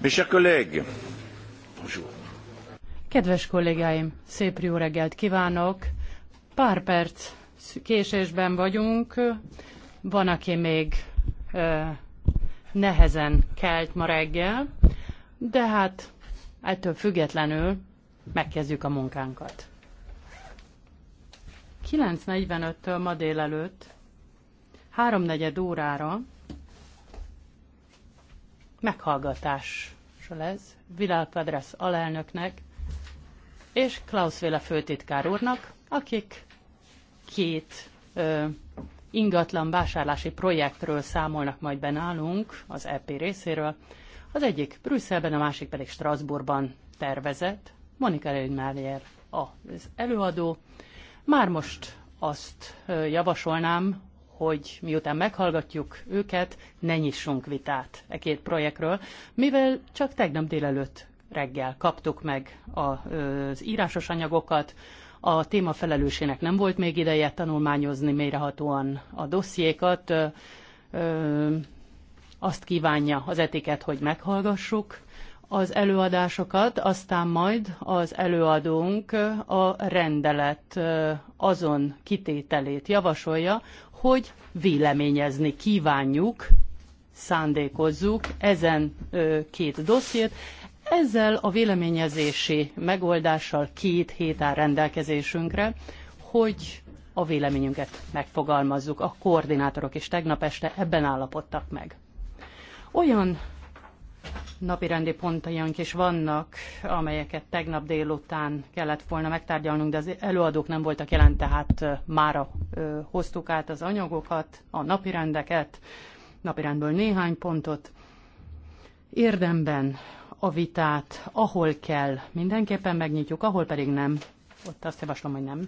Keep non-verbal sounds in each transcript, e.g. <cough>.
Mes chers collègues, bonjour. Kedves kollégáim, szép jó reggelt kívánok! Pár perc késésben vagyunk. Van, aki még eh, nehezen kelt ma reggel, de hát ettől függetlenül megkezdjük a munkánkat. 9.45-től ma délelőtt 3.4 órára meghallgatásra lesz Vilál Pedres alelnöknek és Klaus Véle főtitkár úrnak, akik két ö, ingatlan vásárlási projektről számolnak majd be nálunk az EP részéről. Az egyik Brüsszelben, a másik pedig Strasbourgban tervezett. Monika Rönnmájer az előadó. Már most azt javasolnám, hogy miután meghallgatjuk őket, ne nyissunk vitát e két projektről, mivel csak tegnap délelőtt reggel kaptuk meg az írásos anyagokat, a téma felelősének nem volt még ideje tanulmányozni mélyrehatóan a dossziékat. Azt kívánja az etiket, hogy meghallgassuk az előadásokat, aztán majd az előadónk a rendelet azon kitételét javasolja, hogy véleményezni kívánjuk, szándékozzuk ezen két dossziét. Ezzel a véleményezési megoldással két hét áll rendelkezésünkre, hogy a véleményünket megfogalmazzuk. A koordinátorok is tegnap este ebben állapodtak meg. Olyan napirendi pontjaink is vannak, amelyeket tegnap délután kellett volna megtárgyalnunk, de az előadók nem voltak jelen, tehát mára hoztuk át az anyagokat, a napirendeket, napirendből néhány pontot. Érdemben a vitát, ahol kell, mindenképpen megnyitjuk, ahol pedig nem, ott azt javaslom, hogy nem.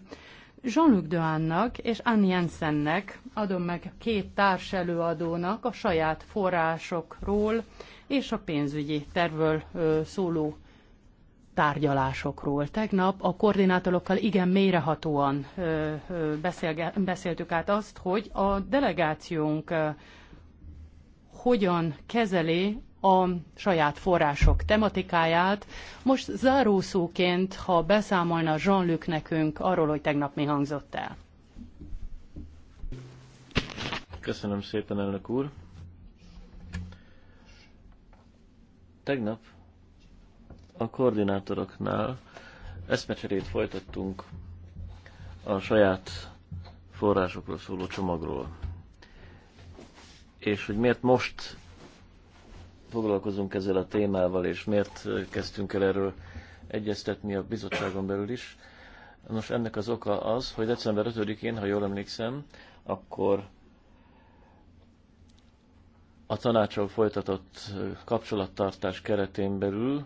Jean-Luc Deánnak és Anne Jensennek adom meg két társ előadónak a saját forrásokról és a pénzügyi tervről szóló tárgyalásokról. Tegnap a koordinátorokkal igen mélyrehatóan beszéltük át azt, hogy a delegációnk hogyan kezeli a saját források tematikáját. Most zárószóként, ha beszámolna Jean-Luc nekünk arról, hogy tegnap mi hangzott el. Köszönöm szépen, elnök úr. Tegnap a koordinátoroknál eszmecserét folytattunk a saját forrásokról szóló csomagról. És hogy miért most foglalkozunk ezzel a témával, és miért kezdtünk el erről egyeztetni a bizottságon belül is. Nos, ennek az oka az, hogy december 5-én, ha jól emlékszem, akkor a tanácsal folytatott kapcsolattartás keretén belül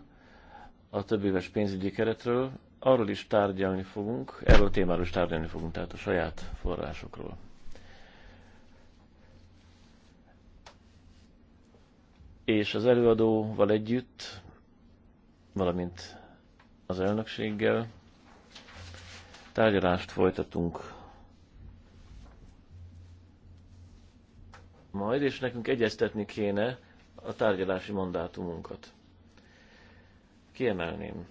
a több éves pénzügyi keretről arról is tárgyalni fogunk, erről a témáról is tárgyalni fogunk, tehát a saját forrásokról. és az előadóval együtt, valamint az elnökséggel tárgyalást folytatunk majd, és nekünk egyeztetni kéne a tárgyalási mandátumunkat. Kiemelném,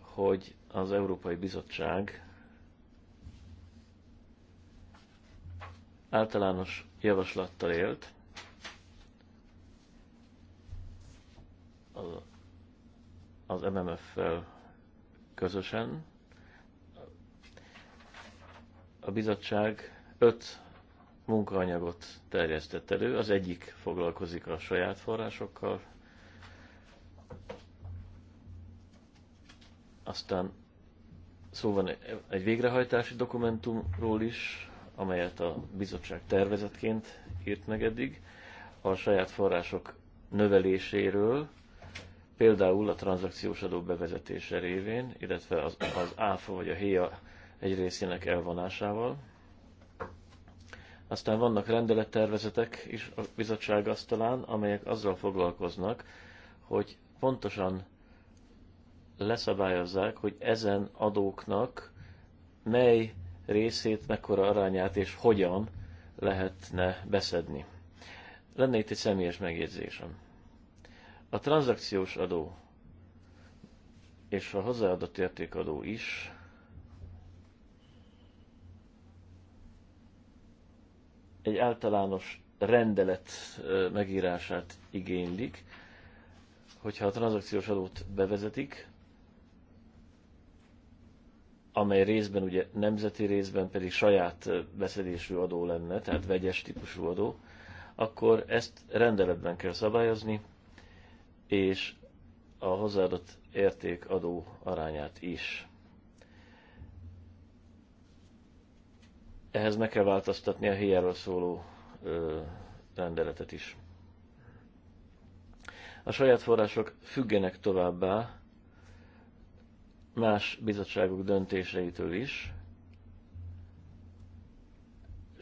hogy az Európai Bizottság általános javaslattal élt, az MMF-fel közösen. A bizottság öt munkaanyagot terjesztett elő, az egyik foglalkozik a saját forrásokkal, aztán szó van egy végrehajtási dokumentumról is, amelyet a bizottság tervezetként írt meg eddig, a saját források növeléséről, például a tranzakciós adó bevezetése révén, illetve az, az áfa vagy a héja egy részének elvonásával. Aztán vannak rendelettervezetek is a bizottság asztalán, amelyek azzal foglalkoznak, hogy pontosan leszabályozzák, hogy ezen adóknak mely részét, mekkora arányát és hogyan lehetne beszedni. Lenne itt egy személyes megjegyzésem. A tranzakciós adó és a hozzáadott értékadó is egy általános rendelet megírását igénylik, hogyha a tranzakciós adót bevezetik, amely részben ugye nemzeti részben pedig saját beszedésű adó lenne, tehát vegyes típusú adó, akkor ezt rendeletben kell szabályozni, és a hozzáadott értékadó arányát is. Ehhez meg kell változtatni a héjáról szóló ö, rendeletet is. A saját források függenek továbbá más bizottságok döntéseitől is,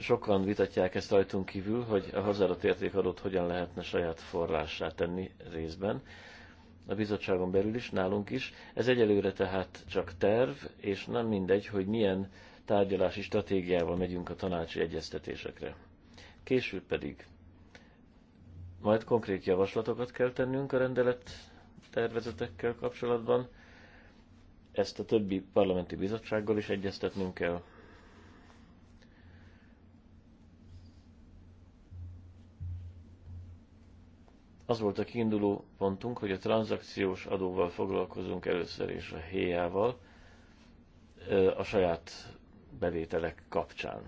sokan vitatják ezt rajtunk kívül, hogy a hozzáadott értékadót hogyan lehetne saját forrássá tenni részben, a bizottságon belül is, nálunk is. Ez egyelőre tehát csak terv, és nem mindegy, hogy milyen tárgyalási stratégiával megyünk a tanácsi egyeztetésekre. Később pedig majd konkrét javaslatokat kell tennünk a rendelet tervezetekkel kapcsolatban, ezt a többi parlamenti bizottsággal is egyeztetnünk kell, az volt a kiinduló pontunk, hogy a tranzakciós adóval foglalkozunk először és a héjával a saját bevételek kapcsán.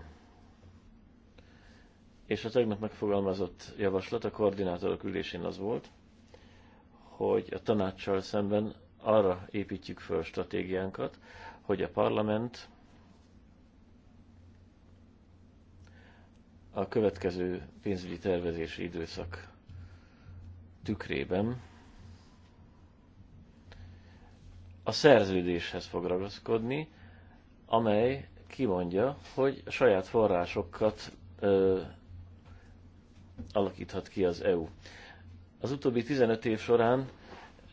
És a tegnap megfogalmazott javaslat a koordinátorok ülésén az volt, hogy a tanácssal szemben arra építjük föl stratégiánkat, hogy a parlament a következő pénzügyi tervezési időszak tükrében a szerződéshez fog ragaszkodni, amely kimondja, hogy saját forrásokat ö, alakíthat ki az EU. Az utóbbi 15 év során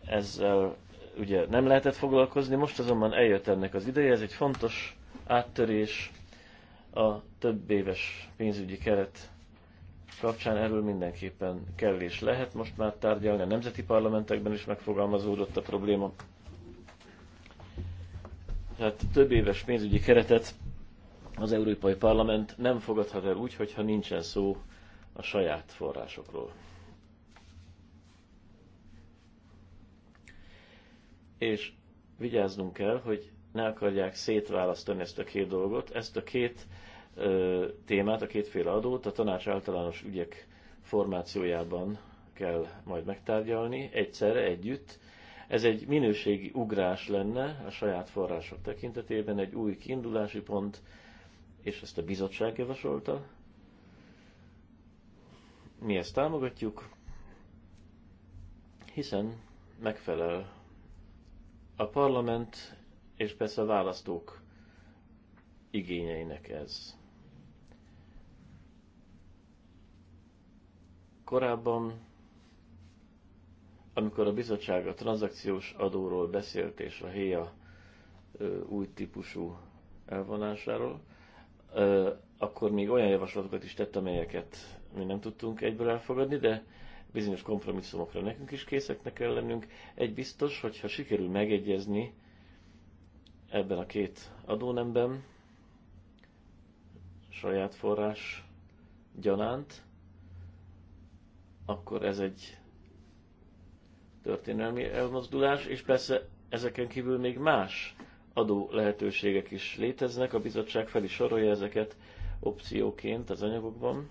ezzel ugye nem lehetett foglalkozni, most azonban eljött ennek az ideje, ez egy fontos áttörés a több éves pénzügyi keret kapcsán erről mindenképpen kell és lehet most már tárgyalni, a nemzeti parlamentekben is megfogalmazódott a probléma. Tehát több éves pénzügyi keretet az Európai Parlament nem fogadhat el úgy, hogyha nincsen szó a saját forrásokról. És vigyáznunk kell, hogy ne akarják szétválasztani ezt a két dolgot, ezt a két témát, a kétféle adót a tanács általános ügyek formációjában kell majd megtárgyalni, egyszerre, együtt. Ez egy minőségi ugrás lenne a saját források tekintetében, egy új kiindulási pont, és ezt a bizottság javasolta. Mi ezt támogatjuk, hiszen megfelel a parlament és persze a választók igényeinek ez. Korábban, amikor a bizottság a tranzakciós adóról beszélt és a héja új típusú elvonásáról, akkor még olyan javaslatokat is tett, amelyeket mi nem tudtunk egyből elfogadni, de bizonyos kompromisszumokra nekünk is készeknek kell lennünk. Egy biztos, hogyha sikerül megegyezni ebben a két adónemben, saját forrás gyanánt, akkor ez egy történelmi elmozdulás, és persze ezeken kívül még más adó lehetőségek is léteznek, a bizottság fel is sorolja ezeket opcióként az anyagokban.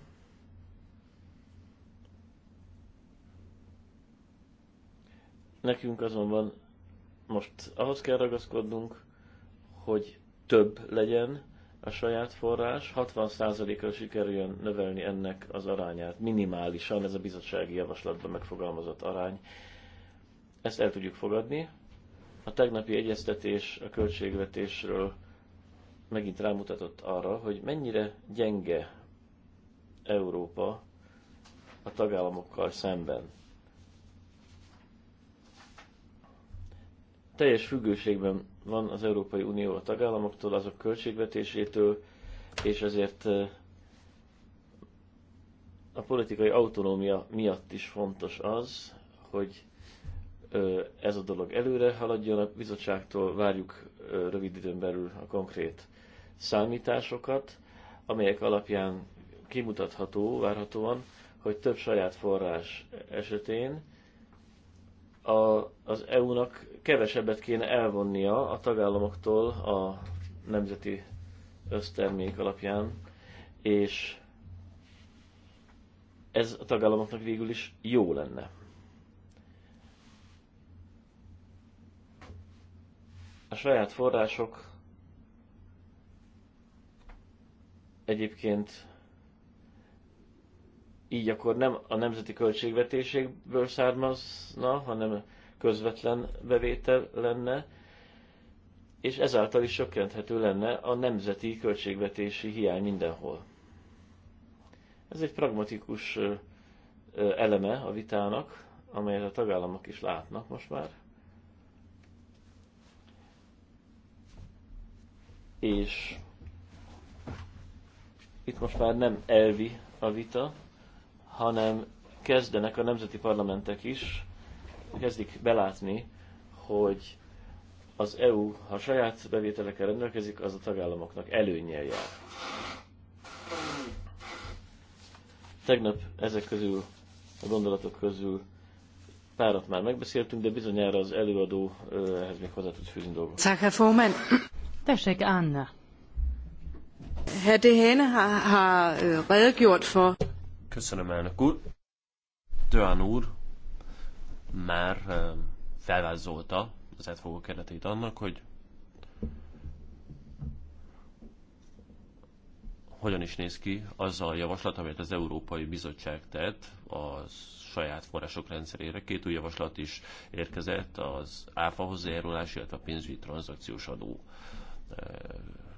Nekünk azonban most ahhoz kell ragaszkodnunk, hogy több legyen, a saját forrás, 60%-ra sikerüljön növelni ennek az arányát minimálisan, ez a bizottsági javaslatban megfogalmazott arány. Ezt el tudjuk fogadni. A tegnapi egyeztetés a költségvetésről megint rámutatott arra, hogy mennyire gyenge Európa a tagállamokkal szemben. Teljes függőségben van az Európai Unió a tagállamoktól, azok költségvetésétől, és ezért a politikai autonómia miatt is fontos az, hogy ez a dolog előre haladjon, a bizottságtól várjuk rövid időn belül a konkrét számításokat, amelyek alapján kimutatható várhatóan, hogy több saját forrás esetén a, az EU-nak kevesebbet kéne elvonnia a tagállamoktól a nemzeti össztermék alapján, és ez a tagállamoknak végül is jó lenne. A saját források egyébként így akkor nem a nemzeti költségvetésekből származna, hanem közvetlen bevétel lenne, és ezáltal is csökkenthető lenne a nemzeti költségvetési hiány mindenhol. Ez egy pragmatikus eleme a vitának, amelyet a tagállamok is látnak most már. És itt most már nem elvi a vita, hanem kezdenek a nemzeti parlamentek is, kezdik belátni, hogy az EU, ha saját bevételekkel rendelkezik, az a tagállamoknak előnyel jár. Tegnap ezek közül, a gondolatok közül párat már megbeszéltünk, de bizonyára az előadó ehhez még hozzá tud fűzni dolgot. Tessék, Anna. Herr ha ha, ha redegjort for Köszönöm, elnök úr. Döán úr már felvázolta az átfogó keretét annak, hogy hogyan is néz ki az a javaslat, amelyet az Európai Bizottság tett a saját források rendszerére. Két új javaslat is érkezett az áfa hozzájárulás, illetve a pénzügyi tranzakciós adó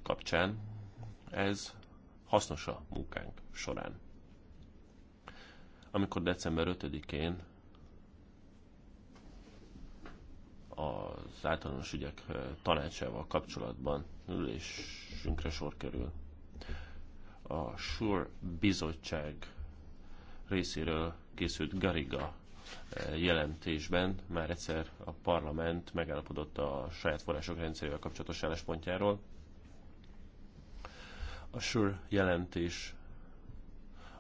kapcsán. Ez hasznos a munkánk során amikor december 5-én az általános ügyek tanácsával kapcsolatban ülésünkre sor kerül. A SURE bizottság részéről készült Gariga jelentésben már egyszer a parlament megállapodott a saját források rendszerével kapcsolatos álláspontjáról. A SURE jelentés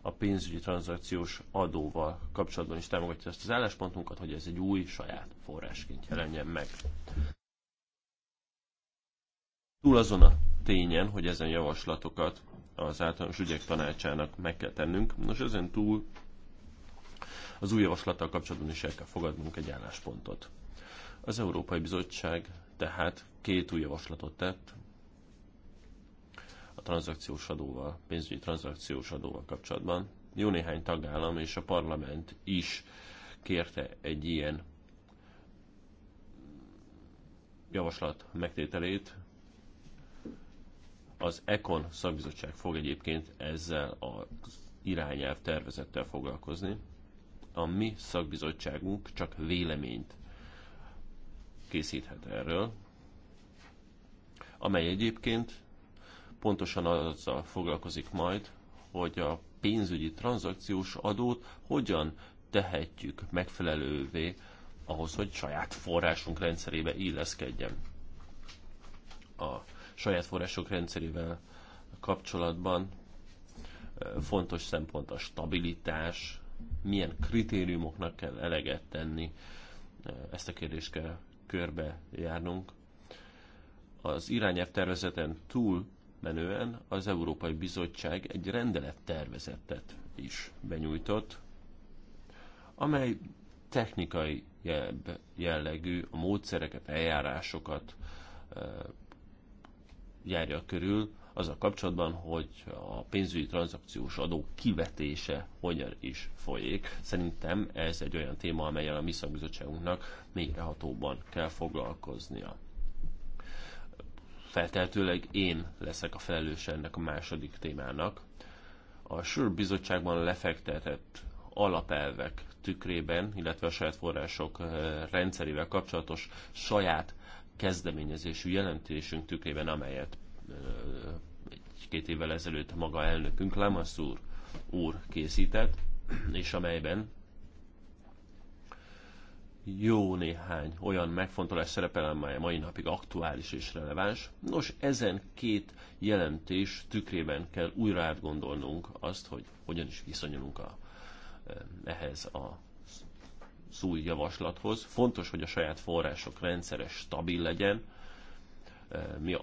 a pénzügyi tranzakciós adóval kapcsolatban is támogatja ezt az álláspontunkat, hogy ez egy új saját forrásként jelenjen meg. Túl azon a tényen, hogy ezen javaslatokat az általános ügyek tanácsának meg kell tennünk, most ezen túl az új javaslattal kapcsolatban is el kell fogadnunk egy álláspontot. Az Európai Bizottság tehát két új javaslatot tett, a tranzakciós adóval, pénzügyi tranzakciós adóval kapcsolatban. Jó néhány tagállam és a parlament is kérte egy ilyen javaslat megtételét. Az ECON szakbizottság fog egyébként ezzel az irányelv tervezettel foglalkozni. A mi szakbizottságunk csak véleményt készíthet erről, amely egyébként pontosan azzal foglalkozik majd, hogy a pénzügyi tranzakciós adót hogyan tehetjük megfelelővé ahhoz, hogy saját forrásunk rendszerébe illeszkedjen. A saját források rendszerével kapcsolatban fontos szempont a stabilitás, milyen kritériumoknak kell eleget tenni, ezt a kérdést kell körbe járnunk. Az irányelv tervezeten túl menően az Európai Bizottság egy rendelettervezetet is benyújtott, amely technikai jellegű a módszereket, eljárásokat járja körül, az a kapcsolatban, hogy a pénzügyi tranzakciós adó kivetése hogyan is folyik. Szerintem ez egy olyan téma, amelyen a mi szakbizottságunknak mélyrehatóban kell foglalkoznia felteltőleg én leszek a felelős ennek a második témának. A SURE bizottságban lefektetett alapelvek tükrében, illetve a saját források eh, rendszerével kapcsolatos saját kezdeményezésű jelentésünk tükrében, amelyet eh, egy-két évvel ezelőtt maga elnökünk Lamassur úr készített, és amelyben jó néhány olyan megfontolás szerepel, amely mai napig aktuális és releváns. Nos, ezen két jelentés tükrében kell újra átgondolnunk azt, hogy hogyan is viszonyulunk a, eh, ehhez a új javaslathoz. Fontos, hogy a saját források rendszeres, stabil legyen. Eh, mi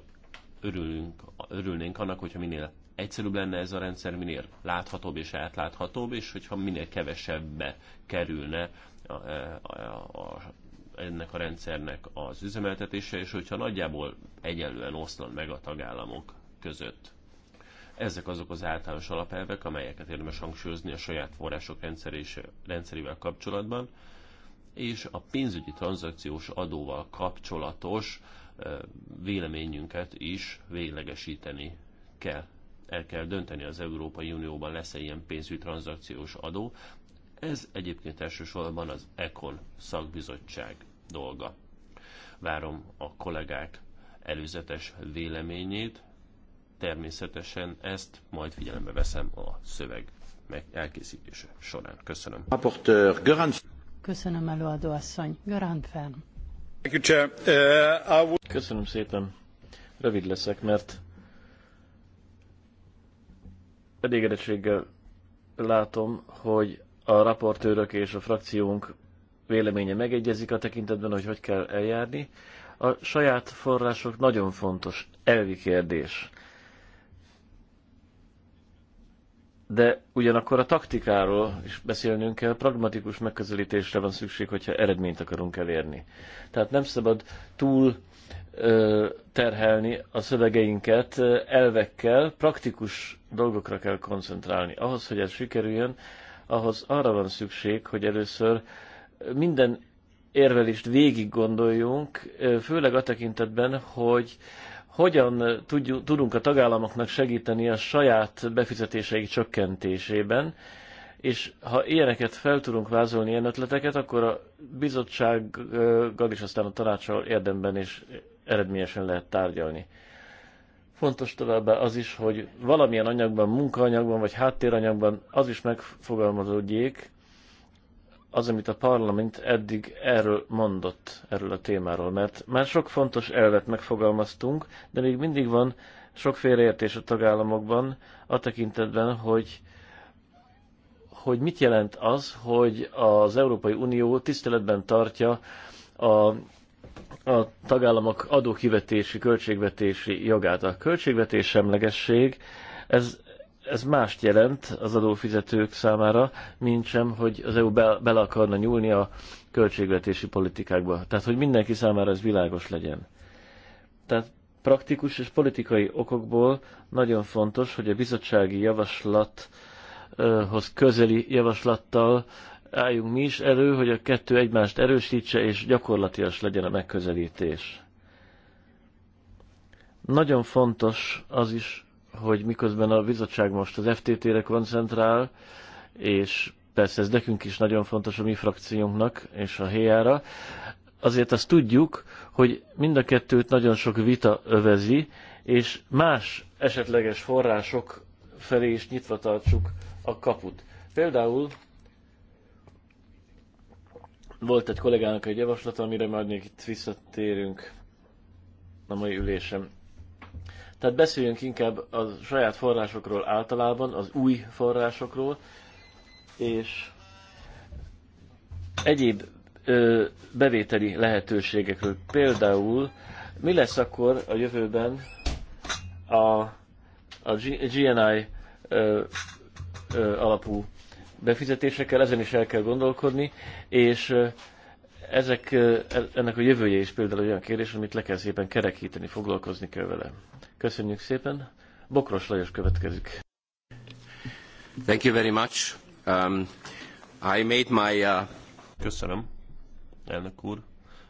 örülünk, örülnénk annak, hogyha minél egyszerűbb lenne ez a rendszer, minél láthatóbb és átláthatóbb, és hogyha minél kevesebbe kerülne a, a, a, ennek a rendszernek az üzemeltetése, és hogyha nagyjából egyenlően oszlan meg a tagállamok között. Ezek azok az általános alapelvek, amelyeket érdemes hangsúlyozni a saját források rendszerével kapcsolatban, és a pénzügyi tranzakciós adóval kapcsolatos véleményünket is véglegesíteni kell. El kell dönteni az Európai Unióban lesz-e ilyen pénzügyi tranzakciós adó, ez egyébként elsősorban az ECON szakbizottság dolga. Várom a kollégák előzetes véleményét, természetesen ezt majd figyelembe veszem a szöveg meg elkészítése során. Köszönöm. Köszönöm előadó asszony. Uh, Köszönöm szépen. Rövid leszek, mert elégedettséggel látom, hogy a raportőrök és a frakciónk véleménye megegyezik a tekintetben, hogy hogy kell eljárni. A saját források nagyon fontos elvi kérdés. De ugyanakkor a taktikáról is beszélnünk kell, pragmatikus megközelítésre van szükség, hogyha eredményt akarunk elérni. Tehát nem szabad túl ö, terhelni a szövegeinket elvekkel, praktikus dolgokra kell koncentrálni. Ahhoz, hogy ez sikerüljön, ahhoz arra van szükség, hogy először minden érvelést végig gondoljunk, főleg a tekintetben, hogy hogyan tudunk a tagállamoknak segíteni a saját befizetéseik csökkentésében, és ha ilyeneket fel tudunk vázolni, ilyen ötleteket, akkor a bizottsággal és aztán a tanácssal érdemben is eredményesen lehet tárgyalni. Fontos továbbá az is, hogy valamilyen anyagban, munkaanyagban vagy háttéranyagban az is megfogalmazódjék, az, amit a parlament eddig erről mondott, erről a témáról, mert már sok fontos elvet megfogalmaztunk, de még mindig van sok félreértés a tagállamokban a tekintetben, hogy hogy mit jelent az, hogy az Európai Unió tiszteletben tartja a a tagállamok adókivetési, költségvetési jogát. A költségvetés semlegesség, ez, ez mást jelent az adófizetők számára, mint sem, hogy az EU be, bele akarna nyúlni a költségvetési politikákba. Tehát, hogy mindenki számára ez világos legyen. Tehát praktikus és politikai okokból nagyon fontos, hogy a bizottsági javaslathoz közeli javaslattal álljunk mi is elő, hogy a kettő egymást erősítse, és gyakorlatias legyen a megközelítés. Nagyon fontos az is, hogy miközben a bizottság most az FTT-re koncentrál, és persze ez nekünk is nagyon fontos a mi frakciónknak és a héjára, azért azt tudjuk, hogy mind a kettőt nagyon sok vita övezi, és más esetleges források felé is nyitva tartsuk a kaput. Például volt egy kollégának egy javaslata, amire majd még itt visszatérünk a mai ülésem. Tehát beszéljünk inkább a saját forrásokról általában, az új forrásokról, és egyéb ö, bevételi lehetőségekről. Például mi lesz akkor a jövőben a, a GNI ö, ö, alapú befizetésekkel, ezen is el kell gondolkodni, és ezek, ennek a jövője is például olyan kérdés, amit le kell szépen kerekíteni, foglalkozni kell vele. Köszönjük szépen. Bokros Lajos következik. Thank you very much. Um, I made my... Uh... Köszönöm, elnök úr.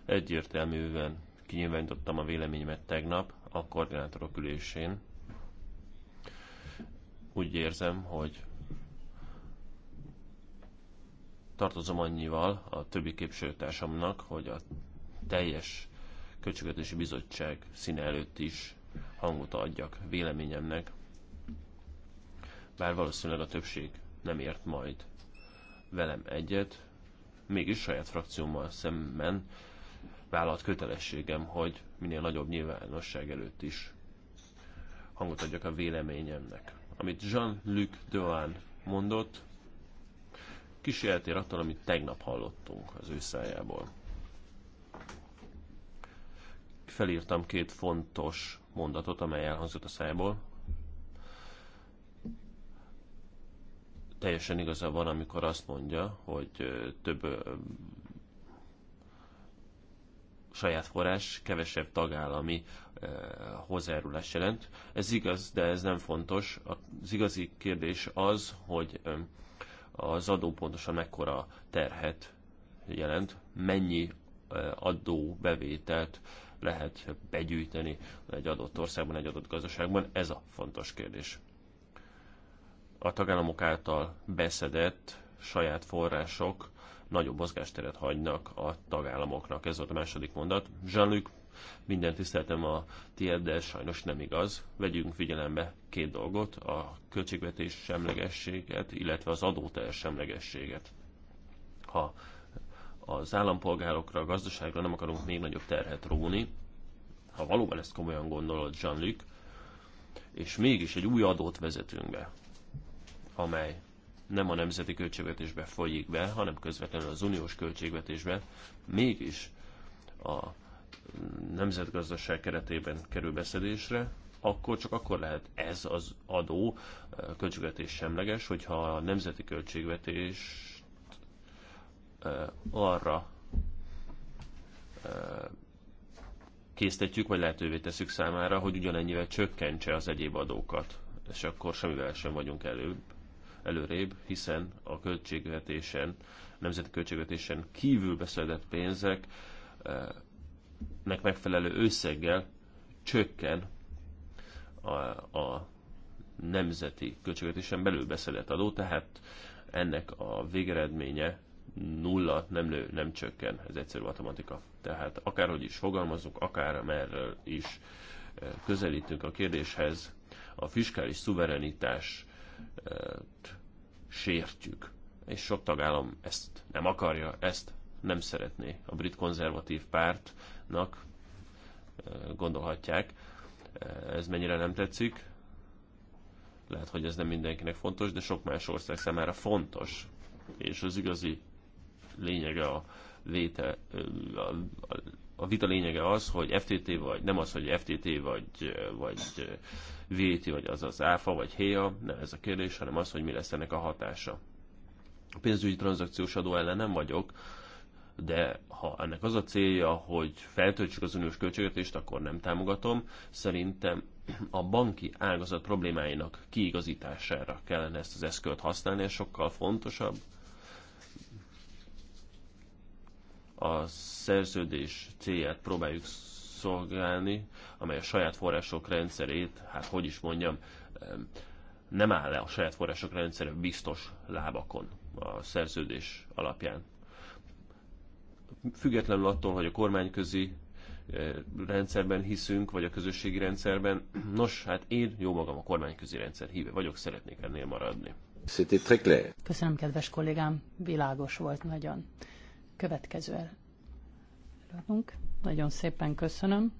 Egyértelműen kinyilvánítottam a véleményemet tegnap a koordinátorok ülésén. Úgy érzem, hogy Tartozom annyival a többi képviselőtársamnak, hogy a teljes Költségvetési Bizottság színe előtt is hangot adjak véleményemnek, bár valószínűleg a többség nem ért majd velem egyet, mégis saját frakciómmal szemben vállalt kötelességem, hogy minél nagyobb nyilvánosság előtt is hangot adjak a véleményemnek. Amit Jean-Luc Doan mondott, kísérletére attól, amit tegnap hallottunk az ő szájából. Felírtam két fontos mondatot, amely elhangzott a szájából. Teljesen igaza van, amikor azt mondja, hogy több saját forrás, kevesebb tagállami ö, hozzájárulás jelent. Ez igaz, de ez nem fontos. Az igazi kérdés az, hogy az adó pontosan mekkora terhet jelent, mennyi e, adóbevételt lehet begyűjteni egy adott országban, egy adott gazdaságban, ez a fontos kérdés. A tagállamok által beszedett saját források nagyobb mozgásteret hagynak a tagállamoknak. Ez volt a második mondat. Jean-Luc minden tiszteltem a tiéd, de sajnos nem igaz. Vegyünk figyelembe két dolgot, a költségvetés semlegességet, illetve az adóter semlegességet. Ha az állampolgárokra, a gazdaságra nem akarunk még nagyobb terhet róni, ha valóban ezt komolyan gondolod, Jean-Luc, és mégis egy új adót vezetünk be, amely nem a nemzeti költségvetésbe folyik be, hanem közvetlenül az uniós költségvetésbe, mégis a nemzetgazdaság keretében kerül beszedésre, akkor csak akkor lehet ez az adó eh, költségvetés semleges, hogyha a nemzeti költségvetést eh, arra eh, késztetjük, vagy lehetővé teszük számára, hogy ugyanennyivel csökkentse az egyéb adókat. És akkor semmivel sem vagyunk előbb, előrébb, hiszen a költségvetésen, nemzeti költségvetésen kívül beszedett pénzek nek megfelelő összeggel csökken a, a nemzeti költségvetésen belül beszedett adó, tehát ennek a végeredménye nulla nem nő, nem csökken, ez egyszerű matematika. Tehát akárhogy is fogalmazunk, akár merről is eh, közelítünk a kérdéshez, a fiskális szuverenitás eh, sértjük. És sok tagállam ezt nem akarja, ezt nem szeretné a brit konzervatív pártnak, gondolhatják. Ez mennyire nem tetszik. Lehet, hogy ez nem mindenkinek fontos, de sok más ország számára fontos. És az igazi lényege a, léte, a, a vita lényege az, hogy FTT vagy, nem az, hogy FTT vagy, vagy VT, vagy az az áfa, vagy HEA, nem ez a kérdés, hanem az, hogy mi lesz ennek a hatása. A pénzügyi tranzakciós adó ellen nem vagyok, de ha ennek az a célja, hogy feltöltsük az uniós költségvetést, akkor nem támogatom. Szerintem a banki ágazat problémáinak kiigazítására kellene ezt az eszközt használni, ez sokkal fontosabb. A szerződés célját próbáljuk szolgálni, amely a saját források rendszerét, hát hogy is mondjam, nem áll le a saját források rendszere biztos lábakon a szerződés alapján. Függetlenül attól, hogy a kormányközi eh, rendszerben hiszünk, vagy a közösségi rendszerben. Nos, hát én jó magam a kormányközi rendszer híve vagyok, szeretnék ennél maradni. Köszönöm, kedves kollégám, világos volt nagyon. Következő előadunk. Nagyon szépen köszönöm.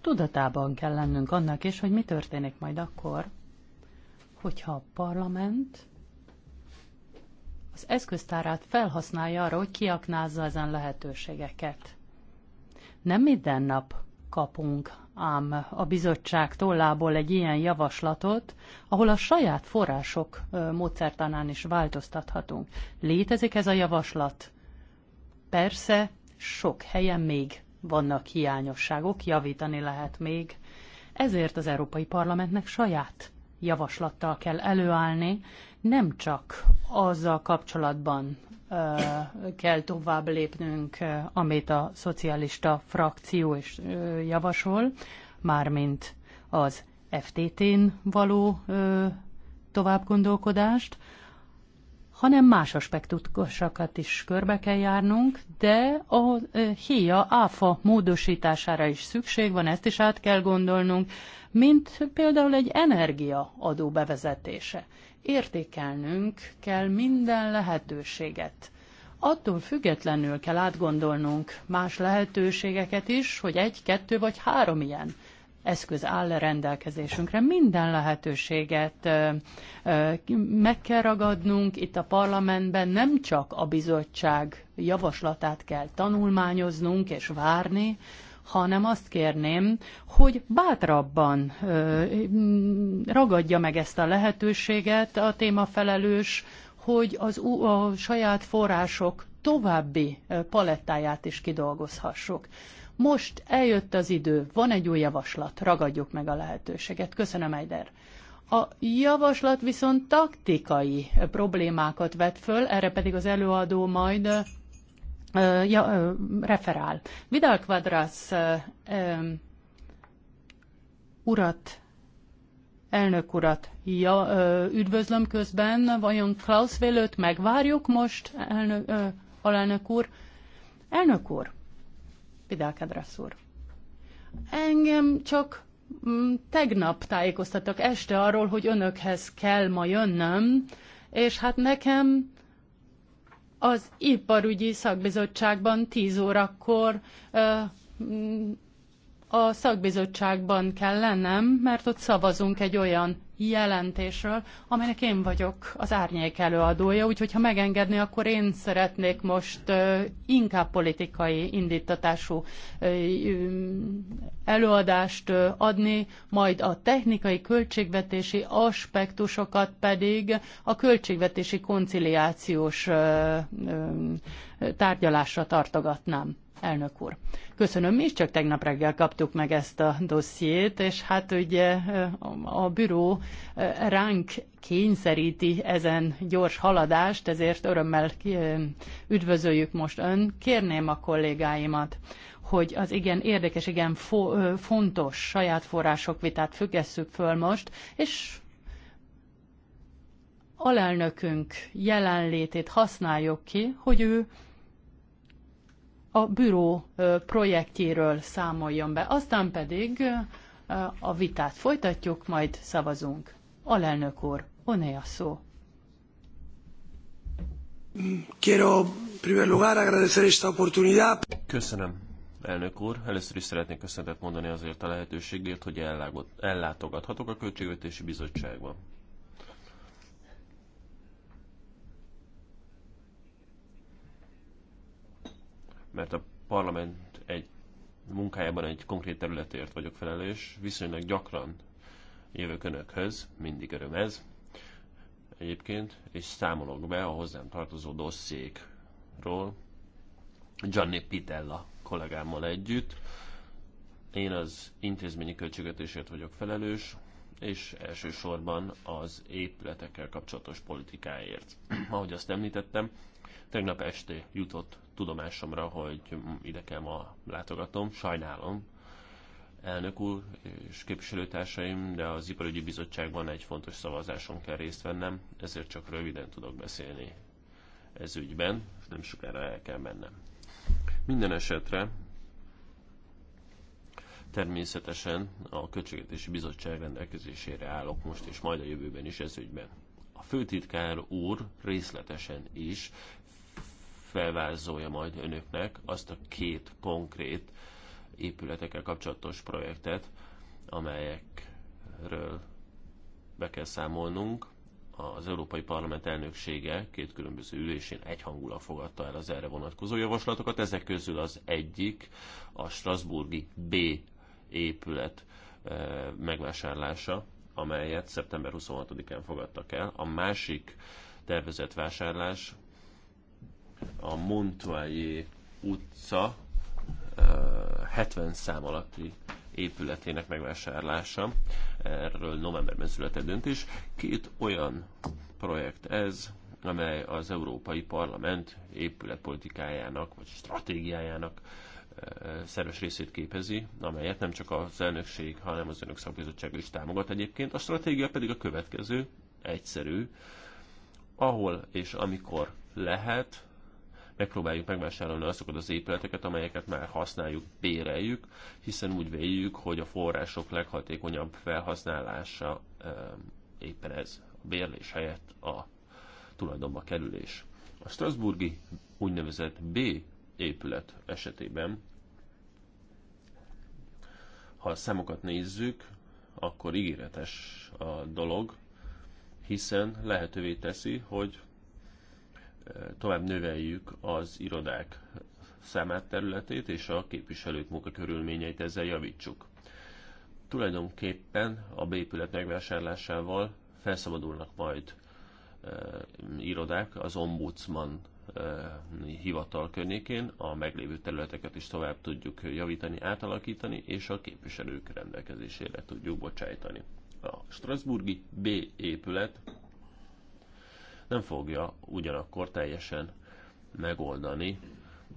Tudatában kell lennünk annak is, hogy mi történik majd akkor, hogyha a parlament az eszköztárát felhasználja arra, hogy kiaknázza ezen lehetőségeket. Nem minden nap kapunk ám a bizottság tollából egy ilyen javaslatot, ahol a saját források módszertanán is változtathatunk. Létezik ez a javaslat? Persze, sok helyen még vannak hiányosságok, javítani lehet még. Ezért az Európai Parlamentnek saját javaslattal kell előállni, nem csak azzal kapcsolatban kell tovább lépnünk, amit a szocialista frakció is javasol, mármint az FTT-n való továbbgondolkodást, hanem más aspektusokat is körbe kell járnunk, de a HIA áfa módosítására is szükség van, ezt is át kell gondolnunk, mint például egy energiaadó bevezetése értékelnünk kell minden lehetőséget. Attól függetlenül kell átgondolnunk más lehetőségeket is, hogy egy, kettő vagy három ilyen eszköz áll a rendelkezésünkre. Minden lehetőséget meg kell ragadnunk itt a parlamentben, nem csak a bizottság javaslatát kell tanulmányoznunk és várni, hanem azt kérném, hogy bátrabban ragadja meg ezt a lehetőséget a témafelelős, hogy az a saját források további palettáját is kidolgozhassuk. Most eljött az idő, van egy új javaslat, ragadjuk meg a lehetőséget. Köszönöm, Eider. A javaslat viszont taktikai problémákat vet föl, erre pedig az előadó majd ja, referál. Vidal Quadras urat, elnök urat ja, üdvözlöm közben, vajon Klaus Vélőt megvárjuk most, elnök, ö, alelnök úr? Elnök úr, Vidal Quadras úr, engem csak mm, tegnap tájékoztattak este arról, hogy önökhez kell ma jönnöm, és hát nekem az iparügyi szakbizottságban 10 órakor a szakbizottságban kell lennem, mert ott szavazunk egy olyan jelentésről, amelynek én vagyok az árnyék előadója, úgyhogy ha megengedné, akkor én szeretnék most inkább politikai indítatású előadást adni, majd a technikai költségvetési aspektusokat pedig a költségvetési konciliációs tárgyalásra tartogatnám. Elnök úr, köszönöm, mi is csak tegnap reggel kaptuk meg ezt a dossziét, és hát ugye a büró ránk kényszeríti ezen gyors haladást, ezért örömmel üdvözöljük most ön. Kérném a kollégáimat, hogy az igen érdekes, igen fo- fontos saját források vitát függesszük föl most, és alelnökünk jelenlétét használjuk ki, hogy ő a büró projektjéről számoljon be. Aztán pedig a vitát folytatjuk, majd szavazunk. Alelnök úr, oné a szó. primer lugar, agradecer esta oportunidad. Köszönöm, elnök úr. Először is szeretnék köszönetet mondani azért a lehetőségért, hogy ellátogathatok a Költségvetési Bizottságban. mert a parlament egy munkájában egy konkrét területért vagyok felelős, viszonylag gyakran jövök önökhöz, mindig öröm ez egyébként, és számolok be a hozzám tartozó dosszékról Gianni Pitella kollégámmal együtt. Én az intézményi költségvetésért vagyok felelős, és elsősorban az épületekkel kapcsolatos politikáért. <clears throat> Ahogy azt említettem, Tegnap este jutott tudomásomra, hogy hm, ide kell ma látogatom, sajnálom, elnök úr és képviselőtársaim, de az Iparügyi Bizottságban egy fontos szavazáson kell részt vennem, ezért csak röviden tudok beszélni ez ügyben, és nem sokára el kell mennem. Minden esetre természetesen a Költségvetési Bizottság rendelkezésére állok most és majd a jövőben is ez ügyben. A főtitkár úr részletesen is felvázolja majd önöknek azt a két konkrét épületekkel kapcsolatos projektet, amelyekről be kell számolnunk. Az Európai Parlament elnöksége két különböző ülésén egyhangulag fogadta el az erre vonatkozó javaslatokat. Ezek közül az egyik a Strasburgi B épület eh, megvásárlása, amelyet szeptember 26-án fogadtak el. A másik tervezett vásárlás a Montoyer utca 70 eh, szám alatti épületének megvásárlása. Erről novemberben született döntés. Két olyan projekt ez, amely az Európai Parlament épületpolitikájának vagy stratégiájának eh, szerves részét képezi, amelyet nem csak az elnökség, hanem az önök szakbizottság is támogat egyébként. A stratégia pedig a következő, egyszerű, ahol és amikor lehet, megpróbáljuk megvásárolni azokat az épületeket, amelyeket már használjuk, béreljük, hiszen úgy véljük, hogy a források leghatékonyabb felhasználása éppen ez, a bérlés helyett a tulajdonba kerülés. A Strasburgi úgynevezett B épület esetében, ha a számokat nézzük, akkor ígéretes a dolog, hiszen lehetővé teszi, hogy tovább növeljük az irodák számát, területét és a képviselők munkakörülményeit ezzel javítsuk. Tulajdonképpen a beépület megvásárlásával felszabadulnak majd e, irodák az ombudsman e, hivatal környékén, a meglévő területeket is tovább tudjuk javítani, átalakítani, és a képviselők rendelkezésére tudjuk bocsájtani. A Strasburgi B épület nem fogja ugyanakkor teljesen megoldani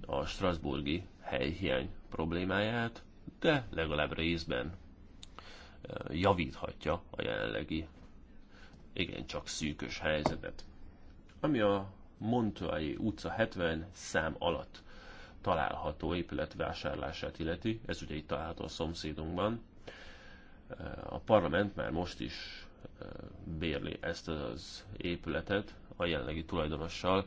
a Strasburgi helyhiány problémáját, de legalább részben eh, javíthatja a jelenlegi igencsak szűkös helyzetet. Ami a Montuai utca 70 szám alatt található épület vásárlását illeti, ez ugye itt található a szomszédunkban, eh, a parlament már most is bérli ezt az épületet a jelenlegi tulajdonossal.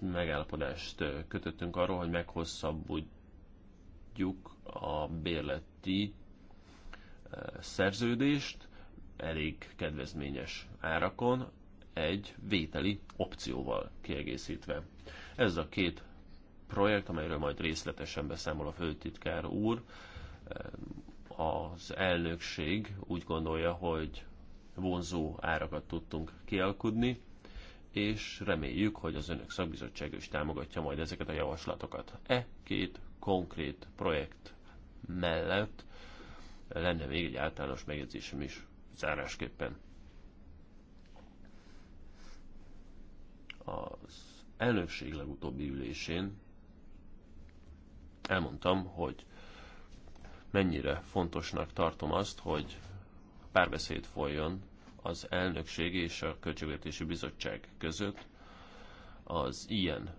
Megállapodást kötöttünk arról, hogy meghosszabbítjuk a bérleti e, szerződést elég kedvezményes árakon, egy vételi opcióval kiegészítve. Ez a két projekt, amelyről majd részletesen beszámol a főtitkár úr, e, az elnökség úgy gondolja, hogy vonzó árakat tudtunk kialkudni, és reméljük, hogy az önök szakbizottság is támogatja majd ezeket a javaslatokat. E két konkrét projekt mellett lenne még egy általános megjegyzésem is zárásképpen. Az elnökség legutóbbi ülésén elmondtam, hogy mennyire fontosnak tartom azt, hogy párbeszéd folyjon az elnökség és a Költségvetési Bizottság között az ilyen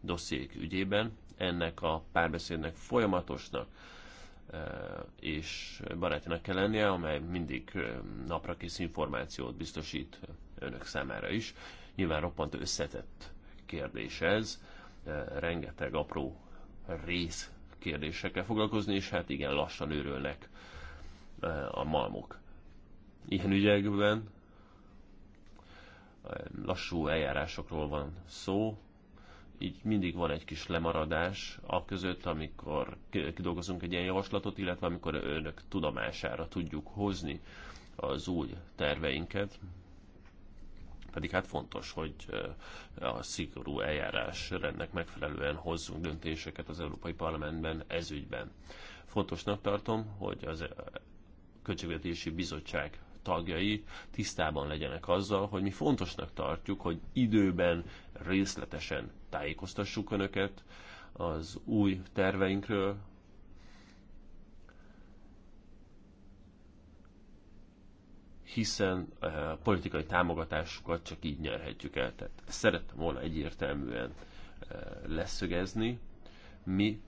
dossziék ügyében. Ennek a párbeszédnek folyamatosnak e, és barátjának kell lennie, amely mindig e, napra kész információt biztosít önök számára is. Nyilván roppant összetett kérdés ez, e, rengeteg apró rész kérdésekkel foglalkozni, és hát igen, lassan őrülnek a malmok. Ilyen ügyekben lassú eljárásokról van szó, így mindig van egy kis lemaradás a között, amikor kidolgozunk egy ilyen javaslatot, illetve amikor önök tudomására tudjuk hozni az új terveinket, pedig hát fontos, hogy a szigorú eljárás rendnek megfelelően hozzunk döntéseket az Európai Parlamentben ezügyben. Fontosnak tartom, hogy az Költségvetési Bizottság tagjai tisztában legyenek azzal, hogy mi fontosnak tartjuk, hogy időben részletesen tájékoztassuk Önöket az új terveinkről, hiszen eh, politikai támogatásukat csak így nyerhetjük el. Tehát szerettem volna egyértelműen eh, leszögezni. Mi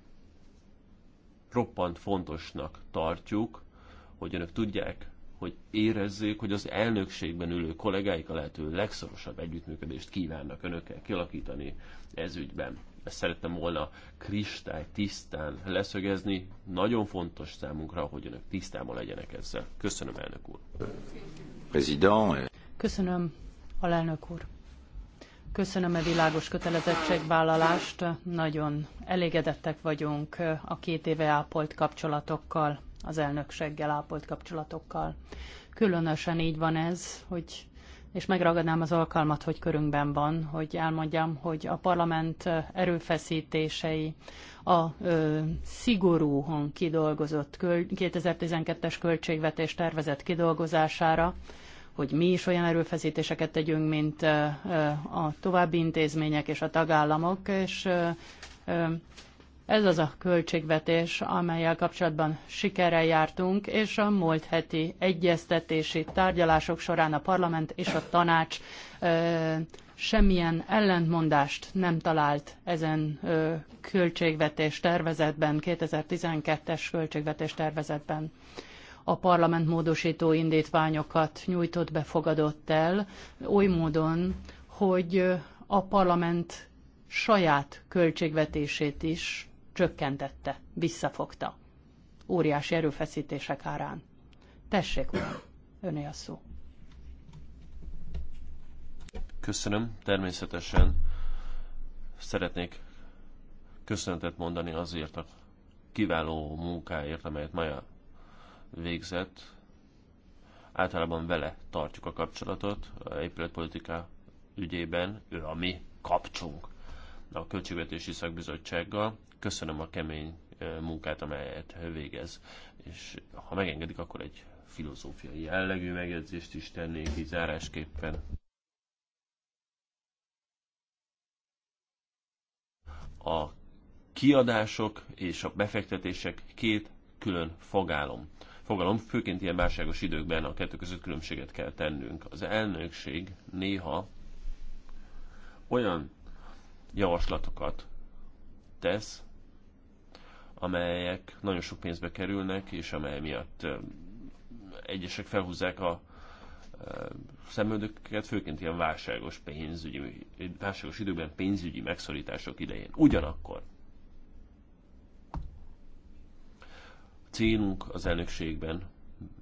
roppant fontosnak tartjuk hogy önök tudják, hogy érezzék, hogy az elnökségben ülő kollégáik a lehető legszorosabb együttműködést kívánnak önökkel kialakítani ez ügyben. Ezt szerettem volna kristály tisztán leszögezni. Nagyon fontos számunkra, hogy önök tisztában legyenek ezzel. Köszönöm, elnök úr. President. Eh. Köszönöm, alelnök úr. Köszönöm a világos kötelezettségvállalást. Nagyon elégedettek vagyunk a két éve ápolt kapcsolatokkal az elnökséggel ápolt kapcsolatokkal. Különösen így van ez, hogy és megragadnám az alkalmat, hogy körünkben van, hogy elmondjam, hogy a parlament erőfeszítései a ö, szigorúan kidolgozott 2012-es költségvetés tervezet kidolgozására, hogy mi is olyan erőfeszítéseket tegyünk, mint a további intézmények és a tagállamok, és ez az a költségvetés, amelyel kapcsolatban sikerrel jártunk, és a múlt heti egyeztetési tárgyalások során a parlament és a tanács ö, semmilyen ellentmondást nem talált ezen ö, költségvetés tervezetben, 2012-es költségvetés tervezetben. A parlament módosító indítványokat nyújtott be, fogadott el, oly módon, hogy a parlament saját költségvetését is csökkentette, visszafogta. Óriási erőfeszítések árán. Tessék, uram, öné a szó. Köszönöm, természetesen szeretnék köszönetet mondani azért a kiváló munkáért, amelyet Maja végzett. Általában vele tartjuk a kapcsolatot, a épületpolitika ügyében, ő a mi kapcsunk a Költségvetési Szakbizottsággal. Köszönöm a kemény munkát, amelyet végez. És ha megengedik, akkor egy filozófiai jellegű megjegyzést is tennék így zárásképpen. A kiadások és a befektetések két külön fogalom. Fogalom, főként ilyen válságos időkben a kettő között különbséget kell tennünk. Az elnökség néha olyan javaslatokat tesz, amelyek nagyon sok pénzbe kerülnek, és amely miatt egyesek felhúzzák a szemöldöket, főként ilyen válságos, pénzügyi, válságos időben pénzügyi megszorítások idején. Ugyanakkor a célunk az elnökségben,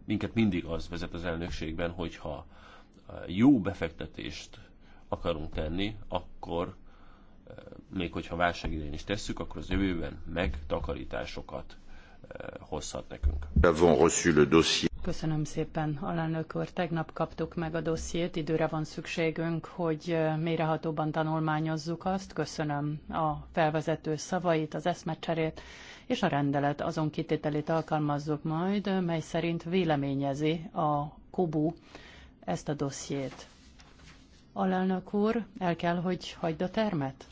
minket mindig az vezet az elnökségben, hogyha jó befektetést akarunk tenni, akkor még hogyha válság idején is tesszük, akkor az jövőben megtakarításokat hozhat nekünk. Köszönöm szépen, alelnök úr. Tegnap kaptuk meg a dossziét, időre van szükségünk, hogy mélyrehatóban tanulmányozzuk azt. Köszönöm a felvezető szavait, az eszmecserét, és a rendelet azon kitételét alkalmazzuk majd, mely szerint véleményezi a Kobu ezt a dossziét. Alelnök úr, el kell, hogy hagyd a termet?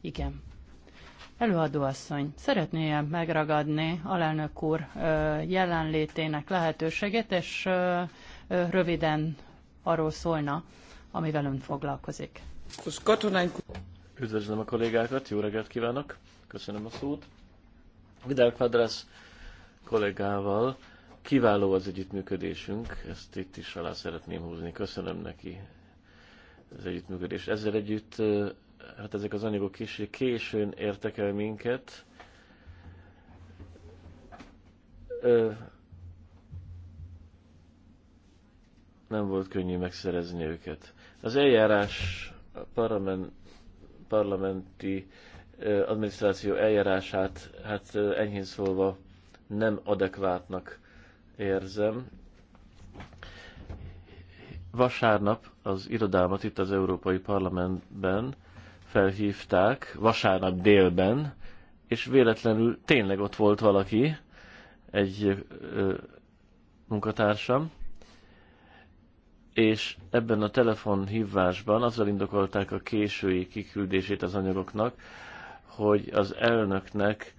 Igen. Előadó szeretné -e megragadni alelnök úr jelenlétének lehetőséget, és röviden arról szólna, amivel ön foglalkozik. Üdvözlöm a kollégákat, jó reggelt kívánok, köszönöm a szót. Vidal Quadras kollégával kiváló az együttműködésünk, ezt itt is alá szeretném húzni, köszönöm neki az együttműködést. Ezzel együtt hát ezek az anyagok kicsi későn értek el minket. Ö, nem volt könnyű megszerezni őket. Az eljárás a parlament, parlamenti ö, adminisztráció eljárását, hát ö, enyhén szólva nem adekvátnak érzem. Vasárnap az irodámat itt az Európai Parlamentben felhívták vasárnap délben, és véletlenül tényleg ott volt valaki, egy ö, munkatársam, és ebben a telefonhívásban azzal indokolták a késői kiküldését az anyagoknak, hogy az elnöknek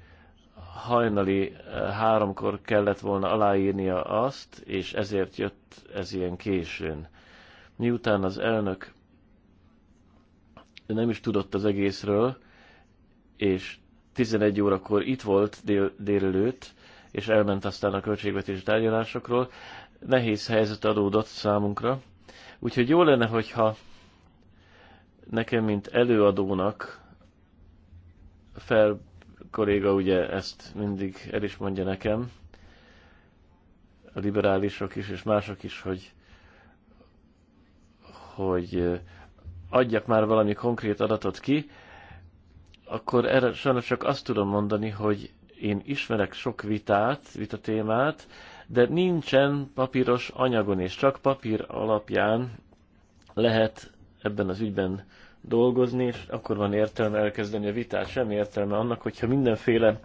hajnali háromkor kellett volna aláírnia azt, és ezért jött ez ilyen későn. Miután az elnök de nem is tudott az egészről, és 11 órakor itt volt dél, délelőtt, és elment aztán a költségvetés tárgyalásokról. Nehéz helyzet adódott számunkra, úgyhogy jó lenne, hogyha nekem, mint előadónak, fel kolléga ugye ezt mindig el is mondja nekem, a liberálisok is, és mások is, hogy, hogy adjak már valami konkrét adatot ki, akkor erre sajnos csak azt tudom mondani, hogy én ismerek sok vitát, témát, de nincsen papíros anyagon, és csak papír alapján lehet ebben az ügyben dolgozni, és akkor van értelme elkezdeni a vitát. Semmi értelme annak, hogyha mindenféle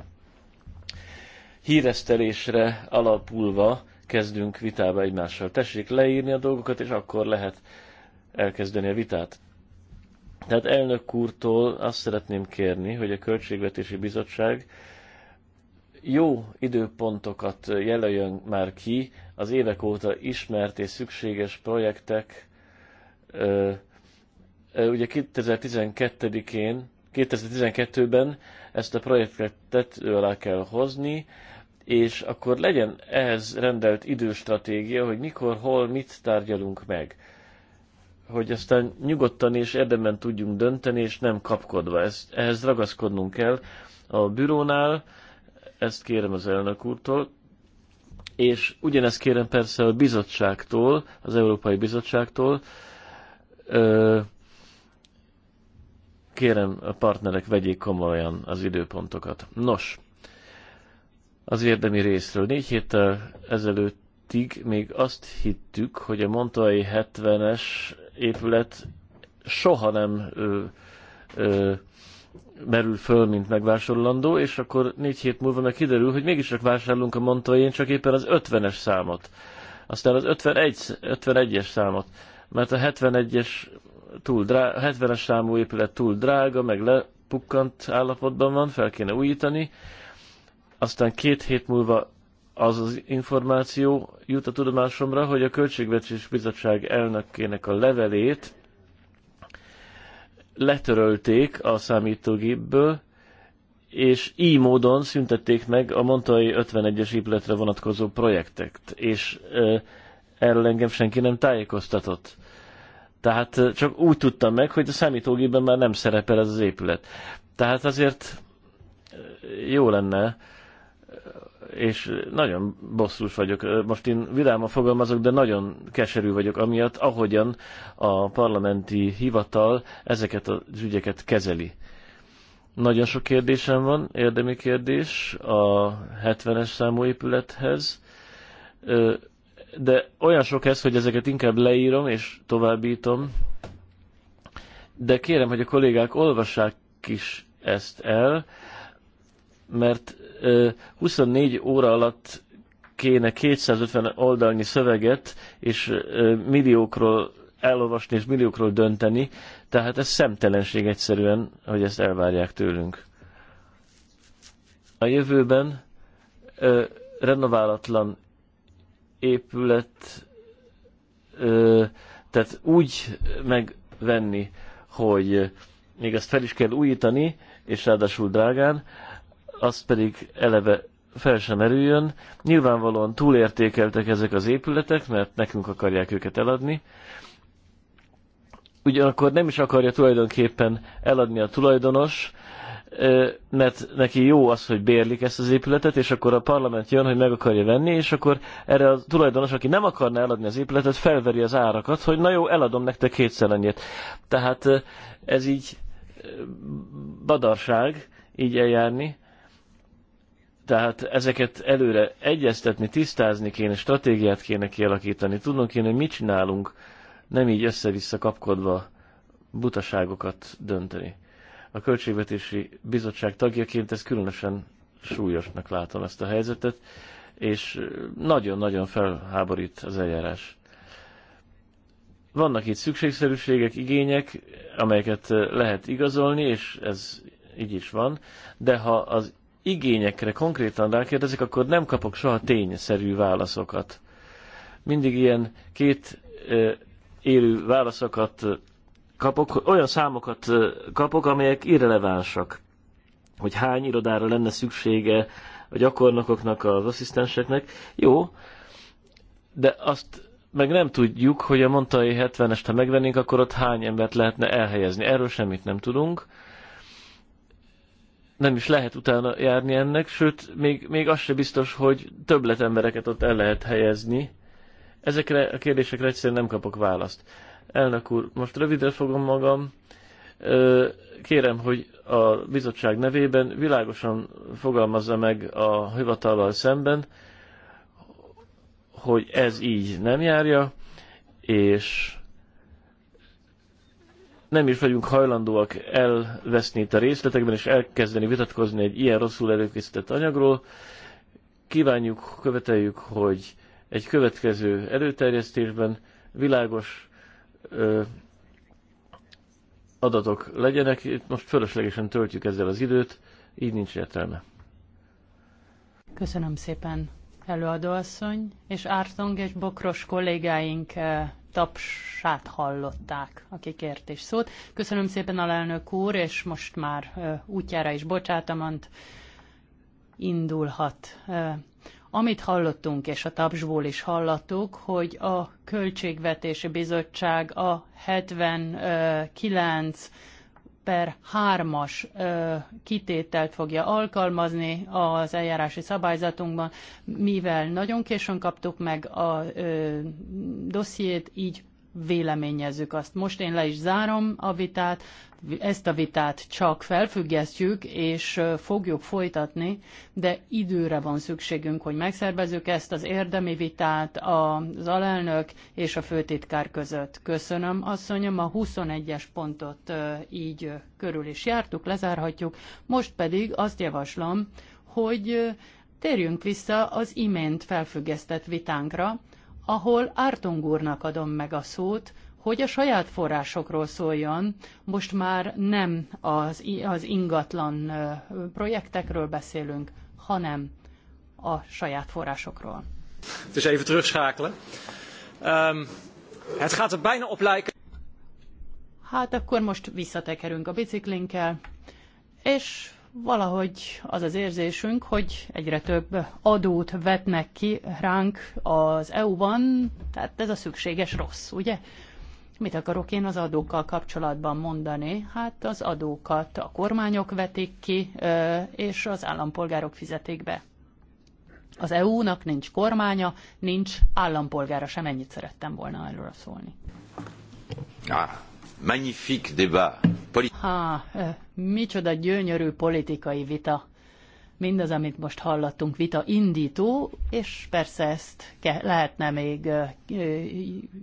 híresztelésre alapulva kezdünk vitába egymással. Tessék leírni a dolgokat, és akkor lehet elkezdeni a vitát. Tehát elnök úrtól azt szeretném kérni, hogy a Költségvetési Bizottság jó időpontokat jelöljön már ki az évek óta ismert és szükséges projektek. Ugye 2012-én, 2012-ben ezt a projektet tető alá kell hozni, és akkor legyen ehhez rendelt időstratégia, hogy mikor, hol, mit tárgyalunk meg hogy aztán nyugodtan és érdemben tudjunk dönteni, és nem kapkodva. Ezt, ehhez ragaszkodnunk kell a bürónál, ezt kérem az elnök úrtól, és ugyanezt kérem persze a bizottságtól, az Európai Bizottságtól, kérem a partnerek vegyék komolyan az időpontokat. Nos, az érdemi részről. Négy héttel ezelőttig még azt hittük, hogy a Montai 70-es épület soha nem ö, ö, merül föl, mint megvásárolandó, és akkor négy hét múlva meg kiderül, hogy mégis csak vásárolunk a Montoyén, csak éppen az 50-es számot. Aztán az 51, 51-es számot. Mert a 71-es túl drága, 70-es számú épület túl drága, meg lepukkant állapotban van, fel kéne újítani. Aztán két hét múlva az az információ jut a tudomásomra, hogy a Költségvetés Bizottság elnökének a levelét letörölték a számítógépből, és így módon szüntették meg a Montai 51-es épületre vonatkozó projektet, és erről engem senki nem tájékoztatott. Tehát csak úgy tudtam meg, hogy a számítógépben már nem szerepel ez az épület. Tehát azért jó lenne, és nagyon bosszús vagyok. Most én vidáman fogalmazok, de nagyon keserű vagyok amiatt, ahogyan a parlamenti hivatal ezeket az ügyeket kezeli. Nagyon sok kérdésem van, érdemi kérdés a 70-es számú épülethez, de olyan sok ez, hogy ezeket inkább leírom és továbbítom, de kérem, hogy a kollégák olvassák is ezt el, mert 24 óra alatt kéne 250 oldalnyi szöveget és milliókról elolvasni és milliókról dönteni, tehát ez szemtelenség egyszerűen, hogy ezt elvárják tőlünk. A jövőben ö, renoválatlan épület ö, tehát úgy megvenni, hogy még ezt fel is kell újítani, és ráadásul drágán, az pedig eleve fel sem erüljön. Nyilvánvalóan túlértékeltek ezek az épületek, mert nekünk akarják őket eladni. Ugyanakkor nem is akarja tulajdonképpen eladni a tulajdonos, mert neki jó az, hogy bérlik ezt az épületet, és akkor a parlament jön, hogy meg akarja venni, és akkor erre a tulajdonos, aki nem akarna eladni az épületet, felveri az árakat, hogy na jó, eladom nektek kétszer annyit. Tehát ez így badarság, így eljárni tehát ezeket előre egyeztetni, tisztázni kéne, stratégiát kéne kialakítani, tudnunk kéne, hogy mit csinálunk, nem így össze-vissza kapkodva butaságokat dönteni. A Költségvetési Bizottság tagjaként ez különösen súlyosnak látom ezt a helyzetet, és nagyon-nagyon felháborít az eljárás. Vannak itt szükségszerűségek, igények, amelyeket lehet igazolni, és ez így is van, de ha az igényekre konkrétan rákérdezek, akkor nem kapok soha tényszerű válaszokat. Mindig ilyen két élő válaszokat kapok, olyan számokat kapok, amelyek irrelevánsak. Hogy hány irodára lenne szüksége a gyakornokoknak, az asszisztenseknek. Jó, de azt meg nem tudjuk, hogy a Montai 70-est, ha megvennénk, akkor ott hány embert lehetne elhelyezni. Erről semmit nem tudunk nem is lehet utána járni ennek, sőt, még, még az se biztos, hogy többlet embereket ott el lehet helyezni. Ezekre a kérdésekre egyszerűen nem kapok választ. Elnök úr, most rövidre fogom magam. Kérem, hogy a bizottság nevében világosan fogalmazza meg a hivatallal szemben, hogy ez így nem járja, és nem is vagyunk hajlandóak elveszni itt a részletekben, és elkezdeni vitatkozni egy ilyen rosszul előkészített anyagról. Kívánjuk, követeljük, hogy egy következő előterjesztésben világos ö, adatok legyenek. Itt most fölöslegesen töltjük ezzel az időt, így nincs értelme. Köszönöm szépen előadóasszony, és Ártong és Bokros kollégáink eh, tapsát hallották, akik ért és szót. Köszönöm szépen lelnök úr, és most már eh, útjára is bocsátamant indulhat. Eh, amit hallottunk, és a tapsból is hallottuk, hogy a Költségvetési Bizottság a 79 per 3-as kitételt fogja alkalmazni az eljárási szabályzatunkban, mivel nagyon későn kaptuk meg a ö, dossziét, így véleményezzük azt. Most én le is zárom a vitát, ezt a vitát csak felfüggesztjük, és fogjuk folytatni, de időre van szükségünk, hogy megszervezzük ezt az érdemi vitát az alelnök és a főtitkár között. Köszönöm, asszonyom, a 21-es pontot így körül is jártuk, lezárhatjuk. Most pedig azt javaslom, hogy térjünk vissza az imént felfüggesztett vitánkra, ahol Ártung úrnak adom meg a szót, hogy a saját forrásokról szóljon. Most már nem az, az ingatlan projektekről beszélünk, hanem a saját forrásokról. Dus even terugschakelen. Um, het gaat er bijna op lijken. Hát akkor most visszatekerünk a biciklinkkel, és valahogy az az érzésünk, hogy egyre több adót vetnek ki ránk az EU-ban, tehát ez a szükséges rossz, ugye? Mit akarok én az adókkal kapcsolatban mondani? Hát az adókat a kormányok vetik ki, és az állampolgárok fizetik be. Az EU-nak nincs kormánya, nincs állampolgára sem, ennyit szerettem volna erről szólni. Ah, magnifique débat. Poli- Há, micsoda gyönyörű politikai vita. Mindaz, amit most hallottunk, vita indító, és persze ezt ke- lehetne még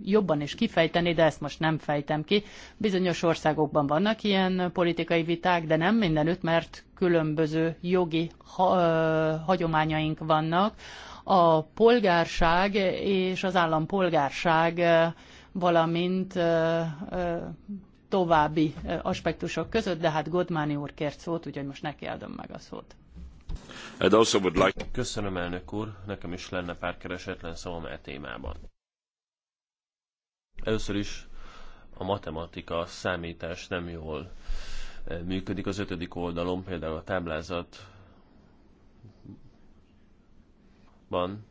jobban is kifejteni, de ezt most nem fejtem ki. Bizonyos országokban vannak ilyen politikai viták, de nem mindenütt, mert különböző jogi ha- hagyományaink vannak. A polgárság és az állampolgárság valamint további aspektusok között, de hát Godmáni úr kért szót, úgyhogy most neki adom meg a szót. Like... Köszönöm, elnök úr, nekem is lenne pár keresetlen szavam e témában. Először is a matematika, a számítás nem jól működik az ötödik oldalon, például a táblázatban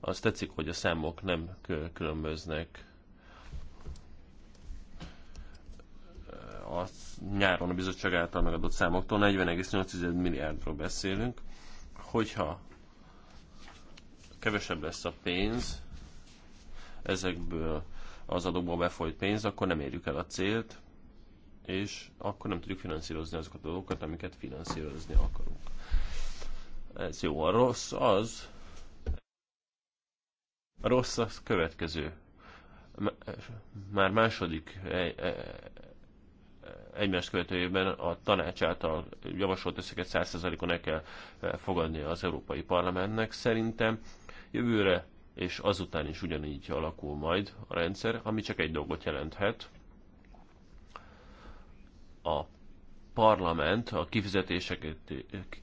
az tetszik, hogy a számok nem különböznek a nyáron a bizottság által megadott számoktól 40,8 milliárdról beszélünk. Hogyha kevesebb lesz a pénz, ezekből az adókból befolyt pénz, akkor nem érjük el a célt, és akkor nem tudjuk finanszírozni azokat a dolgokat, amiket finanszírozni akarunk. Ez jó, a rossz az, a rossz az következő. Már második e- e- egymás követőjében a tanács által javasolt összeget 100%-on el kell e, fogadni az Európai Parlamentnek. Szerintem jövőre és azután is ugyanígy alakul majd a rendszer, ami csak egy dolgot jelenthet. A parlament a kifizetések,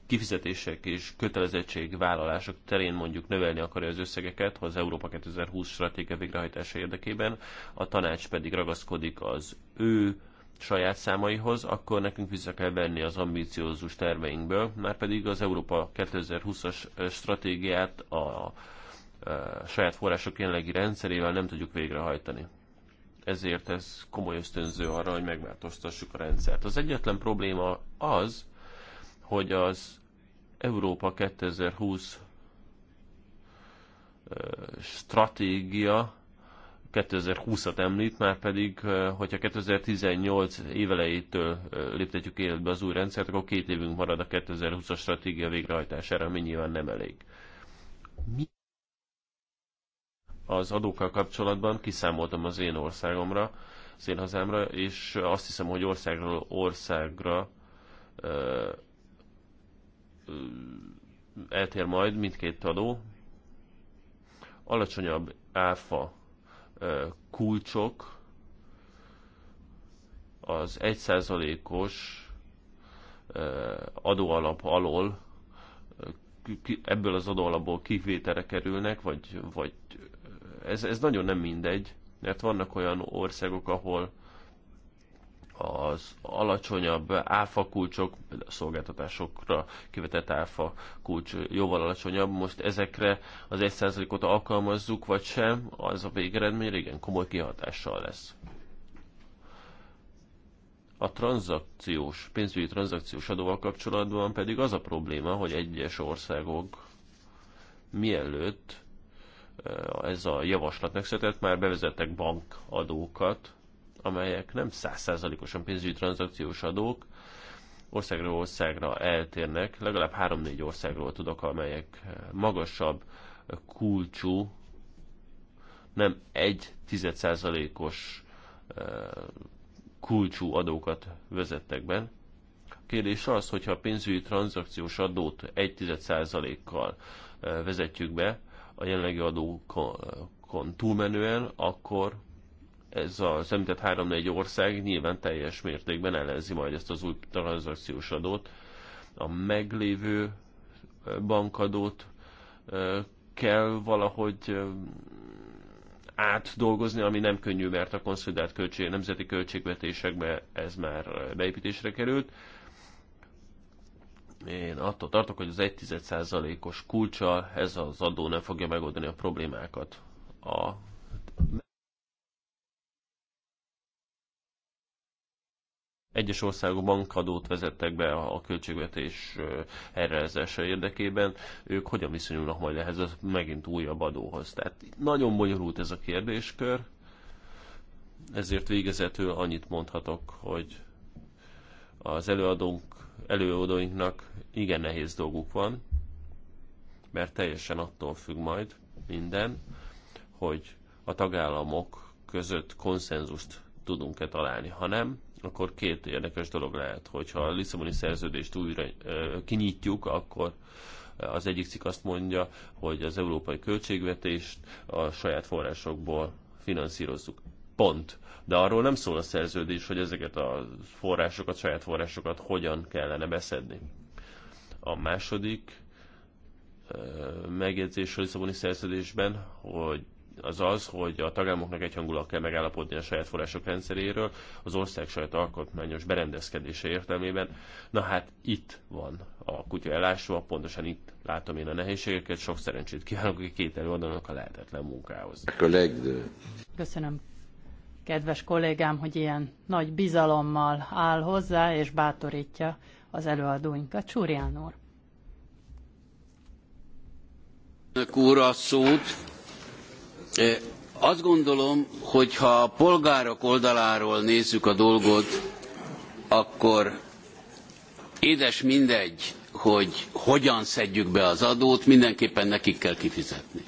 kifizetések és kötelezettségvállalások terén mondjuk növelni akarja az összegeket az Európa 2020 stratégia végrehajtása érdekében, a tanács pedig ragaszkodik az ő saját számaihoz, akkor nekünk vissza kell venni az ambíciózus terveinkből, már pedig az Európa 2020-as stratégiát a, a saját források jelenlegi rendszerével nem tudjuk végrehajtani ezért ez komoly ösztönző arra, hogy megváltoztassuk a rendszert. Az egyetlen probléma az, hogy az Európa 2020 stratégia 2020-at említ, már pedig, hogyha 2018 évelejétől léptetjük életbe az új rendszert, akkor két évünk marad a 2020-as stratégia végrehajtására, ami nyilván nem elég. Mi? az adókkal kapcsolatban kiszámoltam az én országomra, az én hazámra, és azt hiszem, hogy országról országra ö, ö, eltér majd mindkét adó. Alacsonyabb áfa ö, kulcsok az 1%-os adóalap alól ebből az adóalapból kivételre kerülnek, vagy, vagy ez, ez nagyon nem mindegy, mert vannak olyan országok, ahol az alacsonyabb áfa kulcsok, a szolgáltatásokra kivetett áfa kulcs jóval alacsonyabb, most ezekre az 1%-ot alkalmazzuk, vagy sem, az a végeredmény igen komoly kihatással lesz. A tranzakciós, pénzügyi tranzakciós adóval kapcsolatban pedig az a probléma, hogy egyes országok mielőtt ez a javaslat megszületett, már bevezettek bankadókat, amelyek nem százszázalékosan pénzügyi tranzakciós adók, országról országra eltérnek, legalább 3-4 országról tudok, amelyek magasabb kulcsú, nem egy tizedszázalékos kulcsú adókat vezettek be. A kérdés az, hogyha a pénzügyi tranzakciós adót 1 kal vezetjük be, a jelenlegi adókon túlmenően, akkor ez a szemített 3-4 ország nyilván teljes mértékben ellenzi majd ezt az új tranzakciós adót. A meglévő bankadót kell valahogy átdolgozni, ami nem könnyű, mert a konszolidált költség, nemzeti költségvetésekbe ez már beépítésre került én attól tartok, hogy az 1 os kulcsa ez az adó nem fogja megoldani a problémákat. A egyes országok bankadót vezettek be a költségvetés elrealizása érdekében, ők hogyan viszonyulnak majd ehhez az megint újabb adóhoz. Tehát nagyon bonyolult ez a kérdéskör, ezért végezetül annyit mondhatok, hogy az előadónk előadóinknak igen nehéz dolguk van, mert teljesen attól függ majd minden, hogy a tagállamok között konszenzust tudunk-e találni. Ha nem, akkor két érdekes dolog lehet, hogyha a Lisszaboni szerződést újra kinyitjuk, akkor az egyik cikk azt mondja, hogy az európai költségvetést a saját forrásokból finanszírozzuk. Pont. De arról nem szól a szerződés, hogy ezeket a forrásokat, saját forrásokat hogyan kellene beszedni. A második megjegyzés a Lisszaboni szerződésben, hogy az az, hogy a tagállamoknak egyhangulag kell megállapodni a saját források rendszeréről, az ország saját alkotmányos berendezkedése értelmében. Na hát itt van a kutya elásva, pontosan itt látom én a nehézségeket, sok szerencsét kívánok hogy két előadónak a lehetetlen munkához. Köszönöm kedves kollégám, hogy ilyen nagy bizalommal áll hozzá és bátorítja az előadóinkat. Csúrián úr. úr a szót. Azt gondolom, hogy ha a polgárok oldaláról nézzük a dolgot, akkor édes mindegy, hogy hogyan szedjük be az adót, mindenképpen nekik kell kifizetni.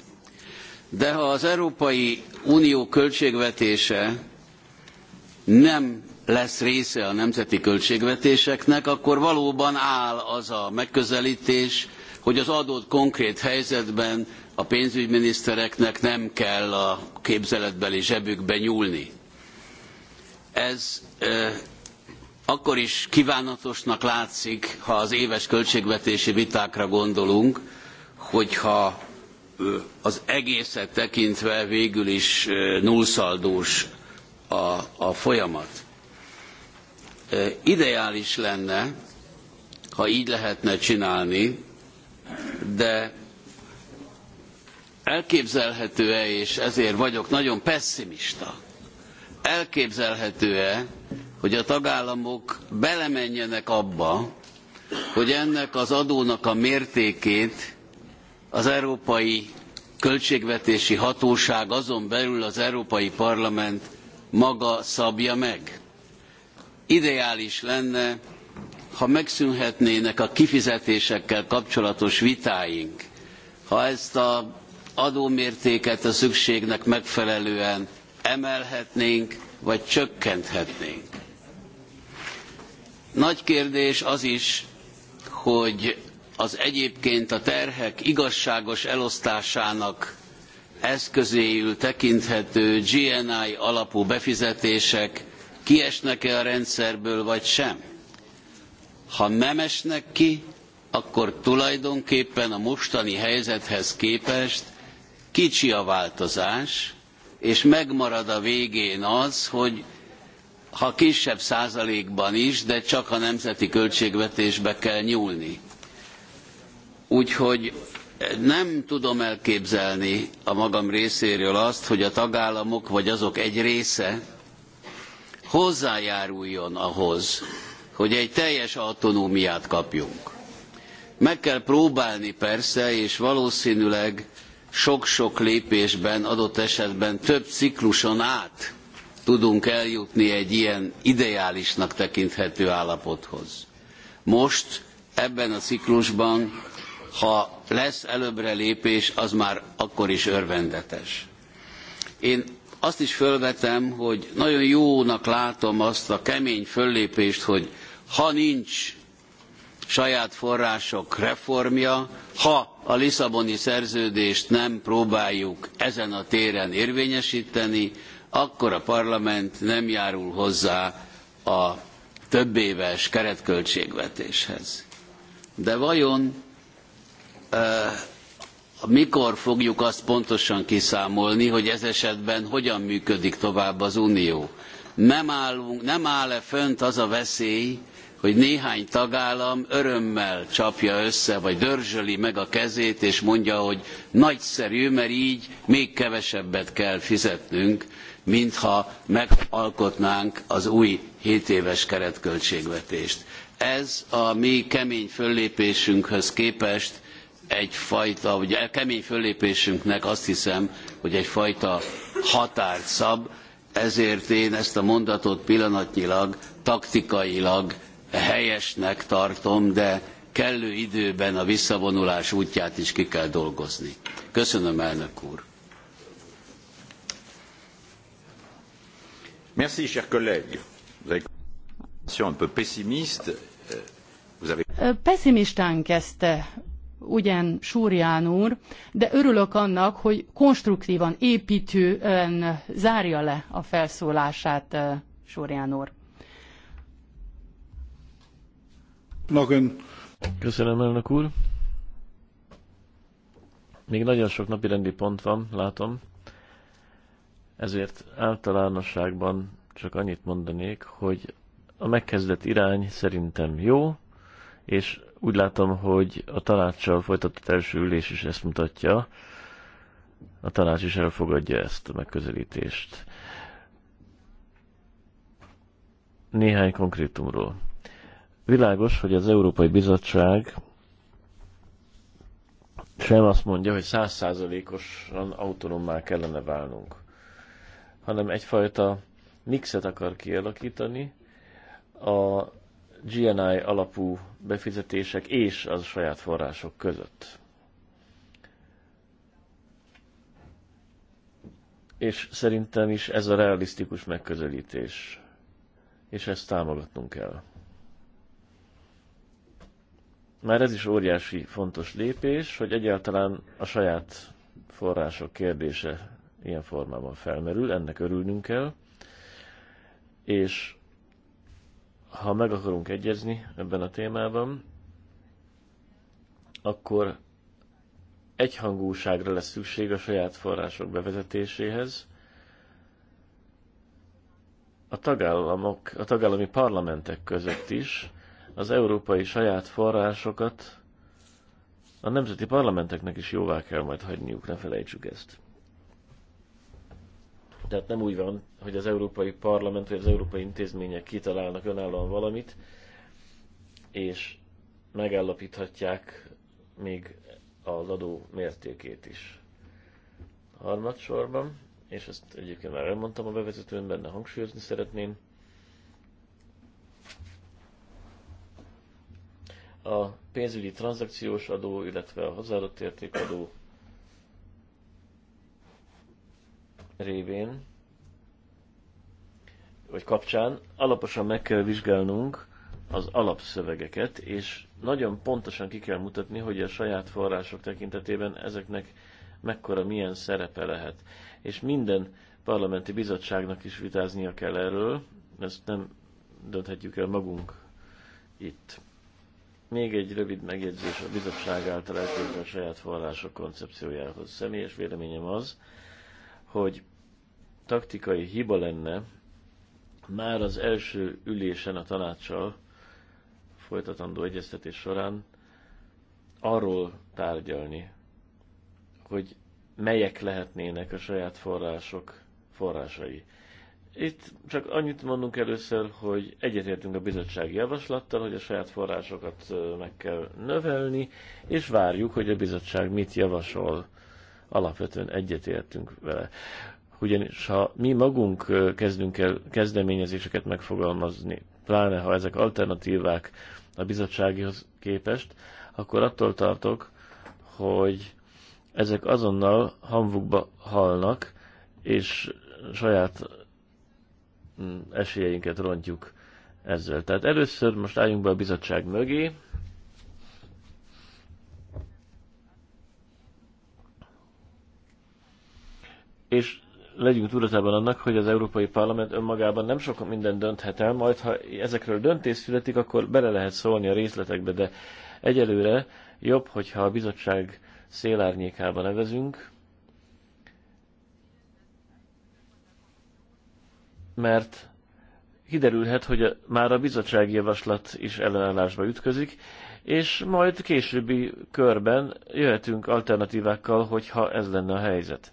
De ha az Európai Unió költségvetése nem lesz része a nemzeti költségvetéseknek, akkor valóban áll az a megközelítés, hogy az adott konkrét helyzetben a pénzügyminisztereknek nem kell a képzeletbeli zsebükbe nyúlni. Ez e, akkor is kívánatosnak látszik, ha az éves költségvetési vitákra gondolunk, hogyha az egészet tekintve végül is nullszaldós a, a folyamat. Ideális lenne, ha így lehetne csinálni, de elképzelhető-e, és ezért vagyok nagyon pessimista, elképzelhető-e, hogy a tagállamok belemenjenek abba, hogy ennek az adónak a mértékét az Európai Költségvetési Hatóság, azon belül az Európai Parlament maga szabja meg. Ideális lenne, ha megszűnhetnének a kifizetésekkel kapcsolatos vitáink, ha ezt az adómértéket a szükségnek megfelelően emelhetnénk, vagy csökkenthetnénk. Nagy kérdés az is, hogy az egyébként a terhek igazságos elosztásának eszközéül tekinthető GNI alapú befizetések kiesnek-e a rendszerből, vagy sem? Ha nem esnek ki, akkor tulajdonképpen a mostani helyzethez képest kicsi a változás, és megmarad a végén az, hogy ha kisebb százalékban is, de csak a nemzeti költségvetésbe kell nyúlni. Úgyhogy nem tudom elképzelni a magam részéről azt, hogy a tagállamok vagy azok egy része hozzájáruljon ahhoz, hogy egy teljes autonómiát kapjunk. Meg kell próbálni persze, és valószínűleg sok-sok lépésben, adott esetben több cikluson át tudunk eljutni egy ilyen ideálisnak tekinthető állapothoz. Most ebben a ciklusban ha lesz előbbre lépés, az már akkor is örvendetes. Én azt is fölvetem, hogy nagyon jónak látom azt a kemény föllépést, hogy ha nincs saját források reformja, ha a Lisszaboni szerződést nem próbáljuk ezen a téren érvényesíteni, akkor a parlament nem járul hozzá a többéves keretköltségvetéshez. De vajon mikor fogjuk azt pontosan kiszámolni, hogy ez esetben hogyan működik tovább az Unió? Nem, állunk, nem áll-e fönt az a veszély, hogy néhány tagállam örömmel csapja össze, vagy dörzsöli meg a kezét, és mondja, hogy nagyszerű, mert így még kevesebbet kell fizetnünk, mintha megalkotnánk az új 7 éves keretköltségvetést. Ez a mi kemény föllépésünkhöz képest egyfajta, ugye a kemény föllépésünknek azt hiszem, hogy egyfajta határt szab, ezért én ezt a mondatot pillanatnyilag, taktikailag helyesnek tartom, de kellő időben a visszavonulás útját is ki kell dolgozni. Köszönöm, elnök úr! Merci, chers collègues. Euh, Pessimistán kezdte ugyan Súrján úr, de örülök annak, hogy konstruktívan, építően zárja le a felszólását eh, Súrján úr. Köszönöm, elnök úr. Még nagyon sok napi rendi pont van, látom. Ezért általánosságban csak annyit mondanék, hogy a megkezdett irány szerintem jó, és úgy látom, hogy a tanácssal folytatott első ülés is ezt mutatja. A tanács is elfogadja ezt a megközelítést. Néhány konkrétumról. Világos, hogy az Európai Bizottság sem azt mondja, hogy százszázalékosan autonommá kellene válnunk, hanem egyfajta mixet akar kialakítani a GNI alapú befizetések és az saját források között. És szerintem is ez a realisztikus megközelítés, és ezt támogatnunk kell. Már ez is óriási fontos lépés, hogy egyáltalán a saját források kérdése ilyen formában felmerül, ennek örülnünk kell, és ha meg akarunk egyezni ebben a témában, akkor egyhangúságra lesz szükség a saját források bevezetéséhez. A tagállamok, a tagállami parlamentek között is az európai saját forrásokat a nemzeti parlamenteknek is jóvá kell majd hagyniuk, ne felejtsük ezt. Tehát nem úgy van, hogy az Európai Parlament vagy az Európai Intézmények kitalálnak önállóan valamit, és megállapíthatják még az adó mértékét is. Harmadsorban, és ezt egyébként már elmondtam a bevezetőn, de hangsúlyozni szeretném, a pénzügyi tranzakciós adó, illetve a hozzáadott értékadó révén, vagy kapcsán alaposan meg kell vizsgálnunk az alapszövegeket, és nagyon pontosan ki kell mutatni, hogy a saját források tekintetében ezeknek mekkora, milyen szerepe lehet. És minden parlamenti bizottságnak is vitáznia kell erről, ezt nem dönthetjük el magunk itt. Még egy rövid megjegyzés a bizottság által a saját források koncepciójához. Személyes véleményem az, hogy taktikai hiba lenne már az első ülésen a tanácssal folytatandó egyeztetés során arról tárgyalni, hogy melyek lehetnének a saját források forrásai. Itt csak annyit mondunk először, hogy egyetértünk a bizottsági javaslattal, hogy a saját forrásokat meg kell növelni, és várjuk, hogy a bizottság mit javasol. Alapvetően egyetértünk vele. Ugyanis ha mi magunk kezdünk el kezdeményezéseket megfogalmazni, pláne ha ezek alternatívák a bizottsághoz képest, akkor attól tartok, hogy ezek azonnal hamvukba halnak, és saját mm, esélyeinket rontjuk ezzel. Tehát először most álljunk be a bizottság mögé. És legyünk tudatában annak, hogy az Európai Parlament önmagában nem sok minden dönthet el, majd ha ezekről döntés születik, akkor bele lehet szólni a részletekbe, de egyelőre jobb, hogyha a bizottság szélárnyékába nevezünk, mert kiderülhet, hogy már a bizottsági javaslat is ellenállásba ütközik, és majd későbbi körben jöhetünk alternatívákkal, hogyha ez lenne a helyzet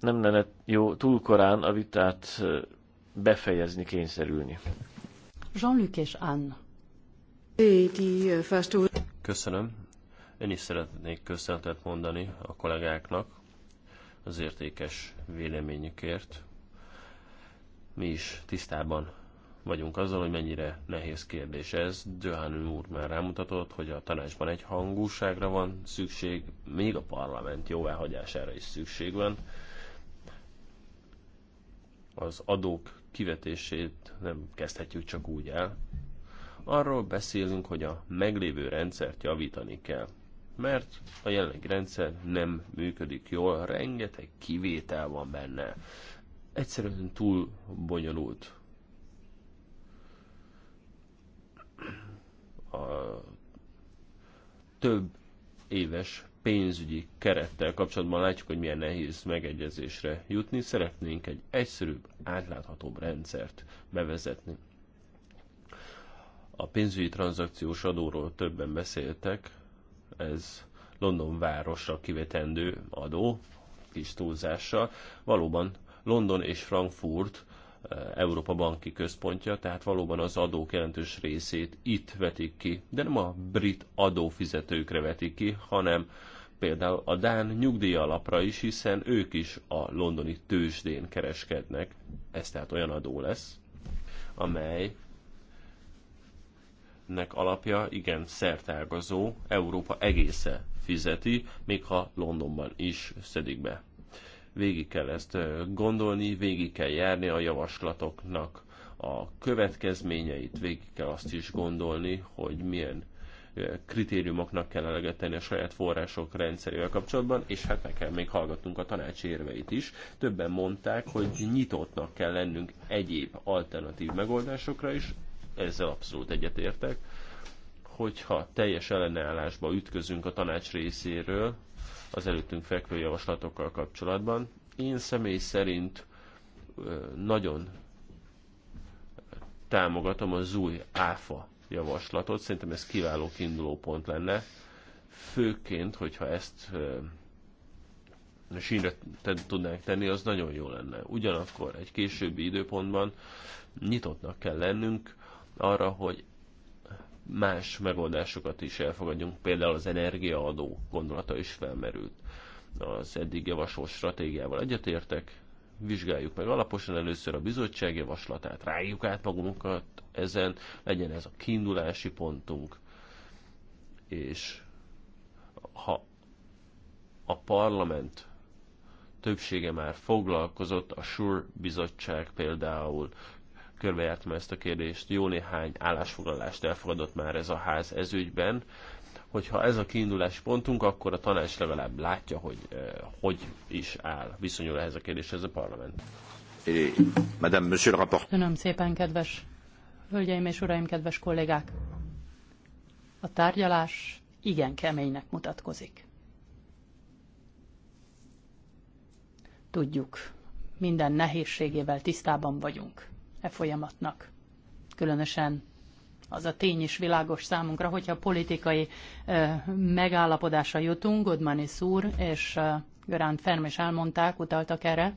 nem lenne jó túl korán a vitát befejezni, kényszerülni. Jean-Luc és Anne. Köszönöm. Én is szeretnék köszönetet mondani a kollégáknak az értékes véleményükért. Mi is tisztában vagyunk azzal, hogy mennyire nehéz kérdés ez. Döhán úr már rámutatott, hogy a tanácsban egy hangúságra van szükség, még a parlament jóváhagyására is szükség van az adók kivetését nem kezdhetjük csak úgy el. Arról beszélünk, hogy a meglévő rendszert javítani kell, mert a jelenlegi rendszer nem működik jól, rengeteg kivétel van benne. Egyszerűen túl bonyolult. A több éves pénzügyi kerettel kapcsolatban látjuk, hogy milyen nehéz megegyezésre jutni. Szeretnénk egy egyszerűbb, átláthatóbb rendszert bevezetni. A pénzügyi tranzakciós adóról többen beszéltek. Ez London városra kivetendő adó, kis túlzással. Valóban London és Frankfurt eh, Európa banki központja, tehát valóban az adók jelentős részét itt vetik ki, de nem a brit adófizetőkre vetik ki, hanem például a Dán nyugdíjalapra is, hiszen ők is a londoni tőzsdén kereskednek. Ez tehát olyan adó lesz, amely nek alapja igen szertágazó, Európa egésze fizeti, még ha Londonban is szedik be. Végig kell ezt gondolni, végig kell járni a javaslatoknak a következményeit, végig kell azt is gondolni, hogy milyen kritériumoknak kell eleget tenni a saját források rendszerével kapcsolatban, és hát meg kell még hallgatnunk a tanács érveit is. Többen mondták, hogy nyitottnak kell lennünk egyéb alternatív megoldásokra is, ezzel abszolút egyetértek, hogyha teljes ellenállásba ütközünk a tanács részéről az előttünk fekvő javaslatokkal kapcsolatban, én személy szerint nagyon támogatom az új áfa javaslatot. Szerintem ez kiváló kiinduló pont lenne, főként, hogyha ezt sínre tudnánk tenni, az nagyon jó lenne. Ugyanakkor egy későbbi időpontban nyitottnak kell lennünk arra, hogy más megoldásokat is elfogadjunk, például az energiaadó gondolata is felmerült. Az eddig javasolt stratégiával egyetértek, vizsgáljuk meg alaposan először a bizottság javaslatát, rájuk át magunkat ezen, legyen ez a kiindulási pontunk, és ha a parlament többsége már foglalkozott, a SUR bizottság például körbejártam ezt a kérdést, jó néhány állásfoglalást elfogadott már ez a ház ezügyben, hogyha ez a kiindulás pontunk, akkor a tanács legalább látja, hogy eh, hogy is áll, viszonyul ehhez a kérdéshez a parlament. Madame, Monsieur le rapport. Köszönöm szépen, kedves hölgyeim és uraim, kedves kollégák. A tárgyalás igen keménynek mutatkozik. Tudjuk, minden nehézségével tisztában vagyunk e folyamatnak. Különösen az a tény is világos számunkra, hogyha politikai megállapodásra jutunk, Godmanis úr és Görán Ferm is elmondták, utaltak erre,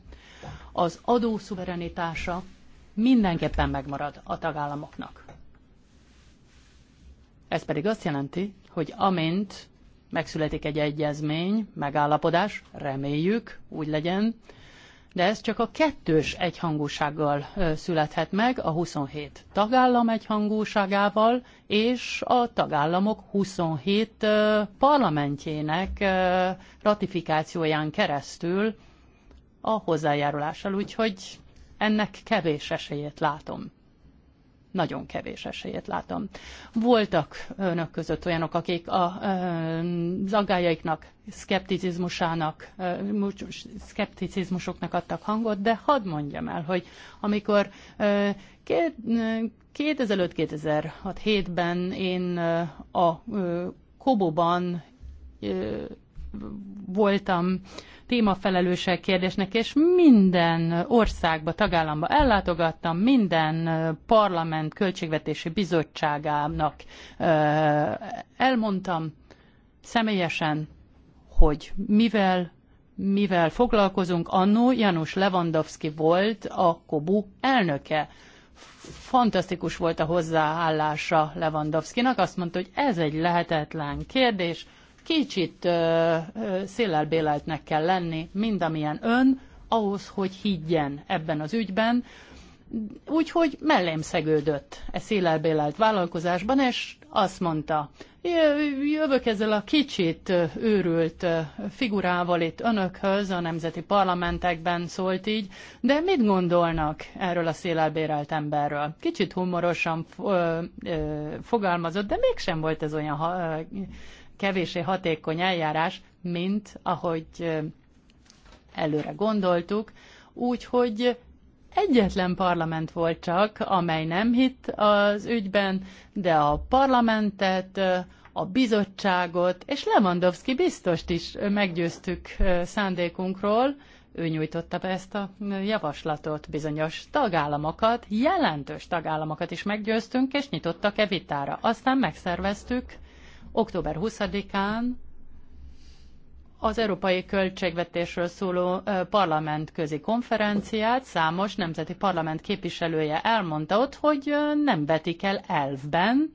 az adó szuverenitása mindenképpen megmarad a tagállamoknak. Ez pedig azt jelenti, hogy amint megszületik egy egyezmény, megállapodás, reméljük, úgy legyen, de ez csak a kettős egyhangúsággal születhet meg, a 27 tagállam egyhangúságával, és a tagállamok 27 parlamentjének ratifikációján keresztül a hozzájárulással, úgyhogy ennek kevés esélyét látom nagyon kevés esélyét látom. Voltak önök között olyanok, akik a, az aggájaiknak, szkepticizmusának, szkepticizmusoknak adtak hangot, de hadd mondjam el, hogy amikor 2005-2006-7-ben én a Kobóban voltam témafelelősek kérdésnek, és minden országba, tagállamba ellátogattam, minden parlament költségvetési bizottságának elmondtam személyesen, hogy mivel mivel foglalkozunk, annó Janusz Lewandowski volt a Kobu elnöke. Fantasztikus volt a hozzáállása Lewandowskinak, azt mondta, hogy ez egy lehetetlen kérdés, kicsit széllelbéleltnek kell lenni, mind amilyen ön, ahhoz, hogy higgyen ebben az ügyben. Úgyhogy mellém szegődött e szélelbélelt vállalkozásban, és azt mondta, jövök ezzel a kicsit őrült figurával itt önökhöz, a nemzeti parlamentekben szólt így, de mit gondolnak erről a szélelbérelt emberről? Kicsit humorosan fogalmazott, de mégsem volt ez olyan kevésé hatékony eljárás, mint ahogy előre gondoltuk, úgyhogy egyetlen parlament volt csak, amely nem hitt az ügyben, de a parlamentet, a bizottságot, és Lewandowski biztost is meggyőztük szándékunkról, ő nyújtotta be ezt a javaslatot, bizonyos tagállamokat, jelentős tagállamokat is meggyőztünk, és nyitottak-e vitára. Aztán megszerveztük október 20-án az Európai Költségvetésről szóló parlamentközi konferenciát számos nemzeti parlament képviselője elmondta ott, hogy nem vetik el elvben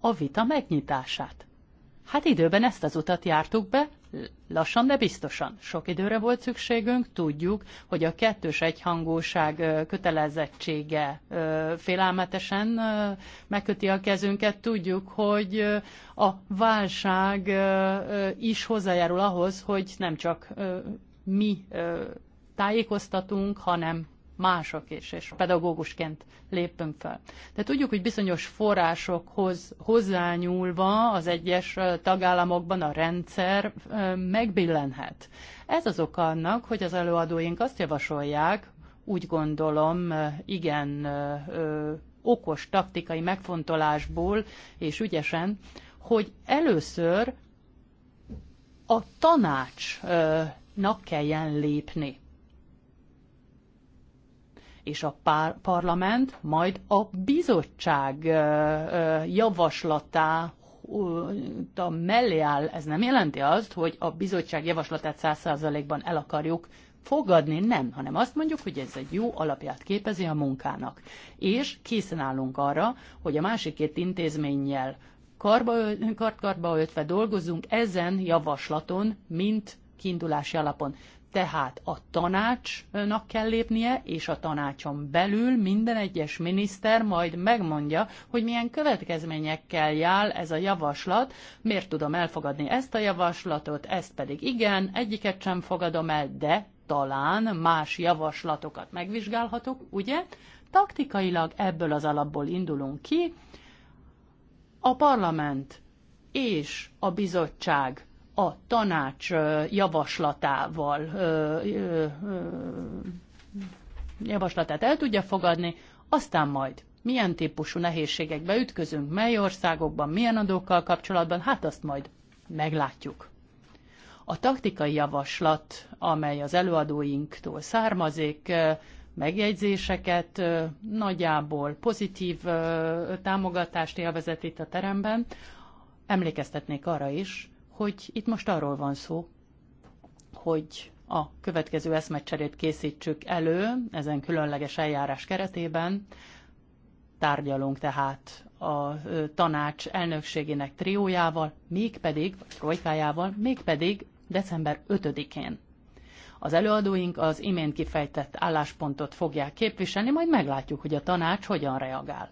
a vita megnyitását. Hát időben ezt az utat jártuk be, lassan, de biztosan. Sok időre volt szükségünk, tudjuk, hogy a kettős egyhangúság kötelezettsége félelmetesen megköti a kezünket, tudjuk, hogy a válság is hozzájárul ahhoz, hogy nem csak mi tájékoztatunk, hanem mások is, és pedagógusként lépünk fel. De tudjuk, hogy bizonyos forrásokhoz hozzányúlva az egyes tagállamokban a rendszer megbillenhet. Ez az oka annak, hogy az előadóink azt javasolják, úgy gondolom, igen okos taktikai megfontolásból és ügyesen, hogy először a tanácsnak kelljen lépni és a pár, parlament, majd a bizottság javaslatá a mellé áll. Ez nem jelenti azt, hogy a bizottság javaslatát 100%-ban el akarjuk fogadni, nem, hanem azt mondjuk, hogy ez egy jó alapját képezi a munkának. És készen állunk arra, hogy a másik két intézménnyel kart-kartba öltve dolgozunk ezen javaslaton, mint kiindulási alapon. Tehát a tanácsnak kell lépnie, és a tanácson belül minden egyes miniszter majd megmondja, hogy milyen következményekkel jár ez a javaslat, miért tudom elfogadni ezt a javaslatot, ezt pedig igen, egyiket sem fogadom el, de talán más javaslatokat megvizsgálhatok, ugye? Taktikailag ebből az alapból indulunk ki. A parlament és a bizottság a tanács javaslatával javaslatát el tudja fogadni, aztán majd milyen típusú nehézségekbe ütközünk, mely országokban, milyen adókkal kapcsolatban, hát azt majd meglátjuk. A taktikai javaslat, amely az előadóinktól származik, megjegyzéseket, nagyjából pozitív támogatást élvezett itt a teremben. Emlékeztetnék arra is, hogy itt most arról van szó, hogy a következő eszmecserét készítsük elő ezen különleges eljárás keretében. Tárgyalunk tehát a tanács elnökségének triójával, mégpedig, vagy trojkájával, mégpedig december 5-én. Az előadóink az imént kifejtett álláspontot fogják képviselni, majd meglátjuk, hogy a tanács hogyan reagál.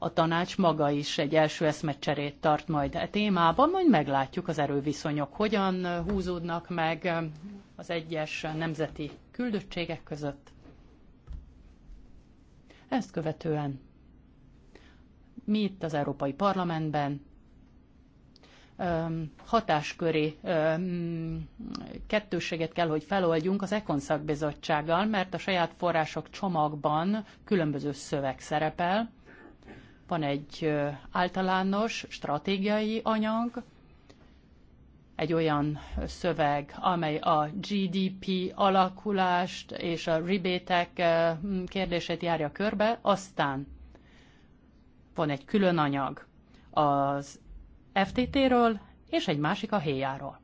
A tanács maga is egy első eszmecserét tart majd a e témában, majd meglátjuk az erőviszonyok hogyan húzódnak meg az egyes nemzeti küldöttségek között. Ezt követően mi itt az Európai Parlamentben hatásköri kettősséget kell, hogy feloldjunk az ECON szakbizottsággal, mert a saját források csomagban különböző szöveg szerepel, van egy általános stratégiai anyag, egy olyan szöveg, amely a GDP alakulást és a ribétek kérdését járja körbe, aztán van egy külön anyag az FTT-ről, és egy másik a héjáról. E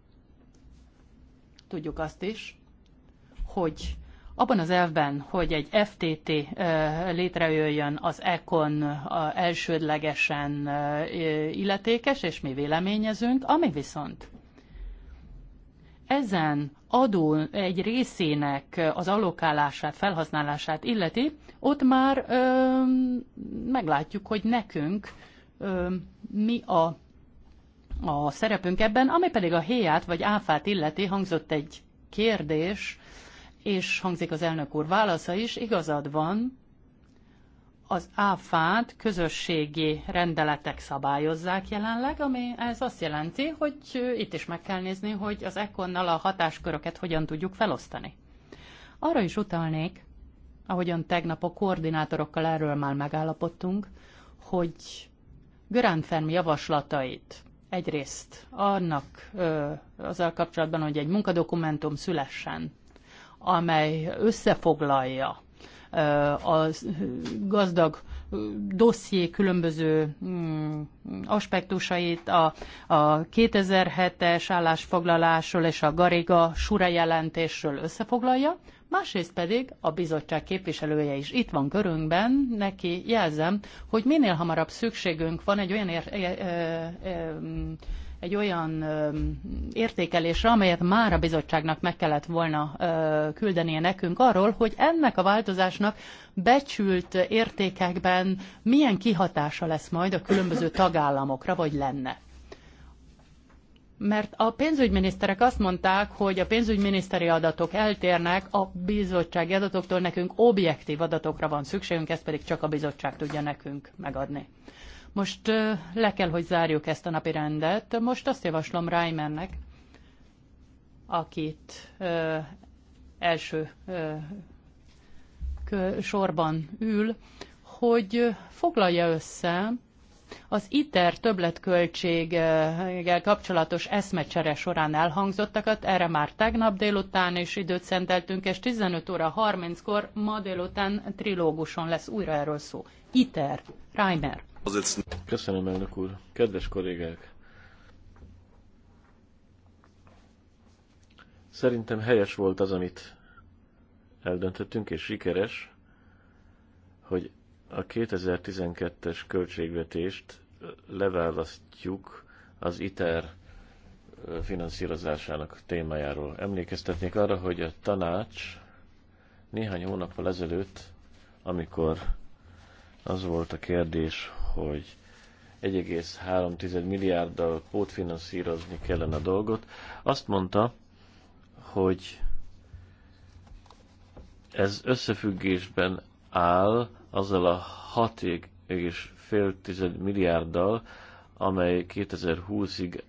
Tudjuk azt is, hogy abban az elvben, hogy egy FTT létrejöjjön az ECON elsődlegesen illetékes, és mi véleményezünk, ami viszont ezen adó egy részének az allokálását, felhasználását illeti, ott már ö, meglátjuk, hogy nekünk ö, mi a, a szerepünk ebben, ami pedig a héját vagy áfát illeti, hangzott egy kérdés, és hangzik az elnök úr válasza is, igazad van, az áfát közösségi rendeletek szabályozzák jelenleg, ami ez azt jelenti, hogy itt is meg kell nézni, hogy az ekonnal a hatásköröket hogyan tudjuk felosztani. Arra is utalnék, ahogyan tegnap a koordinátorokkal erről már megállapodtunk, hogy Görán Fermi javaslatait egyrészt annak ö, azzal kapcsolatban, hogy egy munkadokumentum szülessen amely összefoglalja a gazdag dosszié különböző mm, aspektusait, a, a 2007-es állásfoglalásról és a Gariga Sura jelentésről összefoglalja, másrészt pedig a bizottság képviselője is itt van körünkben, neki jelzem, hogy minél hamarabb szükségünk van egy olyan ér, ö, e- ö, e- e- egy olyan értékelésre, amelyet már a bizottságnak meg kellett volna küldenie nekünk arról, hogy ennek a változásnak becsült értékekben milyen kihatása lesz majd a különböző tagállamokra, vagy lenne. Mert a pénzügyminiszterek azt mondták, hogy a pénzügyminiszteri adatok eltérnek, a bizottsági adatoktól nekünk objektív adatokra van szükségünk, ezt pedig csak a bizottság tudja nekünk megadni. Most le kell, hogy zárjuk ezt a napi rendet. Most azt javaslom Reimernek, akit ö, első ö, sorban ül, hogy foglalja össze az ITER többletköltséggel kapcsolatos eszmecsere során elhangzottakat, erre már tegnap délután is időt szenteltünk, és 15 óra 30-kor ma délután trilóguson lesz újra erről szó. ITER, Reimer. Köszönöm, elnök úr. Kedves kollégák! Szerintem helyes volt az, amit eldöntöttünk, és sikeres, hogy a 2012-es költségvetést leválasztjuk az ITER finanszírozásának témájáról. Emlékeztetnék arra, hogy a tanács néhány hónappal ezelőtt, amikor az volt a kérdés, hogy 1,3 milliárddal pótfinanszírozni kellene a dolgot. Azt mondta, hogy ez összefüggésben áll azzal a 6,5 milliárddal, amely 2020-ig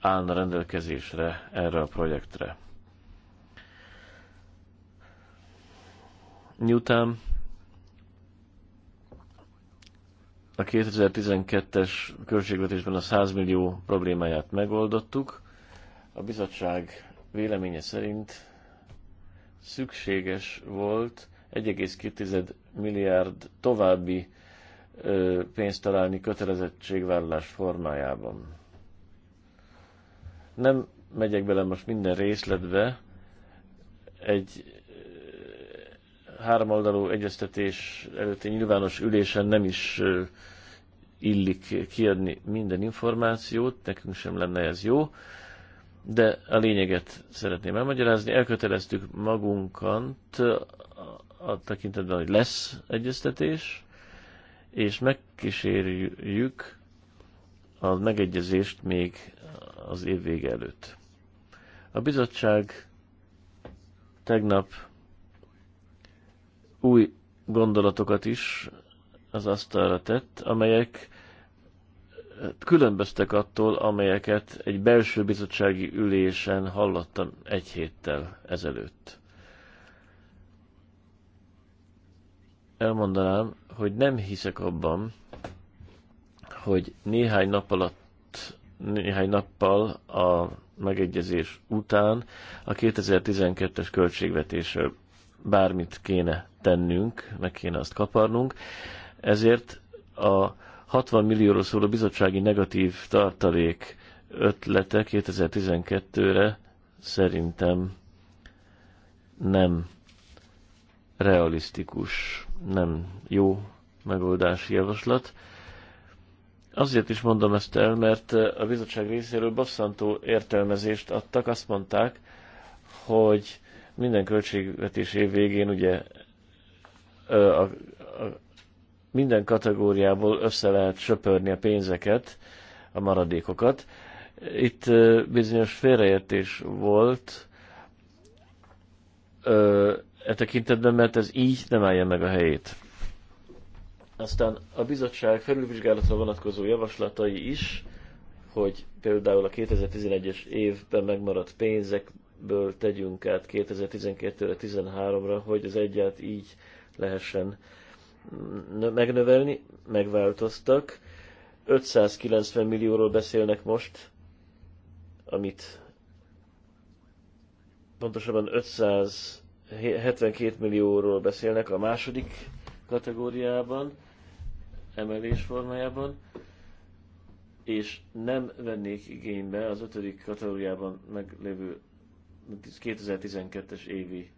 állna rendelkezésre erre a projektre. Miután A 2012-es költségvetésben a 100 millió problémáját megoldottuk. A bizottság véleménye szerint szükséges volt 1,2 milliárd további pénzt találni kötelezettségvállalás formájában. Nem megyek bele most minden részletbe, egy háromoldalú egyeztetés előtti nyilvános ülésen nem is illik kiadni minden információt, nekünk sem lenne ez jó, de a lényeget szeretném elmagyarázni. Elköteleztük magunkat a tekintetben, hogy lesz egyeztetés, és megkísérjük a megegyezést még az év vége előtt. A bizottság tegnap új gondolatokat is az asztalra tett, amelyek eh, különböztek attól, amelyeket egy belső bizottsági ülésen hallottam egy héttel ezelőtt. Elmondanám, hogy nem hiszek abban, hogy néhány nap alatt, néhány nappal a megegyezés után a 2012-es költségvetésről bármit kéne tennünk, meg kéne azt kaparnunk. Ezért a 60 millióról szóló bizottsági negatív tartalék ötlete 2012-re szerintem nem realisztikus, nem jó megoldási javaslat. Azért is mondom ezt el, mert a bizottság részéről basszantó értelmezést adtak, azt mondták, hogy minden költségvetés év végén ugye a, a, minden kategóriából össze lehet söpörni a pénzeket, a maradékokat. Itt bizonyos félreértés volt ö, e tekintetben, mert ez így nem állja meg a helyét. Aztán a bizottság felülvizsgálatra vonatkozó javaslatai is, hogy például a 2011-es évben megmaradt pénzekből tegyünk át 2012-re, 13 ra hogy az egyet így lehessen megnövelni, megváltoztak. 590 millióról beszélnek most, amit pontosabban 572 millióról beszélnek a második kategóriában, emelés formájában, és nem vennék igénybe az ötödik kategóriában meglévő 2012-es évi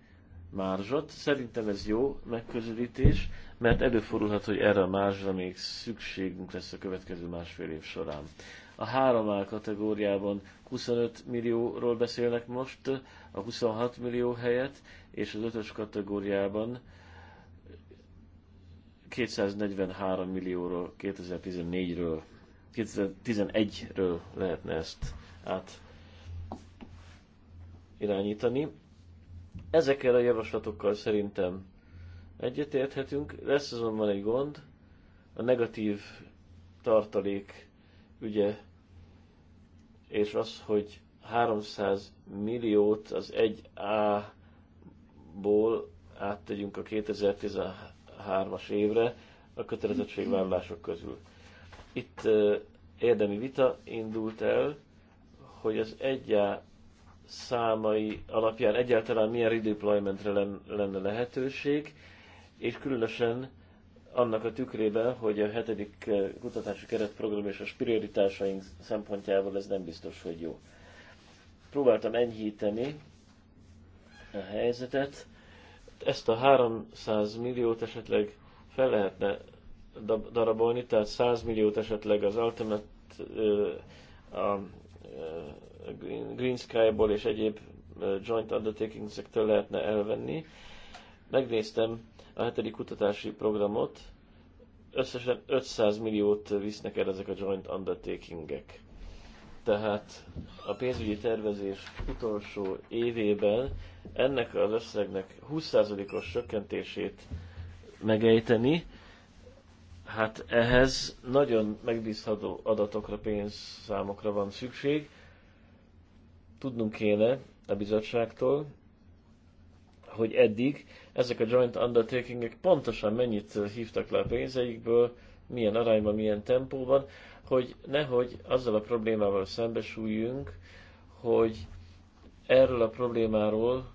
márzsat. Szerintem ez jó megközelítés, mert előfordulhat, hogy erre a márzsra még szükségünk lesz a következő másfél év során. A 3A kategóriában 25 millióról beszélnek most, a 26 millió helyett, és az 5-ös kategóriában 243 millióról, 2014-ről, 2011-ről lehetne ezt át irányítani Ezekkel a javaslatokkal szerintem egyetérthetünk. Lesz azonban egy gond, a negatív tartalék ügye, és az, hogy 300 milliót az 1A-ból áttegyünk a 2013-as évre a kötelezettségvállalások közül. Itt érdemi vita indult el, hogy az 1A számai alapján egyáltalán milyen redeploymentre lenne lehetőség, és különösen annak a tükrében, hogy a hetedik eh, kutatási keretprogram és a prioritásaink szempontjából ez nem biztos, hogy jó. Próbáltam enyhíteni a helyzetet. Ezt a 300 milliót esetleg fel lehetne darabolni, tehát 100 milliót esetleg az Ultimate eh, a eh, Green, Green Sky-ból és egyéb joint undertakingsektől lehetne elvenni. Megnéztem a hetedik kutatási programot, összesen 500 milliót visznek el ezek a joint undertakingek. Tehát a pénzügyi tervezés utolsó évében ennek az összegnek 20%-os csökkentését megejteni, hát ehhez nagyon megbízható adatokra, pénzszámokra van szükség, tudnunk kéne a bizottságtól, hogy eddig ezek a joint undertakingek pontosan mennyit hívtak le a pénzeikből, milyen arányban, milyen tempóban, hogy nehogy azzal a problémával szembesüljünk, hogy erről a problémáról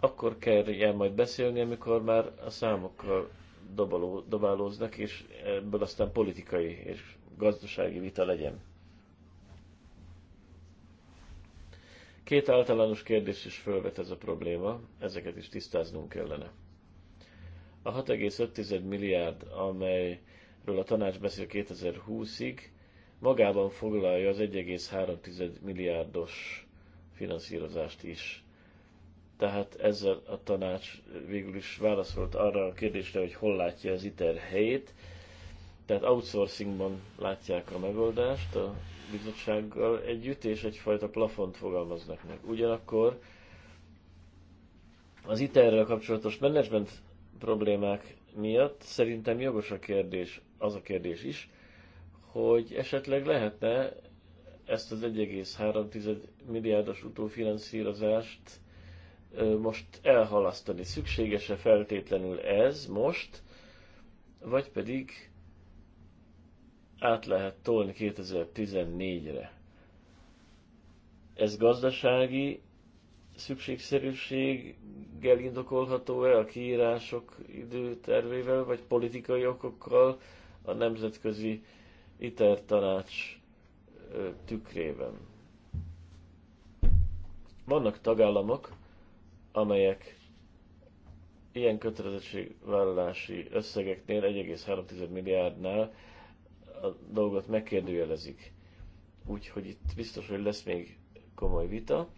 akkor kell majd beszélni, amikor már a számokkal dobaló, dobálóznak, és ebből aztán politikai és gazdasági vita legyen. Két általános kérdés is fölvet ez a probléma, ezeket is tisztáznunk kellene. A 6,5 milliárd, amelyről a tanács beszél 2020-ig, magában foglalja az 1,3 milliárdos finanszírozást is. Tehát ezzel a tanács végül is válaszolt arra a kérdésre, hogy hol látja az ITER helyét. Tehát outsourcingban látják a megoldást, a bizottsággal együtt, és egyfajta plafont fogalmaznak meg. Ugyanakkor az ITER-rel kapcsolatos menedzsment problémák miatt szerintem jogos a kérdés, az a kérdés is, hogy esetleg lehetne ezt az 1,3 milliárdos utófinanszírozást most elhalasztani. Szükséges-e feltétlenül ez most, vagy pedig át lehet tolni 2014-re. Ez gazdasági szükségszerűséggel indokolható-e a kiírások időtervével, vagy politikai okokkal a nemzetközi itertanács tükrében? Vannak tagállamok, amelyek ilyen kötelezettségvállalási összegeknél, 1,3 milliárdnál a dolgot megkérdőjelezik. Úgyhogy itt biztos, hogy lesz még komoly vita,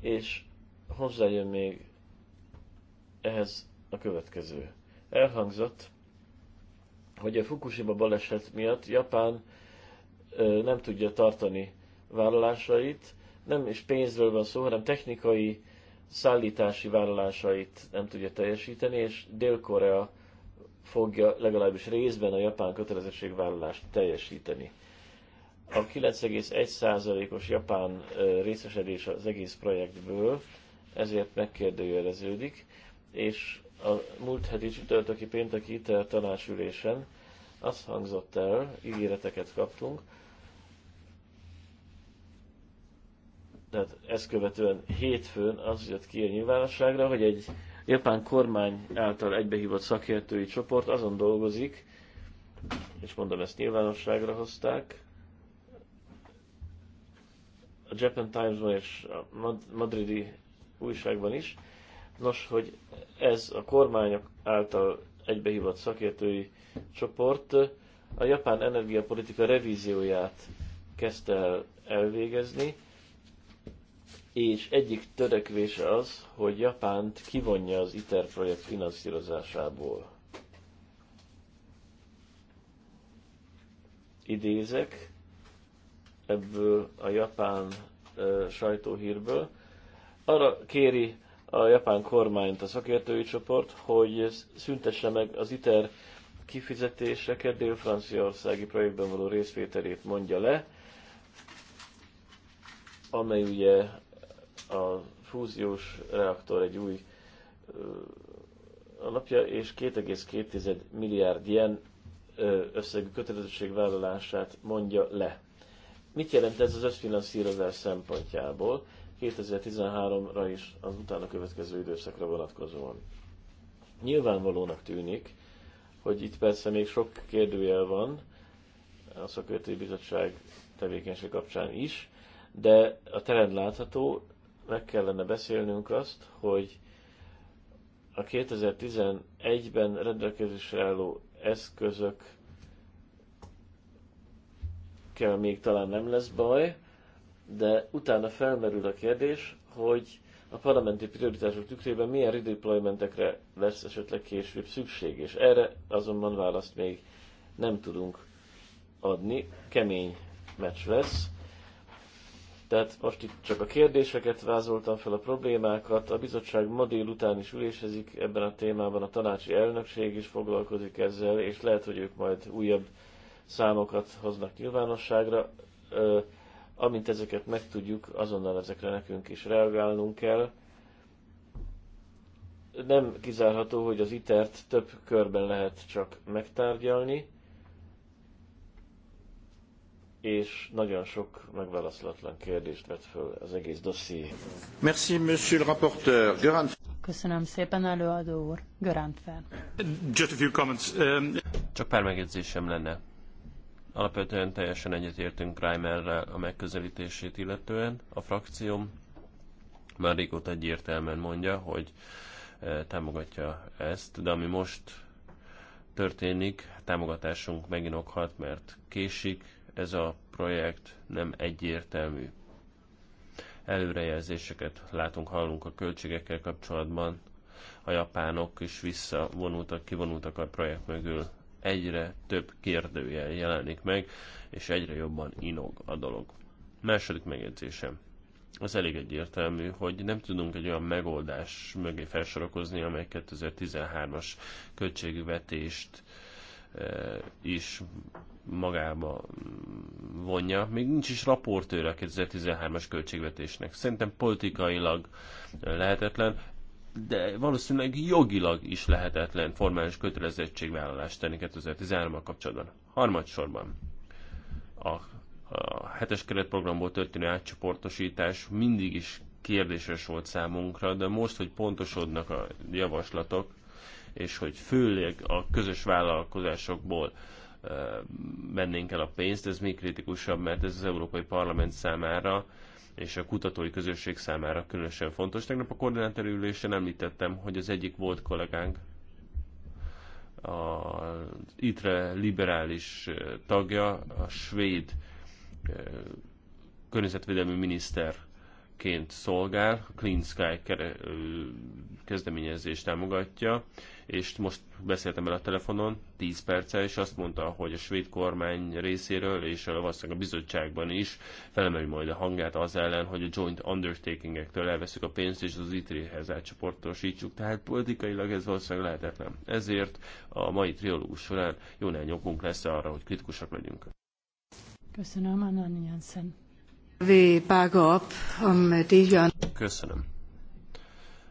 és hozzájön még ehhez a következő. Elhangzott, hogy a Fukushima baleset miatt Japán ö, nem tudja tartani vállalásait, nem is pénzről van szó, hanem technikai szállítási vállalásait nem tudja teljesíteni, és Dél-Korea fogja legalábbis részben a japán kötelezettségvállalást teljesíteni. A 9,1%-os japán részesedés az egész projektből ezért megkérdőjeleződik, és a múlt heti csütörtöki pénteki ITER tanácsülésen az hangzott el, ígéreteket kaptunk, tehát ezt követően hétfőn az jött ki a nyilvánosságra, hogy egy japán kormány által egybehívott szakértői csoport azon dolgozik, és mondom, ezt nyilvánosságra hozták, a Japan Times-ban és a madridi újságban is, nos, hogy ez a kormányok által egybehívott szakértői csoport a japán energiapolitika revízióját kezdte el elvégezni, és egyik törekvése az, hogy Japánt kivonja az ITER projekt finanszírozásából. Idézek ebből a japán e, sajtóhírből. Arra kéri a japán kormányt a szakértői csoport, hogy szüntesse meg az ITER kifizetéseket, dél-franciaországi projektben való részvételét mondja le, amely ugye a fúziós reaktor egy új alapja, és 2,2 milliárd ilyen összegű vállalását mondja le. Mit jelent ez az összfinanszírozás szempontjából 2013-ra és az utána következő időszakra vonatkozóan? Nyilvánvalónak tűnik, hogy itt persze még sok kérdőjel van a szakértői bizottság tevékenység kapcsán is, de a trend látható, meg kellene beszélnünk azt, hogy a 2011-ben rendelkezésre álló eszközök kell még talán nem lesz baj, de utána felmerül a kérdés, hogy a parlamenti prioritások tükrében milyen redeploymentekre lesz esetleg később szükség, és erre azonban választ még nem tudunk adni. Kemény meccs lesz. Tehát most itt csak a kérdéseket vázoltam fel, a problémákat. A bizottság ma délután is ülésezik ebben a témában, a tanácsi elnökség is foglalkozik ezzel, és lehet, hogy ők majd újabb számokat hoznak nyilvánosságra. Amint ezeket megtudjuk, azonnal ezekre nekünk is reagálnunk kell. Nem kizárható, hogy az itert e több körben lehet csak megtárgyalni, és nagyon sok megválaszolatlan kérdést vett föl az egész dosszié. Merci, monsieur le rapporteur. Görant... Köszönöm szépen, előadó úr. Görant fel. Just a few comments. Um... Csak pár megjegyzésem lenne. Alapvetően teljesen egyetértünk Reimerrel a megközelítését illetően. A frakcióm már régóta egyértelműen mondja, hogy eh, támogatja ezt, de ami most történik, támogatásunk megint okhat, mert késik, ez a projekt nem egyértelmű. Előrejelzéseket látunk, hallunk a költségekkel kapcsolatban. A japánok is visszavonultak, kivonultak a projekt mögül. Egyre több kérdőjel jelenik meg, és egyre jobban inog a dolog. Második megjegyzésem. Az elég egyértelmű, hogy nem tudunk egy olyan megoldás mögé felsorokozni, amely 2013-as költségvetést Eh, is magába vonja. Még nincs is raportőr a 2013-as költségvetésnek. Szerintem politikailag lehetetlen, de valószínűleg jogilag is lehetetlen formális kötelezettségvállalást tenni 2013-mal kapcsolatban. Harmadsorban a, a hetes keretprogramból történő átcsoportosítás mindig is kérdéses volt számunkra, de most, hogy pontosodnak a javaslatok, és hogy főleg a közös vállalkozásokból mennénk el a pénzt, ez még kritikusabb, mert ez az Európai Parlament számára és a kutatói közösség számára különösen fontos. Tegnap a koordinátor ülésen említettem, hogy az egyik volt kollégánk, a ITRE liberális tagja, a svéd környezetvédelmi miniszterként szolgál, a Clean Sky kezdeményezést támogatja, és most beszéltem el a telefonon 10 perce, és azt mondta, hogy a svéd kormány részéről, és valószínűleg a bizottságban is felemeli majd a hangját az ellen, hogy a joint undertakingektől elveszük a pénzt, és az ITRI-hez átcsoportosítsuk. Tehát politikailag ez valószínűleg lehetetlen. Ezért a mai triológus során jó néhány okunk lesz arra, hogy kritikusak legyünk. Köszönöm, Anna Jensen. Um, Köszönöm.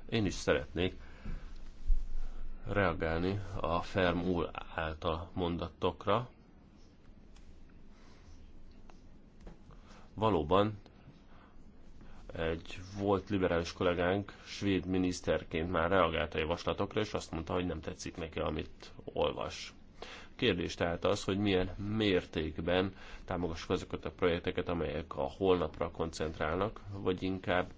Én is szeretnék reagálni a Ferm úr által mondatokra. Valóban egy volt liberális kollégánk svéd miniszterként már reagált a javaslatokra, és azt mondta, hogy nem tetszik neki, amit olvas. Kérdés tehát az, hogy milyen mértékben támogassuk azokat a projekteket, amelyek a holnapra koncentrálnak, vagy inkább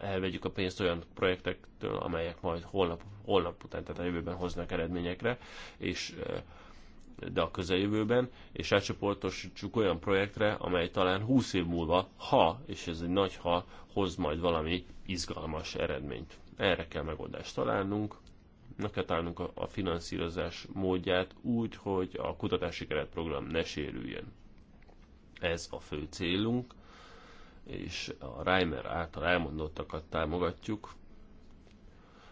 elvegyük a pénzt olyan projektektől, amelyek majd holnap, holnap után, tehát a jövőben hoznak eredményekre, és eh, de a közeljövőben, és átcsoportosítsuk olyan projektre, amely talán 20 év múlva, ha, és ez egy nagy ha, hoz majd valami izgalmas eredményt. Erre kell megoldást találnunk, meg kell találnunk a finanszírozás módját úgy, hogy a kutatási keretprogram ne sérüljön. Ez a fő célunk, és a Reimer által elmondottakat támogatjuk.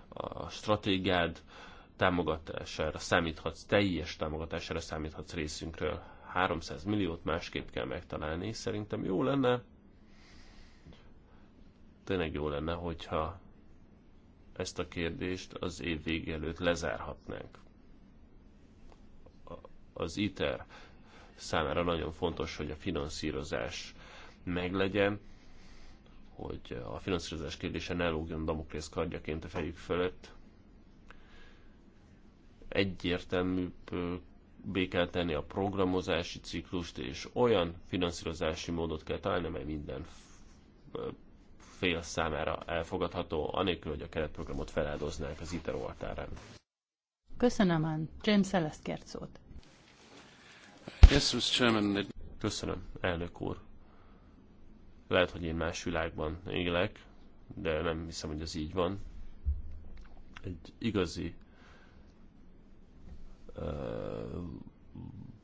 A stratégiád támogatására számíthatsz, teljes támogatására számíthatsz részünkről. 300 milliót másképp kell megtalálni, szerintem jó lenne, tényleg jó lenne, hogyha ezt a kérdést az év vége előtt lezárhatnánk. Az ITER számára nagyon fontos, hogy a finanszírozás meglegyen, hogy a finanszírozás kérdése ne lógjon Damoklész kardjaként a fejük fölött. Egyértelműbb be kell tenni a programozási ciklust, és olyan finanszírozási módot kell találni, mely minden fél számára elfogadható, anélkül, hogy a keretprogramot feláldoznák az ITER oltárán. Köszönöm, Ann. James Celeste kért szót. Köszönöm, elnök úr. Lehet, hogy én más világban élek, de nem hiszem, hogy ez így van. Egy igazi uh,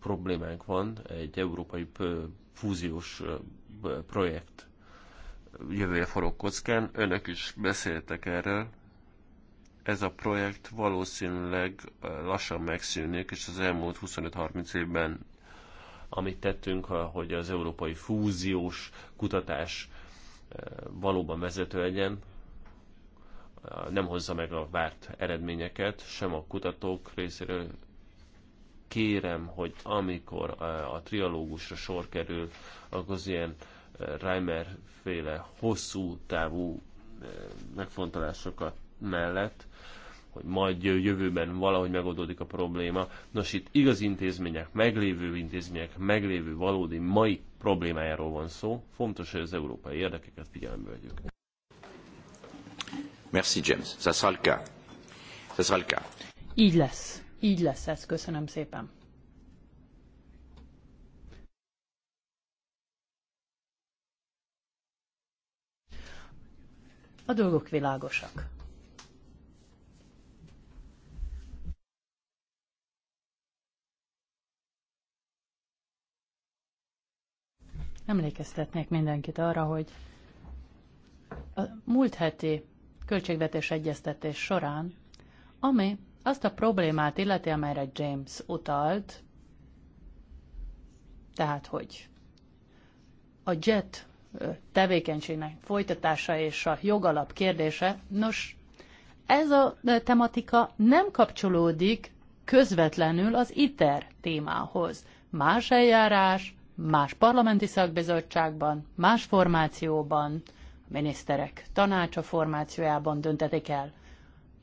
problémánk van, egy európai fúziós projekt jövője forog kockán. Önök is beszéltek erről. Ez a projekt valószínűleg lassan megszűnik, és az elmúlt 25-30 évben amit tettünk, hogy az európai fúziós kutatás eh, valóban vezető legyen, eh, nem hozza meg a várt eredményeket, sem a kutatók részéről. Kérem, hogy amikor eh, a trialógusra sor kerül, akkor az ilyen Reimer féle hosszú távú megfontolásokat mellett hogy majd jövőben valahogy megoldódik a probléma. Nos, itt igaz intézmények, meglévő intézmények, meglévő valódi mai problémájáról van szó. Fontos, hogy az európai érdekeket figyelembe vegyük. Merci, James. Ça sera le cas. Ça sera le cas. Így lesz. Így lesz ez. Köszönöm szépen. A dolgok világosak. Emlékeztetnék mindenkit arra, hogy a múlt heti költségvetés egyeztetés során, ami azt a problémát illeti, amelyre James utalt, tehát hogy a JET tevékenységnek folytatása és a jogalap kérdése, nos, ez a tematika nem kapcsolódik közvetlenül az ITER témához. Más eljárás, más parlamenti szakbizottságban, más formációban, a miniszterek tanácsa formációjában döntetik el.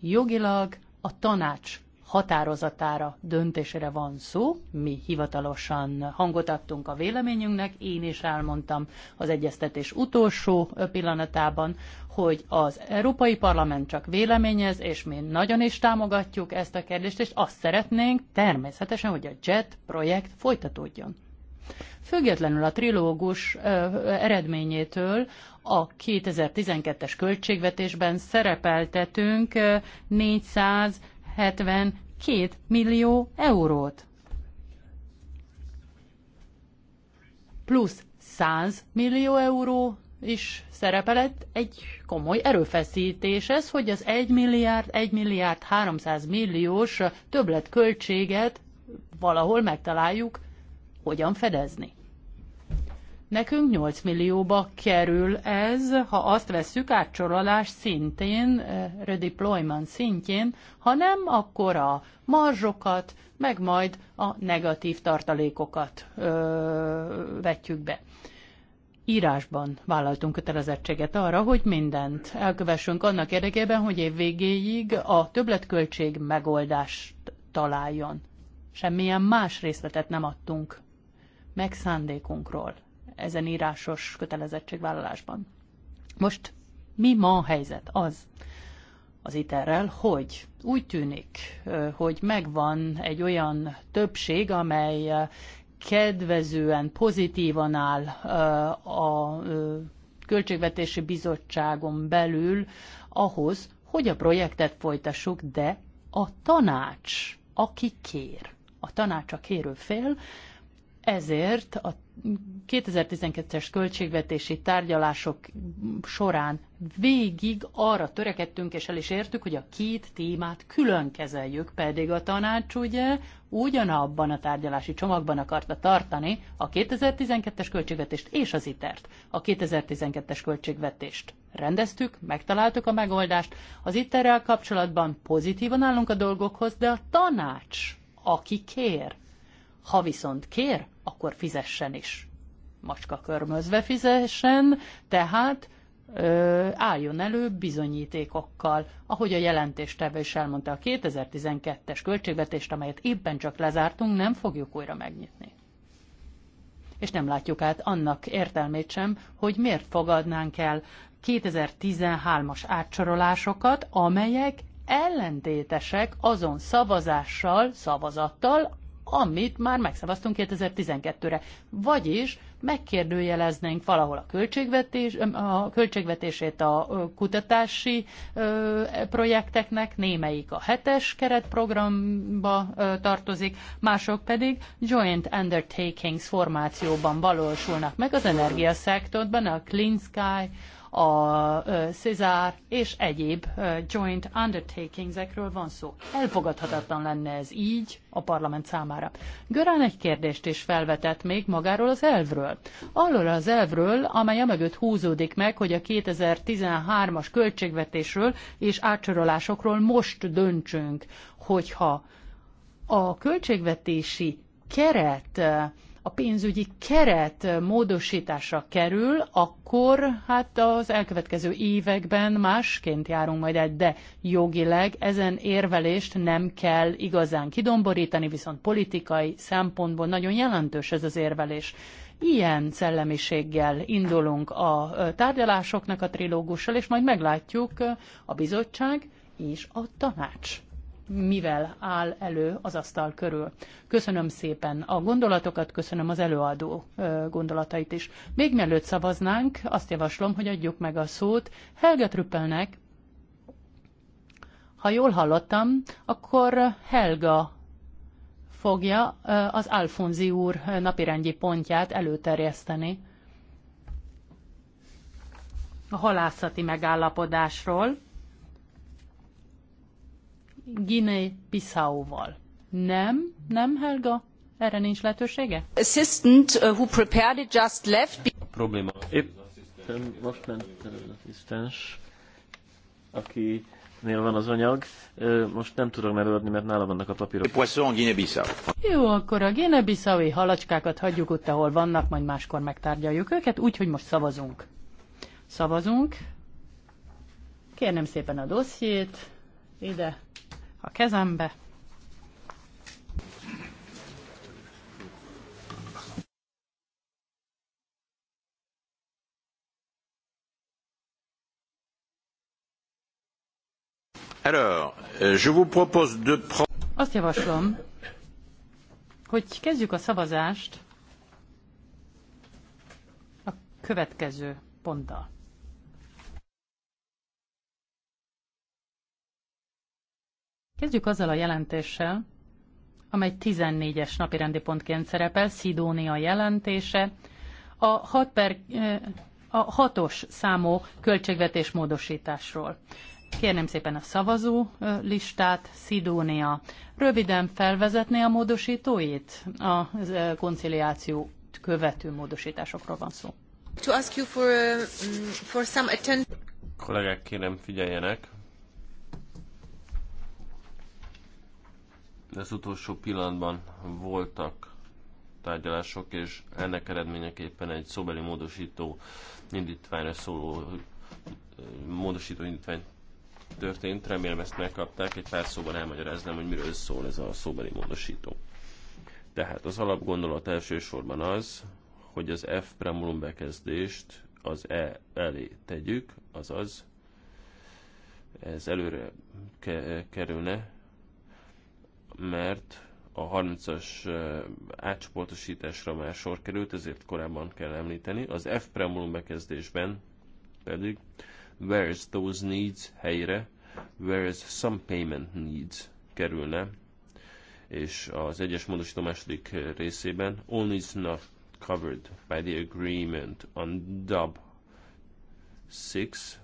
Jogilag a tanács határozatára, döntésére van szó. Mi hivatalosan hangot adtunk a véleményünknek, én is elmondtam az egyeztetés utolsó pillanatában, hogy az Európai Parlament csak véleményez, és mi nagyon is támogatjuk ezt a kérdést, és azt szeretnénk természetesen, hogy a JET projekt folytatódjon. Függetlenül a trilógus eredményétől a 2012-es költségvetésben szerepeltetünk 472 millió eurót. Plusz 100 millió euró is szerepelett egy komoly erőfeszítés ez, hogy az 1 milliárd, 1 milliárd 300 milliós többletköltséget valahol megtaláljuk hogyan fedezni. Nekünk 8 millióba kerül ez, ha azt vesszük átcsorolás szintén, eh, redeployment szintjén, ha nem, akkor a marzsokat, meg majd a negatív tartalékokat ö, vetjük be. Írásban vállaltunk kötelezettséget arra, hogy mindent elkövessünk annak érdekében, hogy év végéig a többletköltség megoldást találjon. Semmilyen más részletet nem adtunk meg szándékunkról ezen írásos kötelezettségvállalásban. Most mi ma a helyzet? Az az iterrel, hogy úgy tűnik, hogy megvan egy olyan többség, amely kedvezően, pozitívan áll a Költségvetési Bizottságon belül ahhoz, hogy a projektet folytassuk, de a tanács, aki kér, a tanács a kérő fél, ezért a 2012-es költségvetési tárgyalások során végig arra törekedtünk, és el is értük, hogy a két témát külön kezeljük, pedig a tanács ugye ugyanabban a tárgyalási csomagban akarta tartani a 2012-es költségvetést és az ITER-t. E a 2012-es költségvetést rendeztük, megtaláltuk a megoldást, az ITER-rel kapcsolatban pozitívan állunk a dolgokhoz, de a tanács, aki kér, ha viszont kér, akkor fizessen is. Macska körmözve fizessen, tehát ö, álljon elő bizonyítékokkal. Ahogy a jelentéstevő is elmondta, a 2012-es költségvetést, amelyet éppen csak lezártunk, nem fogjuk újra megnyitni. És nem látjuk át annak értelmét sem, hogy miért fogadnánk el 2013-as átsorolásokat, amelyek ellentétesek azon szavazással, szavazattal, amit már megszavaztunk 2012-re. Vagyis megkérdőjeleznénk valahol a, költségvetés, a költségvetését a kutatási projekteknek, némelyik a hetes keretprogramba tartozik, mások pedig joint undertakings formációban valósulnak meg az energiaszektorban, a Clean Sky, a César és egyéb joint undertakingsekről van szó. Elfogadhatatlan lenne ez így a parlament számára. Görán egy kérdést is felvetett még magáról az elvről. Arról az elvről, amely mögött húzódik meg, hogy a 2013-as költségvetésről és átsorolásokról most döntsünk, hogyha a költségvetési keret a pénzügyi keret módosításra kerül, akkor hát az elkövetkező években másként járunk majd egy, de jogileg ezen érvelést nem kell igazán kidomborítani, viszont politikai szempontból nagyon jelentős ez az érvelés. Ilyen szellemiséggel indulunk a tárgyalásoknak a trilógussal, és majd meglátjuk a bizottság és a tanács mivel áll elő az asztal körül. Köszönöm szépen a gondolatokat, köszönöm az előadó gondolatait is. Még mielőtt szavaznánk, azt javaslom, hogy adjuk meg a szót Helge Trüppelnek. Ha jól hallottam, akkor Helga fogja az Alfonzi úr napirendi pontját előterjeszteni a halászati megállapodásról Guinea-Bissau-val. Nem, nem, Helga? Erre nincs lehetősége? Assistant uh, who prepared it just left. A probléma. Épp most ment az asszisztens, aki nél van az anyag. Most nem tudok előadni, mert nála vannak a papírok. Poisson Guinea-Bissau. Jó, akkor a guinea halacskákat hagyjuk ott, ahol vannak, majd máskor megtárgyaljuk őket, úgyhogy most szavazunk. Szavazunk. Kérnem szépen a dossziét ide a kezembe. Alors, euh, je vous propose de prendre... Azt javaslom, hogy kezdjük a szavazást a következő ponttal. Kezdjük azzal a jelentéssel, amely 14-es napi rendi pontként szerepel, Szidónia jelentése, a 6 per, eh, a hatos számú költségvetés módosításról. Kérném szépen a szavazó eh, listát, Szidónia. Röviden felvezetné a módosítóit? A eh, konciliáció követő módosításokról van szó. To ask you for, mm, for some attention. Kollégák, kérem figyeljenek, az utolsó pillanatban voltak tárgyalások, és ennek eredményeképpen egy szóbeli módosító indítványra szóló módosító indítvány történt. Remélem ezt megkapták. Egy pár szóban elmagyaráznám, hogy miről szól ez a szóbeli módosító. Tehát az alapgondolat elsősorban az, hogy az F premolum bekezdést az E elé tegyük, azaz ez előre ke- kerülne, mert a 30-as átcsoportosításra már sor került, ezért korábban kell említeni. Az F preambulum bekezdésben pedig whereas those needs helyre whereas some payment needs kerülne, és az egyes módosító második részében only is not covered by the agreement on DUB 6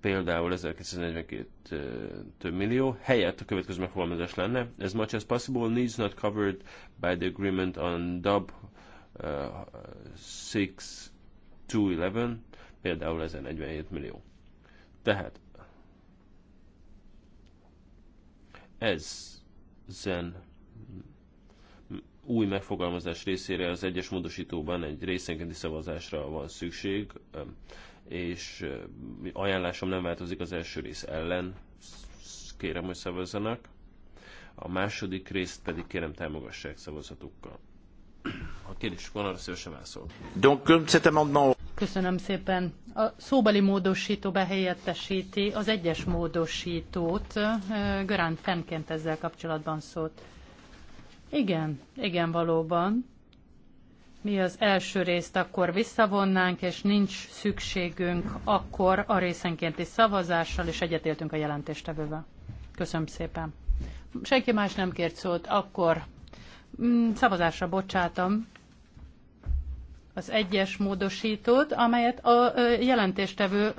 például 1942 millió, helyett a következő megfogalmazás lenne, as much as possible needs not covered by the agreement on DUB uh, 6211, például 1047 millió. Tehát ez zen új megfogalmazás részére az egyes módosítóban egy részenkénti szavazásra van szükség és ajánlásom nem változik az első rész ellen, kérem, hogy szavazzanak. A második részt pedig kérem támogassák szavazatukkal. Ha kérdésük van, arra szívesen válaszol. Köszönöm szépen. A szóbeli módosító behelyettesíti az egyes módosítót. Görán Fenként ezzel kapcsolatban szólt. Igen, igen, valóban mi az első részt akkor visszavonnánk, és nincs szükségünk akkor a részenkénti szavazással, és egyetértünk a jelentéstevővel. Köszönöm szépen. Senki más nem kért szót, akkor mm, szavazásra bocsátom az egyes módosítót, amelyet a jelentéstevő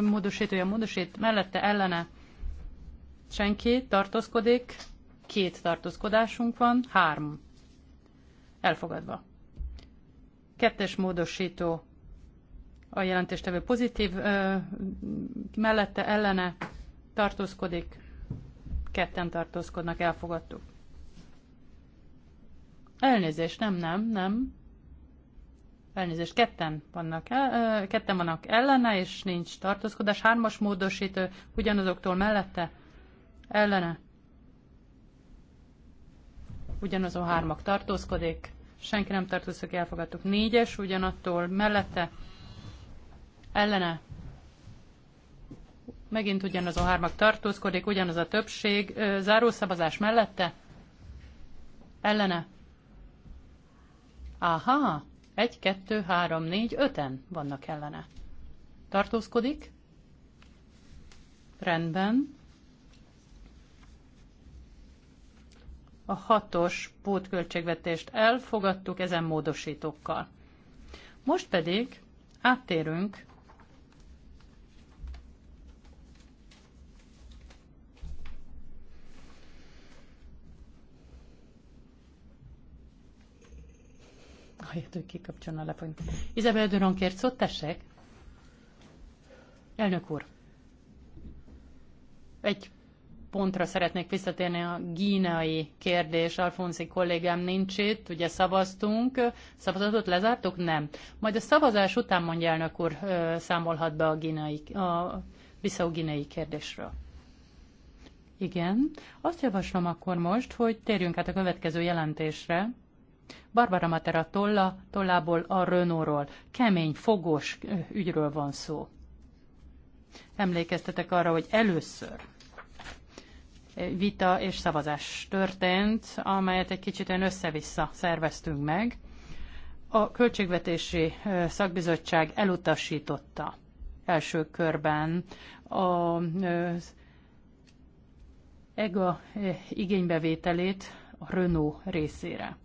módosítója módosít mellette ellene senki tartózkodik, két tartózkodásunk van, három elfogadva. Kettes módosító a jelentéstevő pozitív, ö, mellette ellene tartózkodik, ketten tartózkodnak, elfogadtuk. Elnézést, nem, nem, nem. Elnézést, ketten vannak, el, ö, ketten vannak ellene, és nincs tartózkodás. Hármas módosító ugyanazoktól mellette, ellene. Ugyanazon hármak tartózkodik, senki nem tartozik, elfogadtuk. Négyes, ugyanattól mellette, ellene, megint ugyanaz a hármak tartózkodik, ugyanaz a többség, zárószavazás mellette, ellene. Aha, egy, kettő, három, négy, öten vannak ellene. Tartózkodik? Rendben. a hatos pótköltségvetést elfogadtuk ezen módosítókkal. Most pedig áttérünk Ahelyett, hogy kikapcsolna a lepont. Izabel Duron kért szót, tessék. Elnök úr. Egy pontra szeretnék visszatérni a gínai kérdés. Alfonszi kollégám nincs itt, ugye szavaztunk, szavazatot lezártuk? Nem. Majd a szavazás után mondja elnök úr, számolhat be a, gínai, a gínai kérdésről. Igen. Azt javaslom akkor most, hogy térjünk át a következő jelentésre. Barbara Matera tolla, tollából a Renault-ról. Kemény, fogos ügyről van szó. Emlékeztetek arra, hogy először vita és szavazás történt, amelyet egy kicsit olyan össze-vissza szerveztünk meg. A Költségvetési Szakbizottság elutasította első körben a EGA igénybevételét a Renault részére.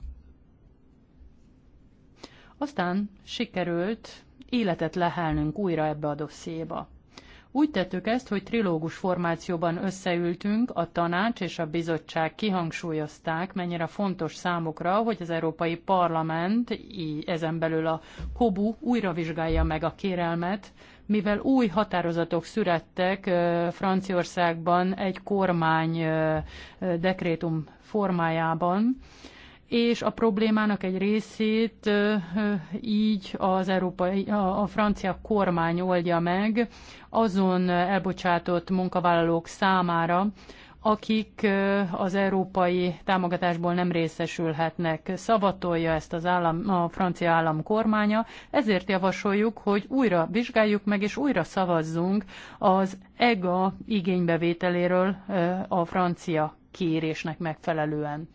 Aztán sikerült életet lehelnünk újra ebbe a dossziéba. Úgy tettük ezt, hogy trilógus formációban összeültünk, a tanács és a bizottság kihangsúlyozták, mennyire fontos számukra, hogy az Európai Parlament, ezen belül a KOBU újra vizsgálja meg a kérelmet, mivel új határozatok születtek Franciaországban egy kormány dekrétum formájában, és a problémának egy részét így az európai, a francia kormány oldja meg azon elbocsátott munkavállalók számára, akik az európai támogatásból nem részesülhetnek. Szavatolja ezt az állam, a francia állam kormánya, ezért javasoljuk, hogy újra vizsgáljuk meg és újra szavazzunk az EGA igénybevételéről a francia kérésnek megfelelően.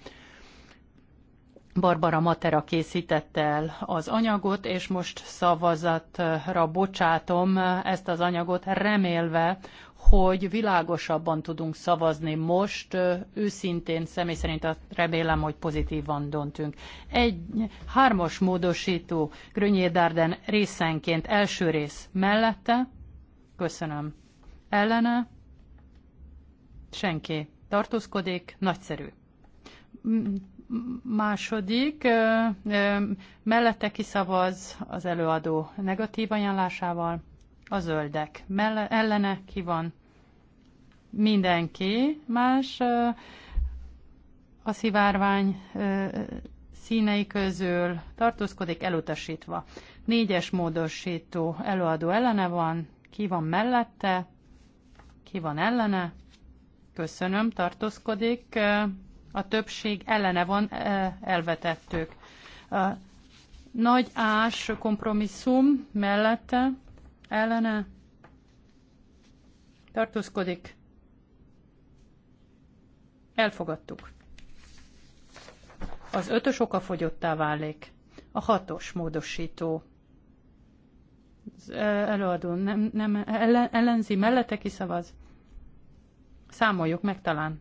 Barbara Matera készítette el az anyagot, és most szavazatra bocsátom ezt az anyagot, remélve, hogy világosabban tudunk szavazni most. Őszintén, személy szerint azt remélem, hogy pozitívan döntünk. Egy hármas módosító Grönyér Darden részenként első rész mellette. Köszönöm. Ellene? Senki. Tartózkodik? Nagyszerű Második, mellette kiszavaz az előadó negatív ajánlásával, a zöldek melle, ellene ki van mindenki más a szivárvány színei közül tartózkodik elutasítva. Négyes módosító előadó ellene van, ki van mellette, ki van ellene, köszönöm, tartózkodik, a többség ellene van, e, elvetettük. nagy ás kompromisszum mellette ellene tartózkodik. Elfogadtuk. Az ötös oka fogyottá válik. A hatos módosító. Az előadó nem, nem ellenzi, mellette kiszavaz. Számoljuk meg talán.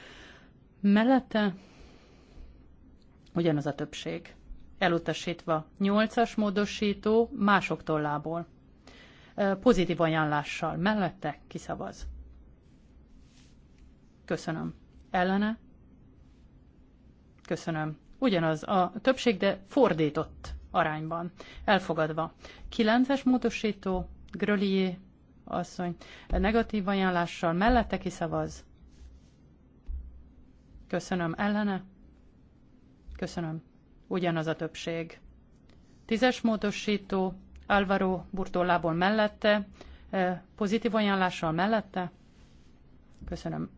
Mellette ugyanaz a többség. Elutasítva nyolcas módosító mások tollából. Pozitív ajánlással mellette kiszavaz. Köszönöm. Ellene? Köszönöm. Ugyanaz a többség, de fordított arányban. Elfogadva. kilences módosító, Grölié asszony, negatív ajánlással mellette kiszavaz. Köszönöm ellene. Köszönöm. Ugyanaz a többség. Tízes módosító Alvaro Burtollából mellette, e, pozitív ajánlással mellette. Köszönöm.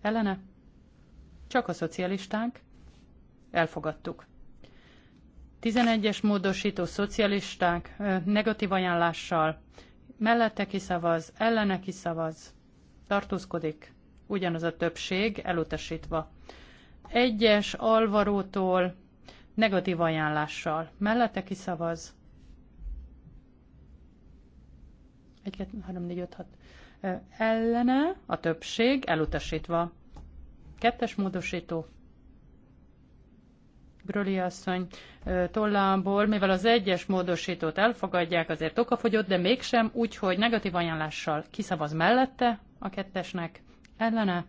Ellene. Csak a szocialistánk. Elfogadtuk. 11-es módosító szocialisták e, negatív ajánlással mellette kiszavaz, ellene kiszavaz, tartózkodik, ugyanaz a többség elutasítva. Egyes Alvarótól negatív ajánlással. Mellette kiszavaz. 1, 2, 3, 4, 5, 6. Ellene a többség elutasítva. Kettes módosító. Gröli asszony tollából, mivel az egyes módosítót elfogadják, azért okafogyott, de mégsem úgy, hogy negatív ajánlással kiszavaz mellette a kettesnek, ellene,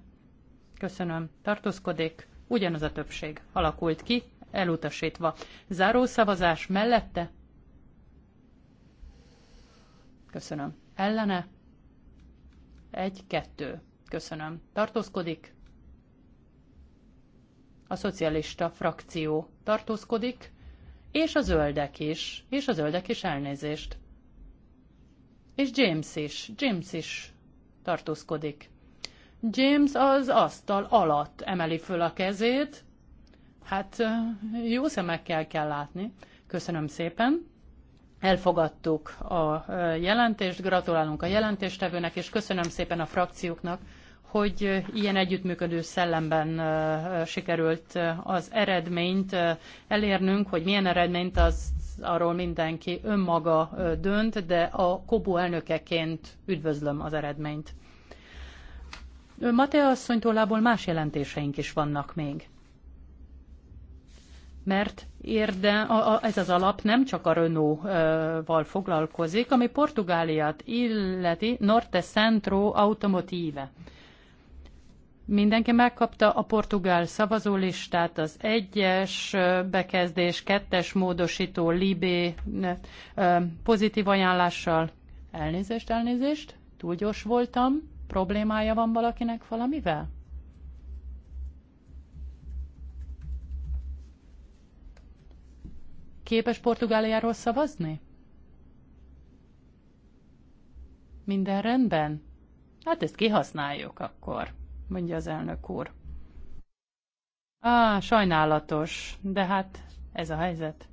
köszönöm, tartózkodik, ugyanaz a többség alakult ki, elutasítva. Záró szavazás mellette, köszönöm, ellene, egy, kettő, köszönöm, tartózkodik, a szocialista frakció tartózkodik, és a zöldek is, és a zöldek is elnézést. És James is, James is tartózkodik. James az asztal alatt emeli föl a kezét. Hát jó szemekkel kell látni. Köszönöm szépen. Elfogadtuk a jelentést, gratulálunk a jelentéstevőnek, és köszönöm szépen a frakcióknak, hogy ilyen együttműködő szellemben sikerült az eredményt elérnünk, hogy milyen eredményt az arról mindenki önmaga dönt, de a Kobu elnökeként üdvözlöm az eredményt. Matea asszony tollából más jelentéseink is vannak még. Mert érde, a, a, ez az alap nem csak a Renault-val foglalkozik, ami Portugáliát illeti Norte Centro Automotive. Mindenki megkapta a portugál szavazólistát, az egyes bekezdés, kettes módosító, libé pozitív ajánlással. Elnézést, elnézést, túl gyors voltam. Problémája van valakinek valamivel? Képes Portugáliáról szavazni? Minden rendben? Hát ezt kihasználjuk akkor, mondja az elnök úr. Á, sajnálatos, de hát ez a helyzet.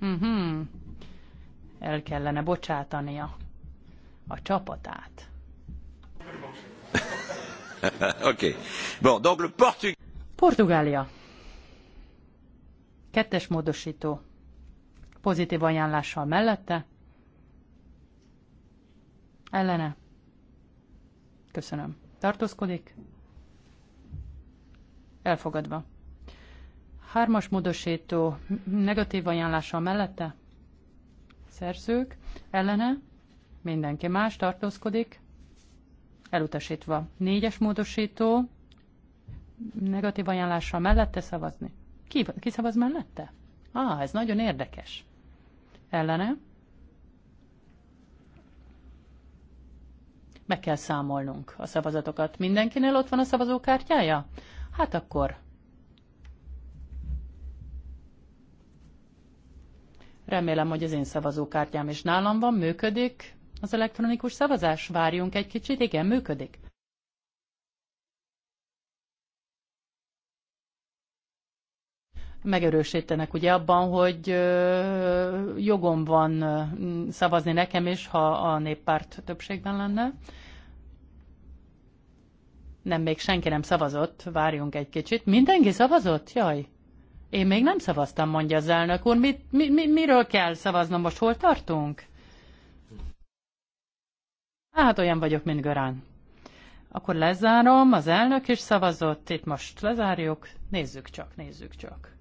Mhm. El kellene bocsátania a csapatát. <laughs> Oké. Okay. Bon, donc le Portug... Portugália. Kettes módosító. Pozitív ajánlással mellette. Ellene. Köszönöm. Tartózkodik? Elfogadva. Hármas módosító negatív ajánlással mellette? Szerzők. Ellene? Mindenki más tartózkodik. Elutasítva. Négyes módosító negatív ajánlással mellette szavazni. Ki, ki szavaz mellette? Ah, ez nagyon érdekes. Ellene? Meg kell számolnunk a szavazatokat. Mindenkinél ott van a szavazókártyája? Hát akkor Remélem, hogy az én szavazókártyám is nálam van, működik. Az elektronikus szavazás, várjunk egy kicsit, igen, működik. megerősítenek ugye abban, hogy jogom van szavazni nekem is, ha a néppárt többségben lenne. Nem, még senki nem szavazott, várjunk egy kicsit. Mindenki szavazott? Jaj, én még nem szavaztam, mondja az elnök úr. Mit, mi, mi, miről kell szavaznom most? Hol tartunk? Hát olyan vagyok, mint Görán. Akkor lezárom, az elnök is szavazott, itt most lezárjuk, nézzük csak, nézzük csak.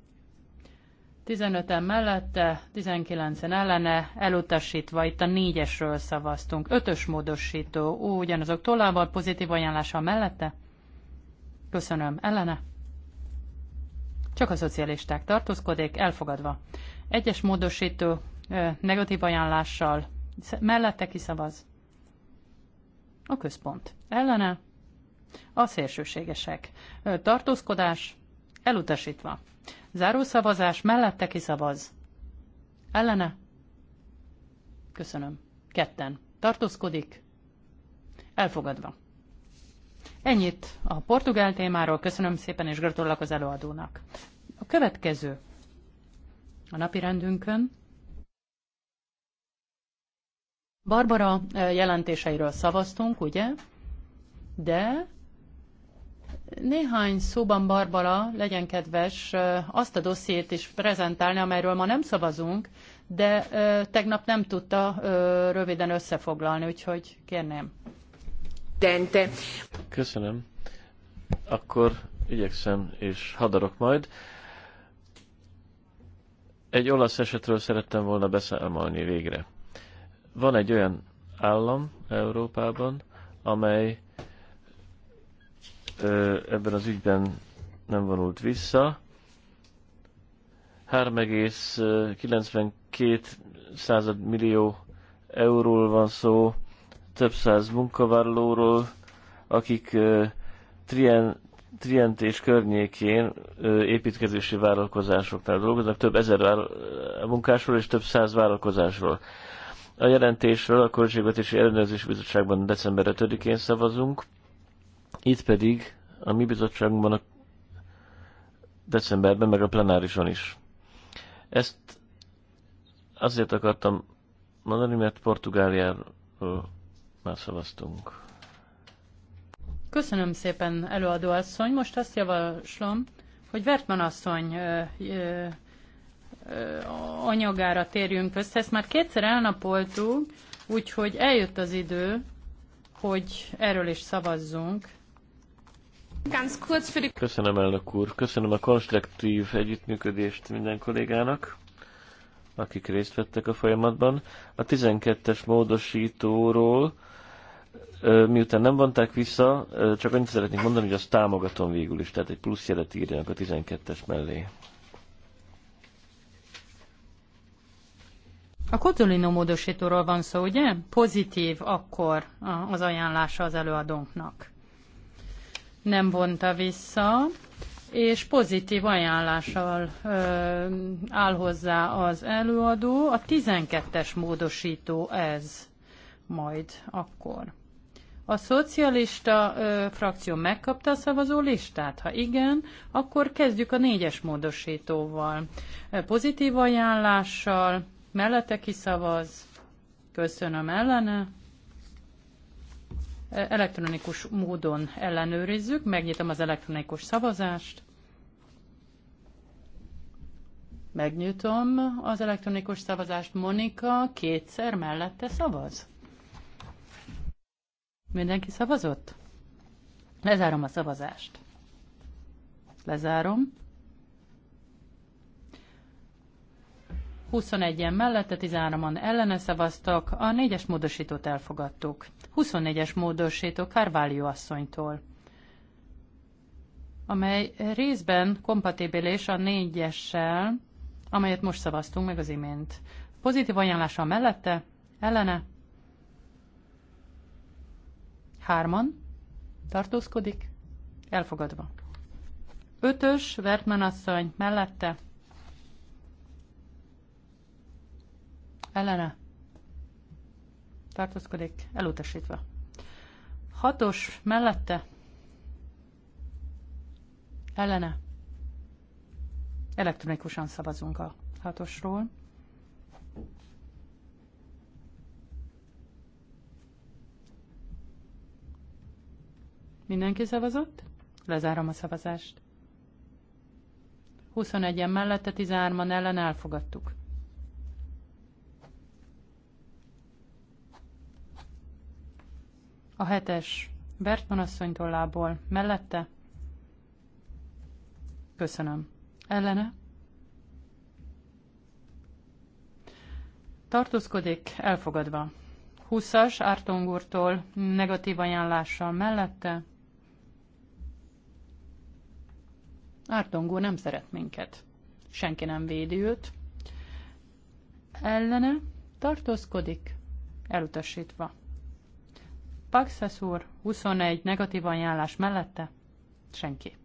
15-en mellette, 19-en ellene, elutasítva, itt a négyesről szavaztunk. Ötös módosító, Ú, ugyanazok tollával, pozitív ajánlása mellette? Köszönöm, ellene? Csak a szocialisták tartózkodik, elfogadva. Egyes módosító, negatív ajánlással, mellette kiszavaz? a központ. Ellene a szélsőségesek. Tartózkodás elutasítva. Zárószavazás mellette kiszavaz. Ellene? Köszönöm. Ketten. Tartózkodik? Elfogadva. Ennyit a portugál témáról. Köszönöm szépen, és gratulálok az előadónak. A következő a napi rendünkön Barbara jelentéseiről szavaztunk, ugye? De néhány szóban, Barbara, legyen kedves azt a dossziét is prezentálni, amelyről ma nem szavazunk, de tegnap nem tudta röviden összefoglalni, úgyhogy kérném. Tente. Köszönöm. Akkor igyekszem, és hadarok majd. Egy olasz esetről szerettem volna beszámolni végre van egy olyan állam Európában, amely ebben az ügyben nem vonult vissza. 3,92 század millió euróról van szó, több száz munkavállalóról, akik trien Trient és környékén építkezési vállalkozásoknál dolgoznak, több ezer munkásról és több száz vállalkozásról. A jelentésről a Költségvetési Ellenőrzés Bizottságban december 5-én szavazunk, itt pedig a mi bizottságunkban a decemberben, meg a plenárison is. Ezt azért akartam mondani, mert Portugáliáról már szavaztunk. Köszönöm szépen, előadó asszony. Most azt javaslom, hogy Vertman asszony ö, ö, anyagára térjünk össze. Ezt már kétszer elnapoltuk, úgyhogy eljött az idő, hogy erről is szavazzunk. Köszönöm, elnök úr. Köszönöm a konstruktív együttműködést minden kollégának, akik részt vettek a folyamatban. A 12-es módosítóról, miután nem vonták vissza, csak annyit szeretnék mondani, hogy azt támogatom végül is, tehát egy plusz jelet írjanak a 12-es mellé. A Kozolino módosítóról van szó, ugye? Pozitív akkor az ajánlása az előadónknak. Nem vonta vissza, és pozitív ajánlással ö, áll hozzá az előadó. A 12-es módosító ez majd akkor. A szocialista ö, frakció megkapta a szavazó listát? Ha igen, akkor kezdjük a négyes módosítóval. Pozitív ajánlással, mellette kiszavaz, köszönöm ellene. E, elektronikus módon ellenőrizzük, megnyitom az elektronikus szavazást. Megnyitom az elektronikus szavazást. Monika kétszer mellette szavaz. Mindenki szavazott? Lezárom a szavazást. Lezárom. 21-en mellette, 13-an ellene szavaztak, a 4 módosítót elfogadtuk. 24-es módosító Carvalho asszonytól, amely részben kompatibilis a 4 amelyet most szavaztunk meg az imént. Pozitív ajánlása mellette, ellene, hárman, tartózkodik, elfogadva. Ötös, Vertman asszony mellette, ellene tartózkodik, elutasítva. Hatos mellette ellene elektronikusan szavazunk a hatosról. Mindenki szavazott? Lezárom a szavazást. 21-en mellette, 13-an ellen elfogadtuk. A hetes Bertman asszony tollából mellette. Köszönöm. Ellene. Tartózkodik elfogadva. 20-as Ártongúrtól negatív ajánlással mellette. Ártongúr nem szeret minket. Senki nem védi őt. Ellene tartózkodik, elutasítva. Paxes úr, 21 negatív ajánlás mellette? Senki.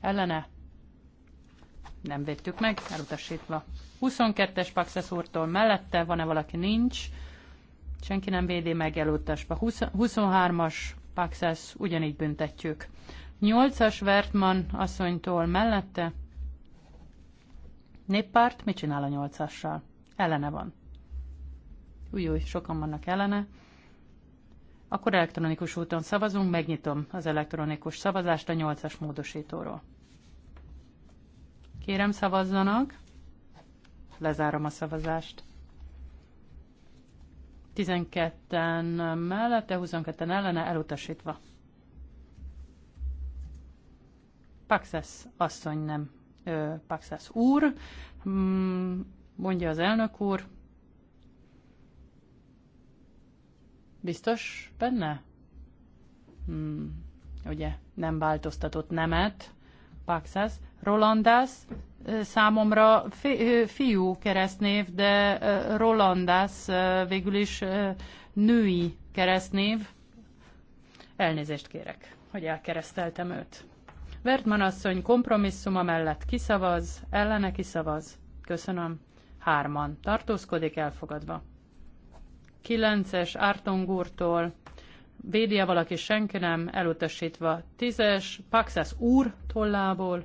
Ellene? Nem védtük meg, elutasítva. 22-es Paxes úrtól mellette, van-e valaki nincs? Senki nem védi meg elutasba. 23-as Paxes ugyanígy büntetjük. 8-as Vertman asszonytól mellette? Néppárt mit csinál a 8-assal? Ellene van. Új, új, sokan vannak ellene. Akkor elektronikus úton szavazunk, megnyitom az elektronikus szavazást a 8-as módosítóról. Kérem szavazzanak, lezárom a szavazást. 12-en mellette, 22-en ellene elutasítva. Paxesz asszony nem, Paxesz úr, mondja az elnök úr, Biztos benne? Hmm, ugye nem változtatott nemet. Paxas, Rolandász, számomra fi, fiú keresztnév, de Rolandász végül is női keresztnév. Elnézést kérek, hogy elkereszteltem őt. Vertman asszony kompromisszuma mellett kiszavaz, ellene kiszavaz. Köszönöm. Hárman. Tartózkodik elfogadva. 9-es Ártongúrtól, Bédia valaki senki nem, elutasítva 10-es, Paxas úr tollából,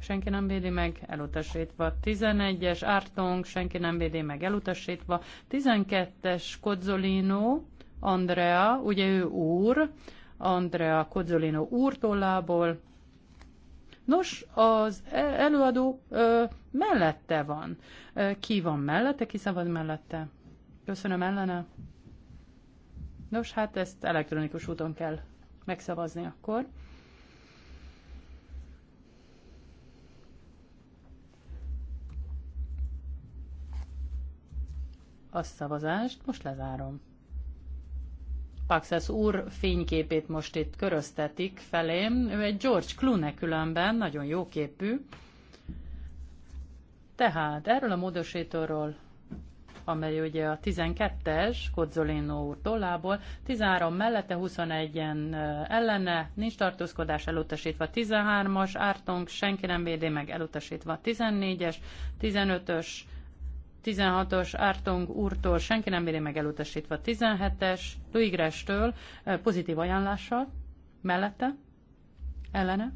senki nem védi meg, elutasítva. 11-es Ártong, senki nem védi meg, elutasítva. 12-es Kozzolino, Andrea, ugye ő úr, Andrea Kozzolino úr tollából, Nos, az e- előadó ö, mellette van. Ö, ki van mellette, ki szabad mellette? Köszönöm ellene. Nos, hát ezt elektronikus úton kell megszavazni akkor. A szavazást most lezárom. Paxas úr fényképét most itt köröztetik felém. Ő egy George Clooney különben, nagyon jó képű. Tehát erről a módosítóról, amely ugye a 12-es Kodzolino úr tollából, 13 mellette, 21-en ellene, nincs tartózkodás elutasítva 13-as, Ártunk senki nem védi meg elutasítva 14-es, 15-ös, 16-os Ártong úrtól senki nem bírja meg elutasítva. 17-es Luigrestől pozitív ajánlással mellette, ellene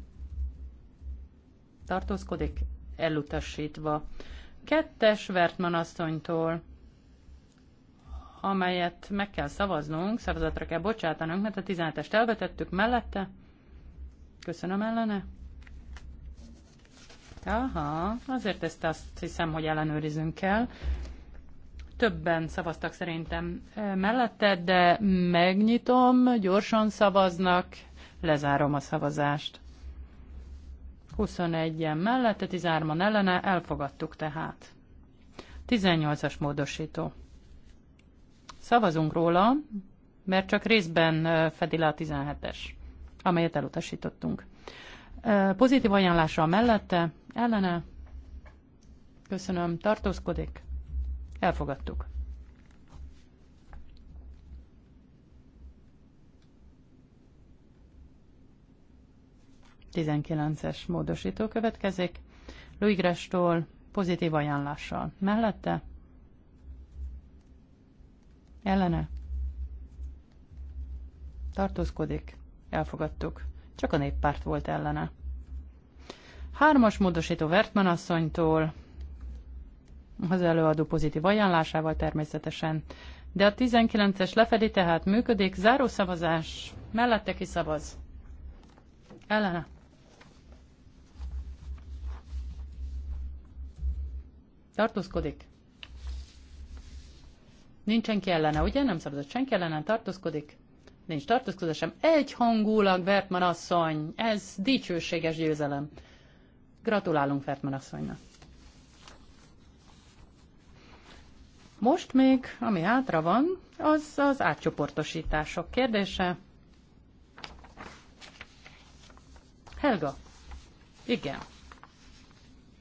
tartózkodik elutasítva. Kettes Vertman asszonytól amelyet meg kell szavaznunk, szavazatra kell bocsátanunk, mert a 17-est elvetettük mellette. Köszönöm ellene. Aha, azért ezt azt hiszem, hogy ellenőrizünk kell. Többen szavaztak szerintem e, mellette, de megnyitom, gyorsan szavaznak, lezárom a szavazást. 21-en mellette, 13-an ellene, elfogadtuk tehát. 18-as módosító. Szavazunk róla, mert csak részben e, fedi le a 17-es, amelyet elutasítottunk. E, pozitív ajánlása mellette, ellene, köszönöm, tartózkodik, elfogadtuk. Tizenkilences módosító következik, Luigrestól pozitív ajánlással. Mellette? Ellene? Tartózkodik, elfogadtuk. Csak a néppárt volt ellene. Hármas módosító Vertman asszonytól, az előadó pozitív ajánlásával természetesen. De a 19-es lefedi, tehát működik, zárószavazás, mellette ki szavaz. Ellene. Tartózkodik. Nincs senki ellene, ugye? Nem szavazott senki ellene, tartózkodik. Nincs tartózkodás sem. Egy hangulag Vertman asszony, ez dicsőséges győzelem. Gratulálunk Fertman asszonynak. Most még, ami hátra van, az az átcsoportosítások kérdése. Helga. Igen.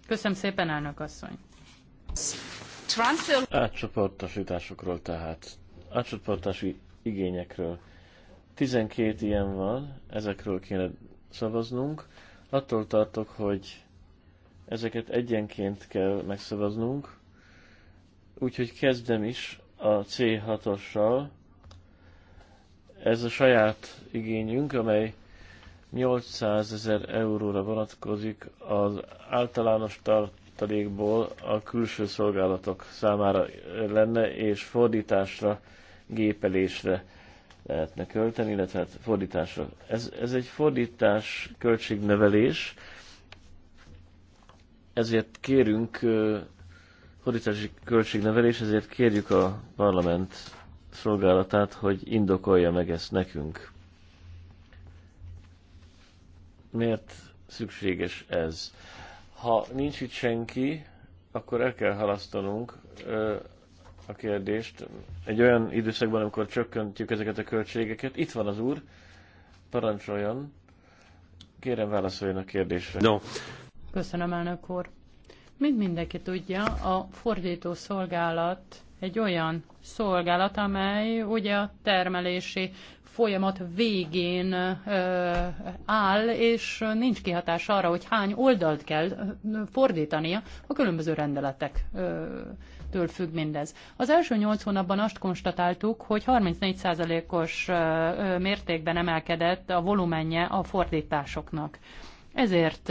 Köszönöm szépen, elnök asszony. Transfer... Átcsoportosításokról tehát. Átcsoportási igényekről. 12 ilyen van, ezekről kéne szavaznunk. Attól tartok, hogy Ezeket egyenként kell megszavaznunk. Úgyhogy kezdem is a C6-ossal. Ez a saját igényünk, amely 800 ezer euróra vonatkozik az általános tartalékból a külső szolgálatok számára lenne, és fordításra, gépelésre lehetne költeni, illetve hát fordításra. Ez, ez egy fordítás költségnevelés, ezért kérünk hordítási költségnevelés, ezért kérjük a parlament szolgálatát, hogy indokolja meg ezt nekünk. Miért szükséges ez? Ha nincs itt senki, akkor el kell halasztanunk a kérdést. Egy olyan időszakban, amikor csökkentjük ezeket a költségeket. Itt van az úr, parancsoljon. Kérem válaszoljon a kérdésre. No. Köszönöm, elnök úr. Mint mindenki tudja, a fordító szolgálat egy olyan szolgálat, amely ugye a termelési folyamat végén ö, áll, és nincs kihatás arra, hogy hány oldalt kell fordítania a különböző rendeletek. Ö, től függ mindez. Az első nyolc hónapban azt konstatáltuk, hogy 34%-os mértékben emelkedett a volumenje a fordításoknak. Ezért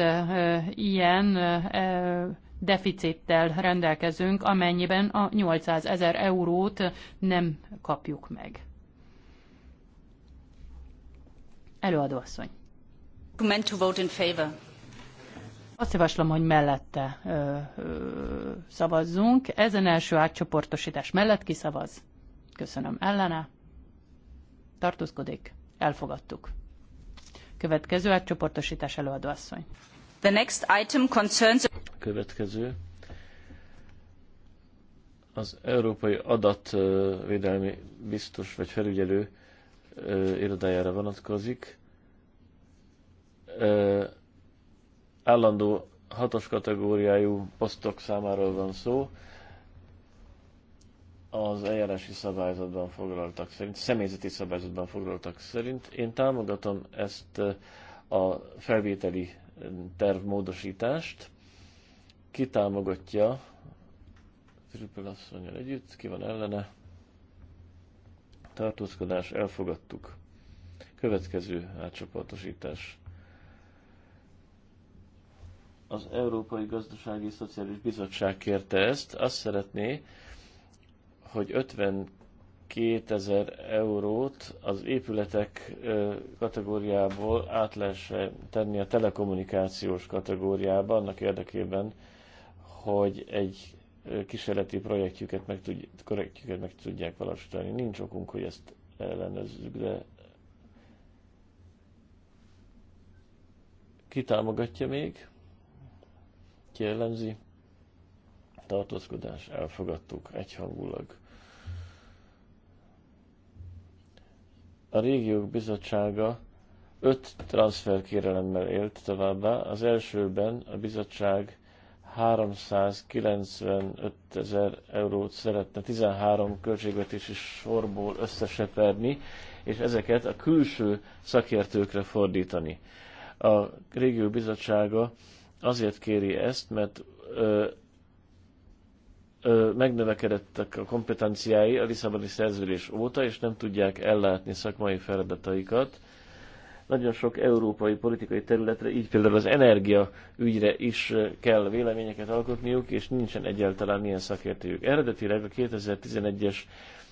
ilyen deficittel rendelkezünk, amennyiben a 800 ezer eurót nem kapjuk meg. Előadóasszony. Meant to vote in favor. Azt javaslom, hogy mellette ö, ö, szavazzunk. Ezen első átcsoportosítás mellett kiszavaz. Köszönöm. Ellene? Tartózkodik? Elfogadtuk. Következő csoportosítás előadó asszony. The next item concerns... Következő az Európai Adatvédelmi Biztos vagy Felügyelő irodájára vonatkozik. Állandó hatos kategóriájú posztok számáról van szó az eljárási szabályzatban foglaltak szerint, személyzeti szabályzatban foglaltak szerint. Én támogatom ezt eh, a felvételi eh, tervmódosítást. Ki támogatja? Trüppel asszonyjal együtt, ki van ellene? Tartózkodás, elfogadtuk. Következő átcsoportosítás az Európai Gazdasági Szociális Bizottság kérte ezt, azt szeretné, hogy 52 ezer eurót az épületek kategóriából át lehessen tenni a telekommunikációs kategóriába, annak érdekében, hogy egy kísérleti projektjüket meg, tudj, projektjüket meg tudják valósítani. Nincs okunk, hogy ezt ellenezzük, de ki támogatja még? Ki ellenzi? Tartózkodás, elfogadtuk egyhangulag. A régiók bizottsága öt transferkérelemmel élt továbbá. Az elsőben a bizottság 395 ezer eurót szeretne 13 költségvetési sorból összeseperni, és ezeket a külső szakértőkre fordítani. A régió bizottsága azért kéri ezt, mert ö, megnövekedettek a kompetenciái a Lisszaboni szerződés óta, és nem tudják ellátni szakmai feladataikat. Nagyon sok európai politikai területre, így például az energia ügyre is kell véleményeket alkotniuk, és nincsen egyáltalán ilyen szakértőjük. Eredetileg a 2011-es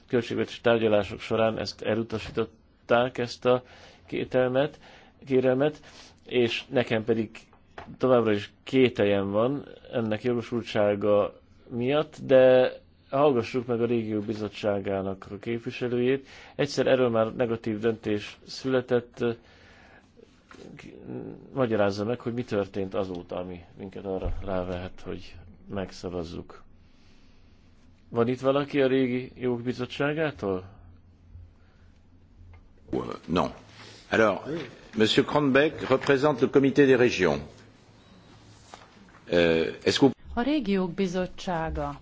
költségvetési tárgyalások során ezt elutasították, ezt a kételmet, kérelmet, és nekem pedig továbbra is kételjem van ennek jogosultsága miatt, de hallgassuk meg a régió bizottságának a képviselőjét. Egyszer erről már negatív döntés született, magyarázza meg, hogy mi történt azóta, ami minket arra rávehet, hogy megszavazzuk. Van itt valaki a régi jók bizottságától? Non. Alors, Monsieur Kronbeck représente le comité des régions. Euh, Est-ce que vous a régiók bizottsága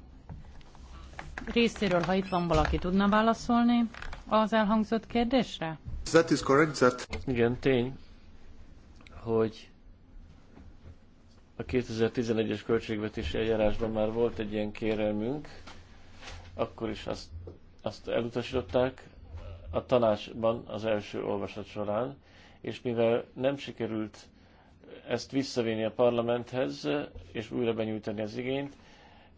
részéről, ha itt van valaki, tudna válaszolni az elhangzott kérdésre? That is correct, that... Igen, tény, hogy a 2011-es költségvetési eljárásban már volt egy ilyen kérelmünk, akkor is azt, azt elutasították a tanácsban az első olvasat során, és mivel nem sikerült ezt visszavinni a parlamenthez, és újra benyújtani az igényt,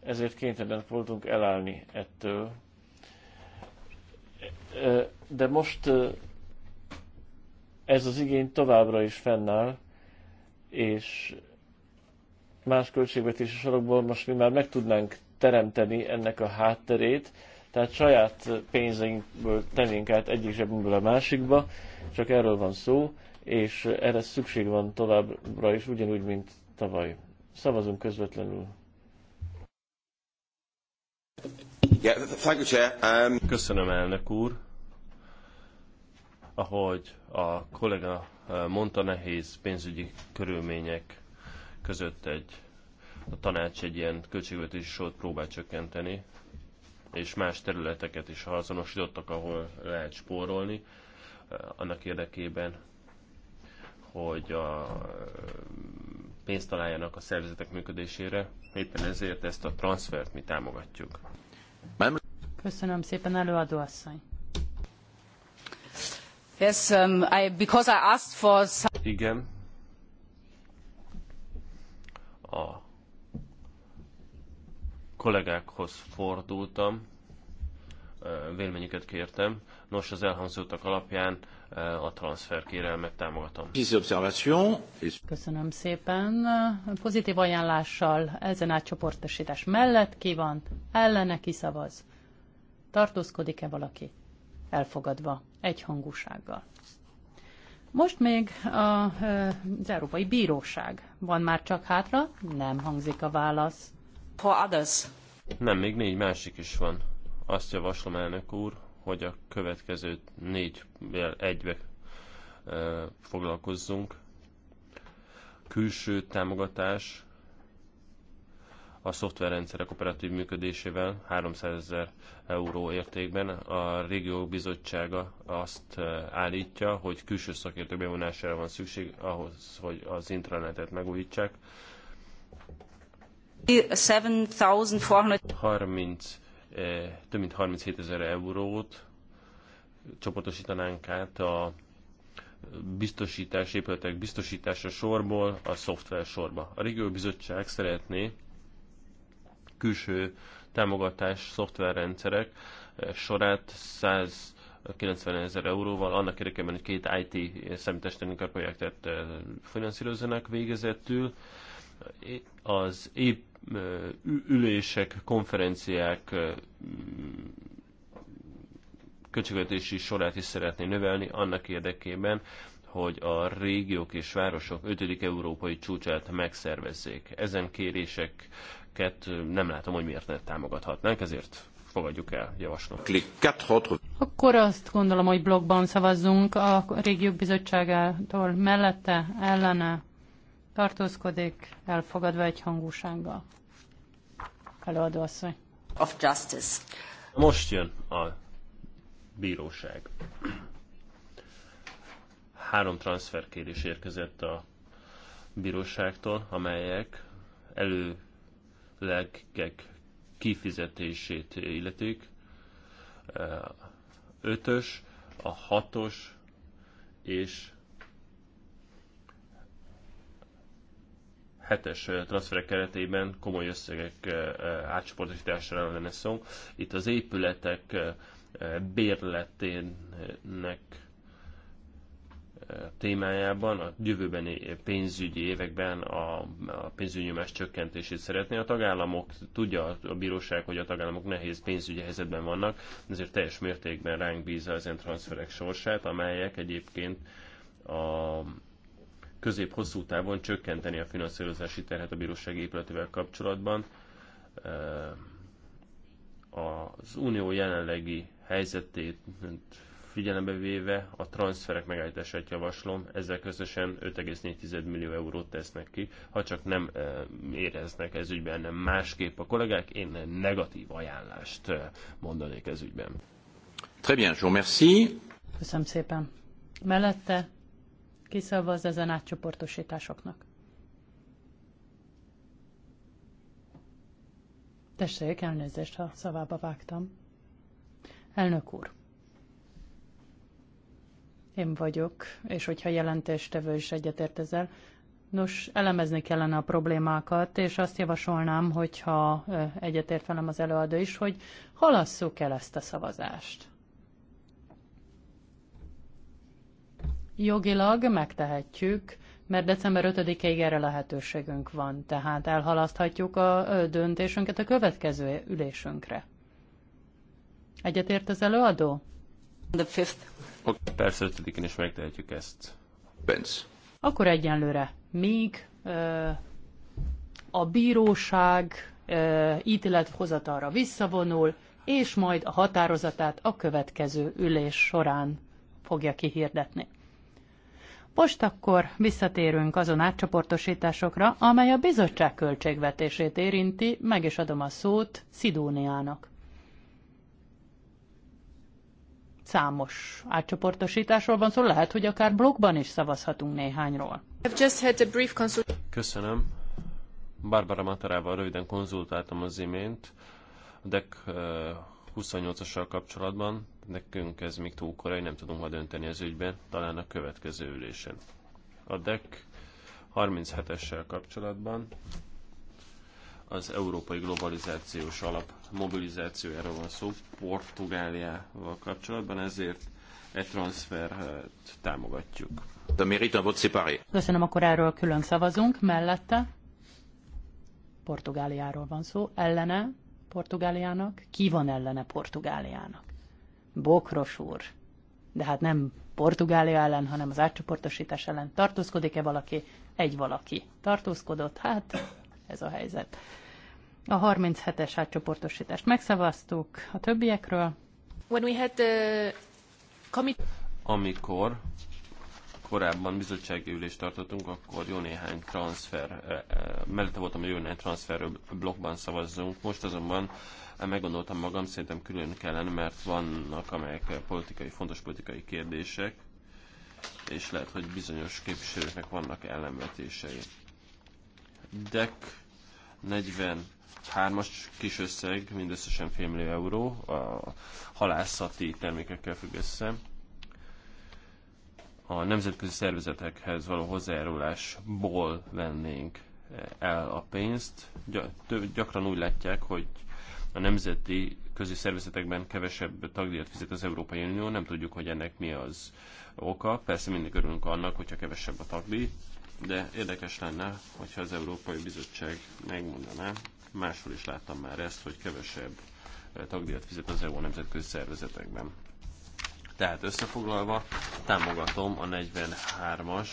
ezért kénytelenek voltunk elállni ettől. De most ez az igény továbbra is fennáll, és más költségvetési sorokból most mi már meg tudnánk teremteni ennek a hátterét, tehát saját pénzeinkből tennénk át egyik zsebünkből a másikba, csak erről van szó, és erre szükség van továbbra is, ugyanúgy, mint tavaly. Szavazunk közvetlenül. Um, Köszönöm, elnök úr. Ahogy a kollega uh, mondta, nehéz pénzügyi körülmények között egy a tanács egy ilyen költségvetési sót próbál csökkenteni, és más területeket is azonosítottak, ahol lehet spórolni, uh, annak érdekében, hogy a pénzt találjanak a szervezetek működésére. Éppen ezért ezt a transfert mi támogatjuk. Köszönöm szépen, előadó asszony. Yes, um, I, because I asked for... Igen. A kollégákhoz fordultam, véleményüket kértem. Nos, az elhangzottak alapján a kérelmet támogatom. Köszönöm szépen. Pozitív ajánlással ezen átcsoportosítás mellett ki van, ellene kiszavaz. Tartózkodik-e valaki? Elfogadva, egyhangúsággal. Most még a, e, az Európai Bíróság van már csak hátra, nem hangzik a válasz. For others. Nem, még négy másik is van. Azt javaslom, elnök úr, hogy a következő négy egybe foglalkozzunk. Külső támogatás a szoftverrendszerek operatív működésével 300 ezer euró értékben. A régió bizottsága azt állítja, hogy külső szakértők bevonására van szükség ahhoz, hogy az intranetet megújítsák. 3400 több mint 37 ezer eurót csoportosítanánk át a biztosítás, épületek biztosítása sorból a szoftver sorba. A Régió Bizottság szeretné külső támogatás szoftverrendszerek sorát 190 ezer euróval, annak érdekében, hogy két IT számítástechnika projektet finanszírozzanak végezettül. Az ép ülések, konferenciák költségvetési sorát is szeretné növelni annak érdekében, hogy a régiók és városok 5. európai csúcsát megszervezzék. Ezen kéréseket nem látom, hogy miért ne támogathatnánk, ezért fogadjuk el, javaslom. Akkor azt gondolom, hogy blogban szavazzunk a régiók bizottságától mellette, ellene, tartózkodik, elfogadva egy hangúsággal. Előadó asszony. Of justice. Most jön a bíróság. Három transferkérés érkezett a bíróságtól, amelyek előlegek kifizetését illetik. Ötös, a hatos és hetes eh, transferek keretében komoly összegek eh, eh, átcsoportosítására lenne szó. Itt az épületek bérletének témájában a jövőbeni pénzügyi években a, a pénzügyi nyomás csökkentését szeretné. A tagállamok, tudja a bíróság, hogy a tagállamok nehéz pénzügyi helyzetben vannak, ezért teljes mértékben ránk bízza ilyen transferek sorsát, amelyek egyébként a közép-hosszú távon csökkenteni a finanszírozási terhet a bírósági épületével kapcsolatban. Az unió jelenlegi helyzetét figyelembe véve a transferek megállítását javaslom, ezzel közösen 5,4 millió eurót tesznek ki, ha csak nem éreznek ez ügyben nem másképp a kollégák, én negatív ajánlást mondanék ez ügyben. Très bien, Jean, merci. Köszönöm szépen. Mellette kiszavaz ezen átcsoportosításoknak. Tessék, elnézést, ha szavába vágtam. Elnök úr, én vagyok, és hogyha jelentéstevő is egyetért ezzel, Nos, elemezni kellene a problémákat, és azt javasolnám, hogyha egyetért velem az előadó is, hogy halasszuk el ezt a szavazást. jogilag megtehetjük, mert december 5-ig erre lehetőségünk van, tehát elhalaszthatjuk a döntésünket a következő ülésünkre. Egyetért az előadó? The fifth. Okay, persze 5-én is megtehetjük ezt. Bence. Akkor egyenlőre. Míg ö, a bíróság ö, ítélethozatalra visszavonul, és majd a határozatát a következő ülés során fogja kihirdetni. Most akkor visszatérünk azon átcsoportosításokra, amely a bizottság költségvetését érinti, meg is adom a szót Szidóniának. Számos átcsoportosításról van szó, szóval lehet, hogy akár blogban is szavazhatunk néhányról. Köszönöm. Barbara Matarával röviden konzultáltam az imént. A DEC eh, 28-assal kapcsolatban nekünk ez még túl korai, nem tudunk ma dönteni az ügyben, talán a következő ülésen. A DEC 37-essel kapcsolatban az Európai Globalizációs Alap mobilizációjáról van szó Portugáliával kapcsolatban, ezért e transfert eh, támogatjuk. Köszönöm, akkor erről külön szavazunk. Mellette Portugáliáról van szó. Ellene Portugáliának, ki van ellene Portugáliának. Bokros úr, de hát nem Portugália ellen, hanem az átcsoportosítás ellen. Tartózkodik-e valaki? Egy valaki tartózkodott, hát ez a helyzet. A 37-es átcsoportosítást megszavaztuk a többiekről. When we had the Amikor korábban bizottsági ülést tartottunk, akkor jó néhány transfer, eh, eh, mellette voltam, hogy jó néhány transfer blokkban szavazzunk. Most azonban eh, meggondoltam magam, szerintem külön kellene, mert vannak amelyek politikai, fontos politikai kérdések, és lehet, hogy bizonyos képviselőknek vannak ellenvetései. DEC 43-as kis összeg, mindösszesen fél millió euró, a halászati termékekkel függ össze a nemzetközi szervezetekhez való hozzájárulásból vennénk eh, el a pénzt. Gyakran úgy látják, hogy a nemzeti közi szervezetekben kevesebb tagdíjat fizet az Európai Unió, nem tudjuk, hogy ennek mi az oka. Persze mindig örülünk annak, hogyha kevesebb a tagdíj, de érdekes lenne, hogyha az Európai Bizottság megmondaná, máshol is láttam már ezt, hogy kevesebb eh, tagdíjat fizet az EU nemzetközi szervezetekben. Tehát összefoglalva támogatom a 43-as,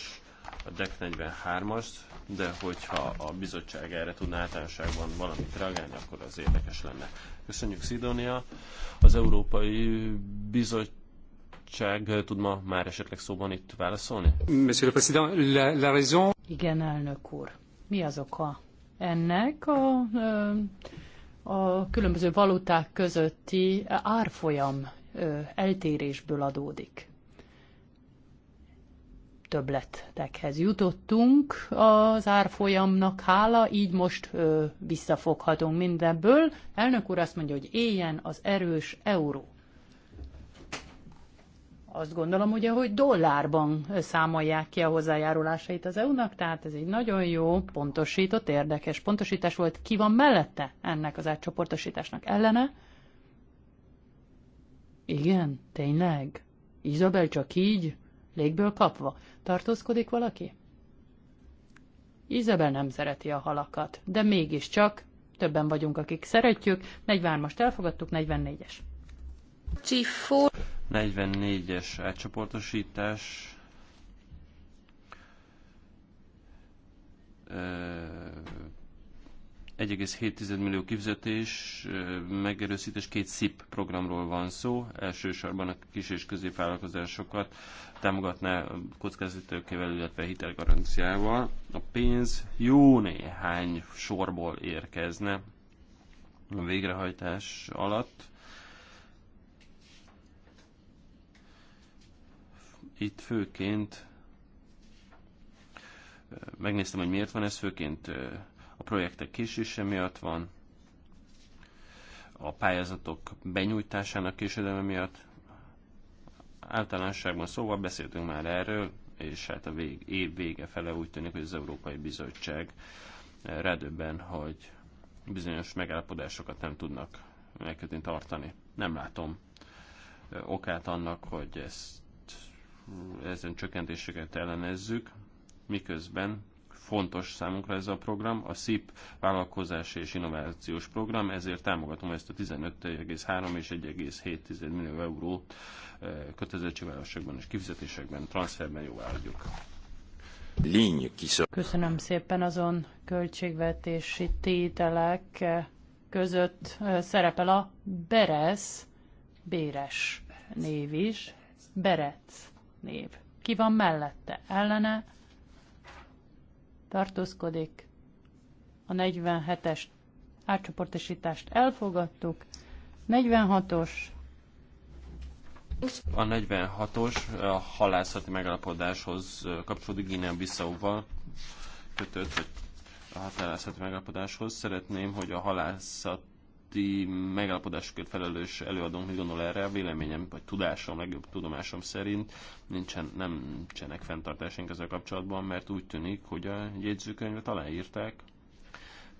a DEC 43-ast, de hogyha a bizottság erre tudná általánosságban valamit reagálni, akkor az érdekes lenne. Köszönjük Szidónia. Az Európai Bizottság tud ma már esetleg szóban itt válaszolni? Monsieur le Président, la, la raison... Igen, elnök úr. Mi az oka ennek a, a különböző valuták közötti árfolyam eltérésből adódik. Többletekhez jutottunk az árfolyamnak hála, így most ö, visszafoghatunk mindenből. Elnök úr azt mondja, hogy éljen az erős euró. Azt gondolom ugye, hogy dollárban számolják ki a hozzájárulásait az EU-nak, tehát ez egy nagyon jó, pontosított, érdekes pontosítás volt. Ki van mellette ennek az átcsoportosításnak ellene? Igen, tényleg? Izabel csak így? Légből kapva. Tartózkodik valaki? Izabel nem szereti a halakat, de mégiscsak többen vagyunk, akik szeretjük. 43-ast elfogadtuk, 44-es. 44-es átcsoportosítás. 1,7 millió kifizetés, megerősítés, két SZIP programról van szó, elsősorban a kis és középvállalkozásokat támogatná kockázatőkével, illetve hitelgaranciával. A pénz jó néhány sorból érkezne a végrehajtás alatt. Itt főként megnéztem, hogy miért van ez, főként a projektek késése miatt van, a pályázatok benyújtásának késedelme miatt. Általánosságban szóval beszéltünk már erről, és hát a vég, év vége fele úgy tűnik, hogy az Európai Bizottság redőben, hogy bizonyos megállapodásokat nem tudnak megkötni tartani. Nem látom okát annak, hogy ezt ezen csökkentéseket ellenezzük, miközben fontos számunkra ez a program, a SIP vállalkozási és innovációs program, ezért támogatom ezt a 15,3 és 1,7 millió euró eh, kötelezettségvállalásokban és kifizetésekben, transferben jóvá adjuk. Köszönöm szépen azon költségvetési tételek eh, között eh, szerepel a Beres, Béres név is, Berec név. Ki van mellette? Ellene tartózkodik. A 47-es átcsoportosítást elfogadtuk. 46-os. A 46-os a halászati megállapodáshoz kapcsolódik Guinea Bissau-val kötött, hogy a halászati megállapodáshoz. Szeretném, hogy a halászat közötti megállapodásokért felelős előadónk mit gondol erre, véleményem vagy tudásom, legjobb tudomásom szerint nincsen, nem csenek fenntartásunk ezzel kapcsolatban, mert úgy tűnik, hogy a jegyzőkönyvet aláírták,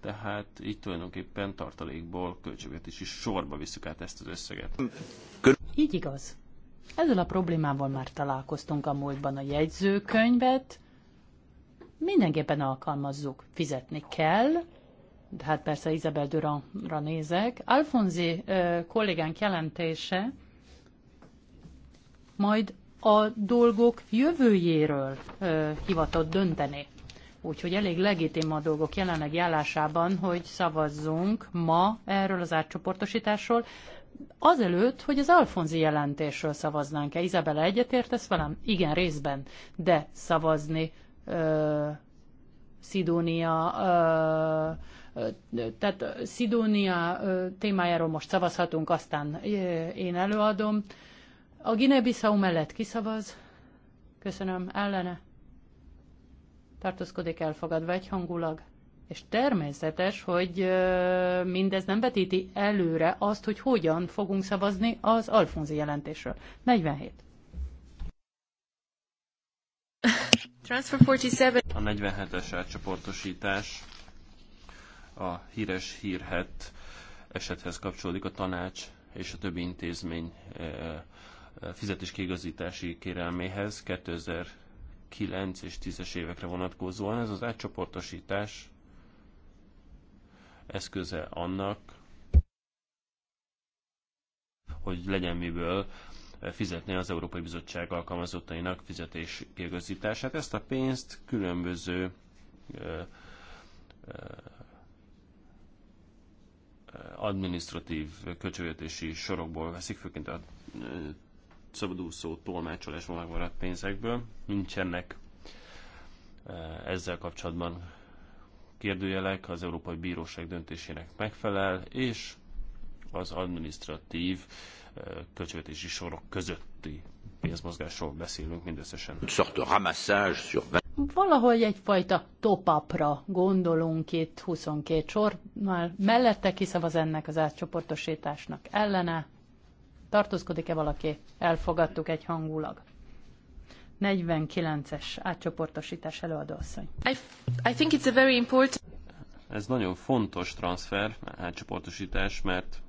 tehát így tulajdonképpen tartalékból is sorba visszük át ezt az összeget. Így igaz. Ezzel a problémával már találkoztunk a múltban a jegyzőkönyvet. Mindenképpen alkalmazzuk. Fizetni kell, de hát persze Isabel Durandra nézek. Alfonzi kollégánk jelentése majd a dolgok jövőjéről hivatott dönteni. Úgyhogy elég legitim a dolgok jelenleg állásában, hogy szavazzunk ma erről az átcsoportosításról, azelőtt, hogy az Alfonzi jelentésről szavaznánk-e. Izabela egyetértesz velem? Igen, részben, de szavazni uh, Szidónia uh, tehát Szidónia témájáról most szavazhatunk, aztán én előadom. A Guinea-Bissau mellett kiszavaz. Köszönöm. Ellene. Tartózkodik elfogadva egyhangulag. És természetes, hogy mindez nem vetíti előre azt, hogy hogyan fogunk szavazni az Alfonzi jelentésről. 47. Transfer 47. A 47-es átcsoportosítás a híres hírhet esethez kapcsolódik a tanács és a többi intézmény eh, eh, fizetéskiigazítási kérelméhez 2009 és 10-es évekre vonatkozóan. Ez az átcsoportosítás eszköze annak, hogy legyen miből fizetni az Európai Bizottság alkalmazottainak fizetés Ezt a pénzt különböző eh, administratív költségvetési sorokból veszik, főként a szabadúszó tolmácsolásban maradt pénzekből. Nincsenek ezzel kapcsolatban kérdőjelek, az Európai Bíróság döntésének megfelel, és az administratív költségvetési sorok közötti pénzmozgásról beszélünk mindösszesen. Sort sorte ramassage sur valahogy egyfajta top gondolunk itt 22 sor, már mellette kiszavaz ennek az átcsoportosításnak ellene. Tartózkodik-e valaki? Elfogadtuk egy hangulag. 49-es átcsoportosítás előadóasszony. I think it's a very important... Ez nagyon fontos transfer, átcsoportosítás, mert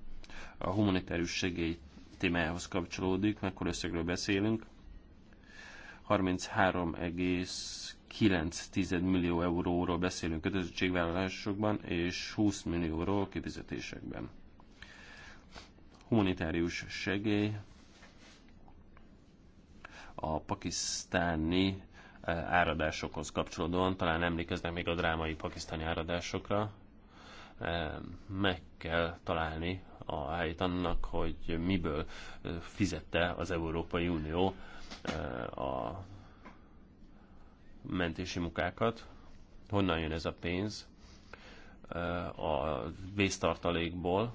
a humanitárius segély témájához kapcsolódik, mekkora összegről beszélünk, 33,9 millió euróról beszélünk kötelezettségvállalásokban, és 20 millióról kifizetésekben. Humanitárius segély a pakisztáni eh, áradásokhoz kapcsolódóan, talán emlékeznek még a drámai pakisztáni áradásokra, eh, meg kell találni a helyét annak, hogy miből eh, fizette az Európai Unió a mentési munkákat. Honnan jön ez a pénz? A vésztartalékból,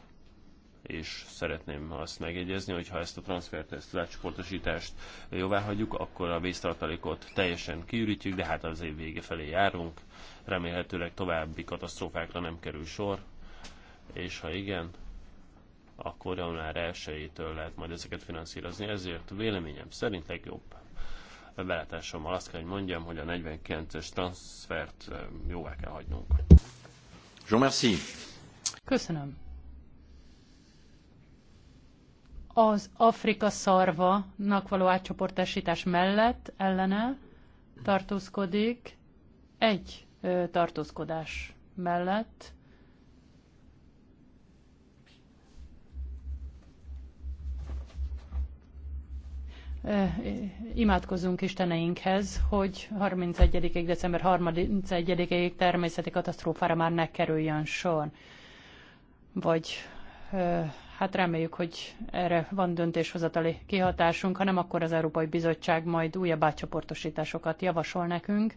és szeretném azt megjegyezni, hogy ha ezt a transfert, ezt a átcsoportosítást jóvá hagyjuk, akkor a vésztartalékot teljesen kiürítjük, de hát az év vége felé járunk, remélhetőleg további katasztrófákra nem kerül sor, és ha igen, akkor január 1 lehet majd ezeket finanszírozni, ezért véleményem szerint legjobb belátásommal azt kell, hogy mondjam, hogy a 49-es transfert jóvá kell hagynunk. Jean merci. Köszönöm. Az Afrika szarvanak való átcsoportosítás mellett ellene tartózkodik egy tartózkodás mellett imádkozzunk isteneinkhez, hogy 31. december 31-ig természeti katasztrófára már ne kerüljön sor. Vagy hát reméljük, hogy erre van döntéshozatali kihatásunk, hanem akkor az Európai Bizottság majd újabb átcsoportosításokat javasol nekünk,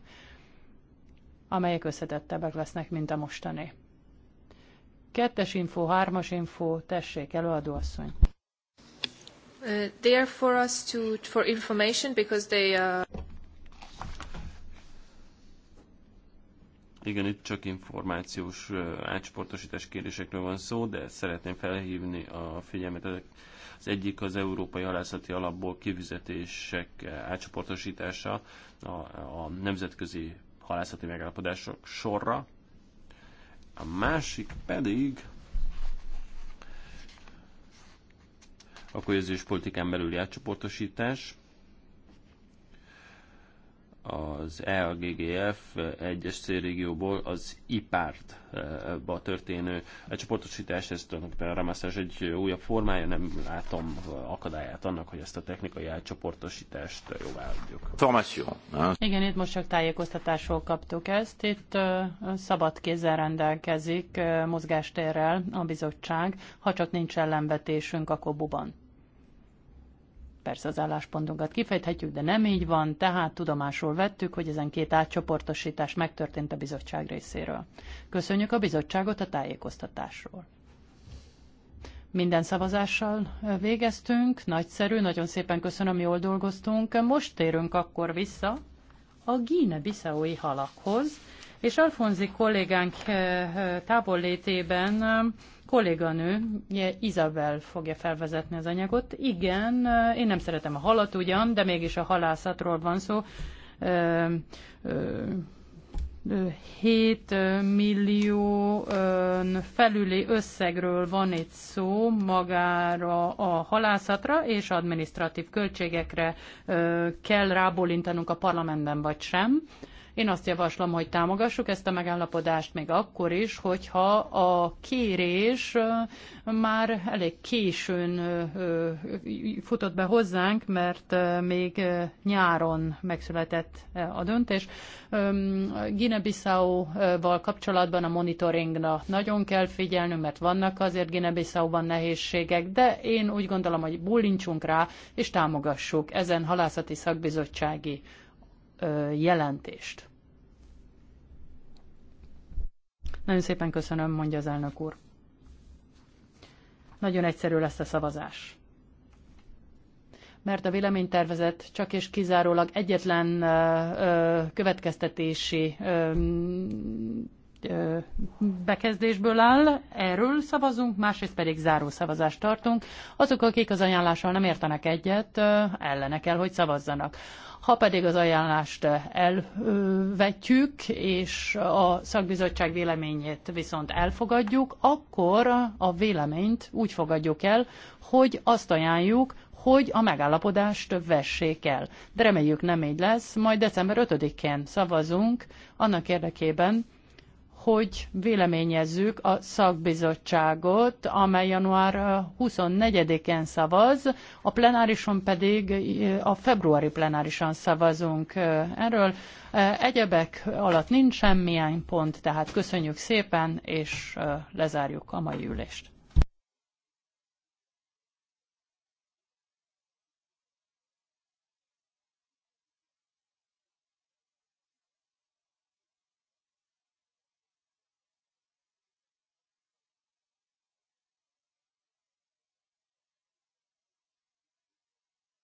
amelyek összetettebbek lesznek, mint a mostani. Kettes info, hármas info, tessék, asszony. Uh, there for us to for information because they. Uh... Igen, itt csak információs uh, átsportosítás kérdésekről van szó, de szeretném felhívni a figyelmet. Az egyik az Európai Halászati Alapból kivizetések uh, átcsoportosítása a, a nemzetközi halászati megállapodások sorra. A másik pedig a kohéziós politikán belüli átcsoportosítás, az EAGGF egyes célrégióból az ipart ba történő csoportosítás, ez tulajdonképpen a Ramászás egy újabb formája, nem látom akadályát annak, hogy ezt a technikai átcsoportosítást jóvá adjuk. Formáció. Igen, itt most csak tájékoztatásról kaptuk ezt. Itt uh, szabad kézzel rendelkezik uh, mozgástérrel a bizottság, ha csak nincs ellenvetésünk a kobuban persze az álláspontunkat kifejthetjük, de nem így van, tehát tudomásul vettük, hogy ezen két átcsoportosítás megtörtént a bizottság részéről. Köszönjük a bizottságot a tájékoztatásról. Minden szavazással végeztünk, nagyszerű, nagyon szépen köszönöm, jól dolgoztunk. Most térünk akkor vissza a Gíne-Biszaui halakhoz, és Alfonzi kollégánk eh, eh, távollétében kolléganő, Izabel fogja felvezetni az anyagot. Igen, én nem szeretem a halat ugyan, de mégis a halászatról van szó. 7 millió felüli összegről van itt szó magára a halászatra és adminisztratív költségekre kell rábólintanunk a parlamentben vagy sem. Én azt javaslom, hogy támogassuk ezt a megállapodást még akkor is, hogyha a kérés már elég későn futott be hozzánk, mert még nyáron megszületett a döntés. guinea kapcsolatban a monitoringra nagyon kell figyelnünk, mert vannak azért guinea nehézségek, de én úgy gondolom, hogy bulincsunk rá, és támogassuk ezen halászati szakbizottsági jelentést. Nagyon szépen köszönöm, mondja az elnök úr. Nagyon egyszerű lesz a szavazás. Mert a véleménytervezet csak és kizárólag egyetlen ö, következtetési ö, ö, bekezdésből áll, erről szavazunk, másrészt pedig záró szavazást tartunk. Azok, akik az ajánlással nem értenek egyet, ö, ellene kell, hogy szavazzanak. Ha pedig az ajánlást elvetjük, és a szakbizottság véleményét viszont elfogadjuk, akkor a véleményt úgy fogadjuk el, hogy azt ajánljuk, hogy a megállapodást vessék el. De reméljük nem így lesz, majd december 5-én szavazunk annak érdekében, hogy véleményezzük a szakbizottságot, amely január 24-én szavaz, a plenárison pedig a februári plenárison szavazunk erről. Egyebek alatt nincs semmilyen pont, tehát köszönjük szépen, és lezárjuk a mai ülést.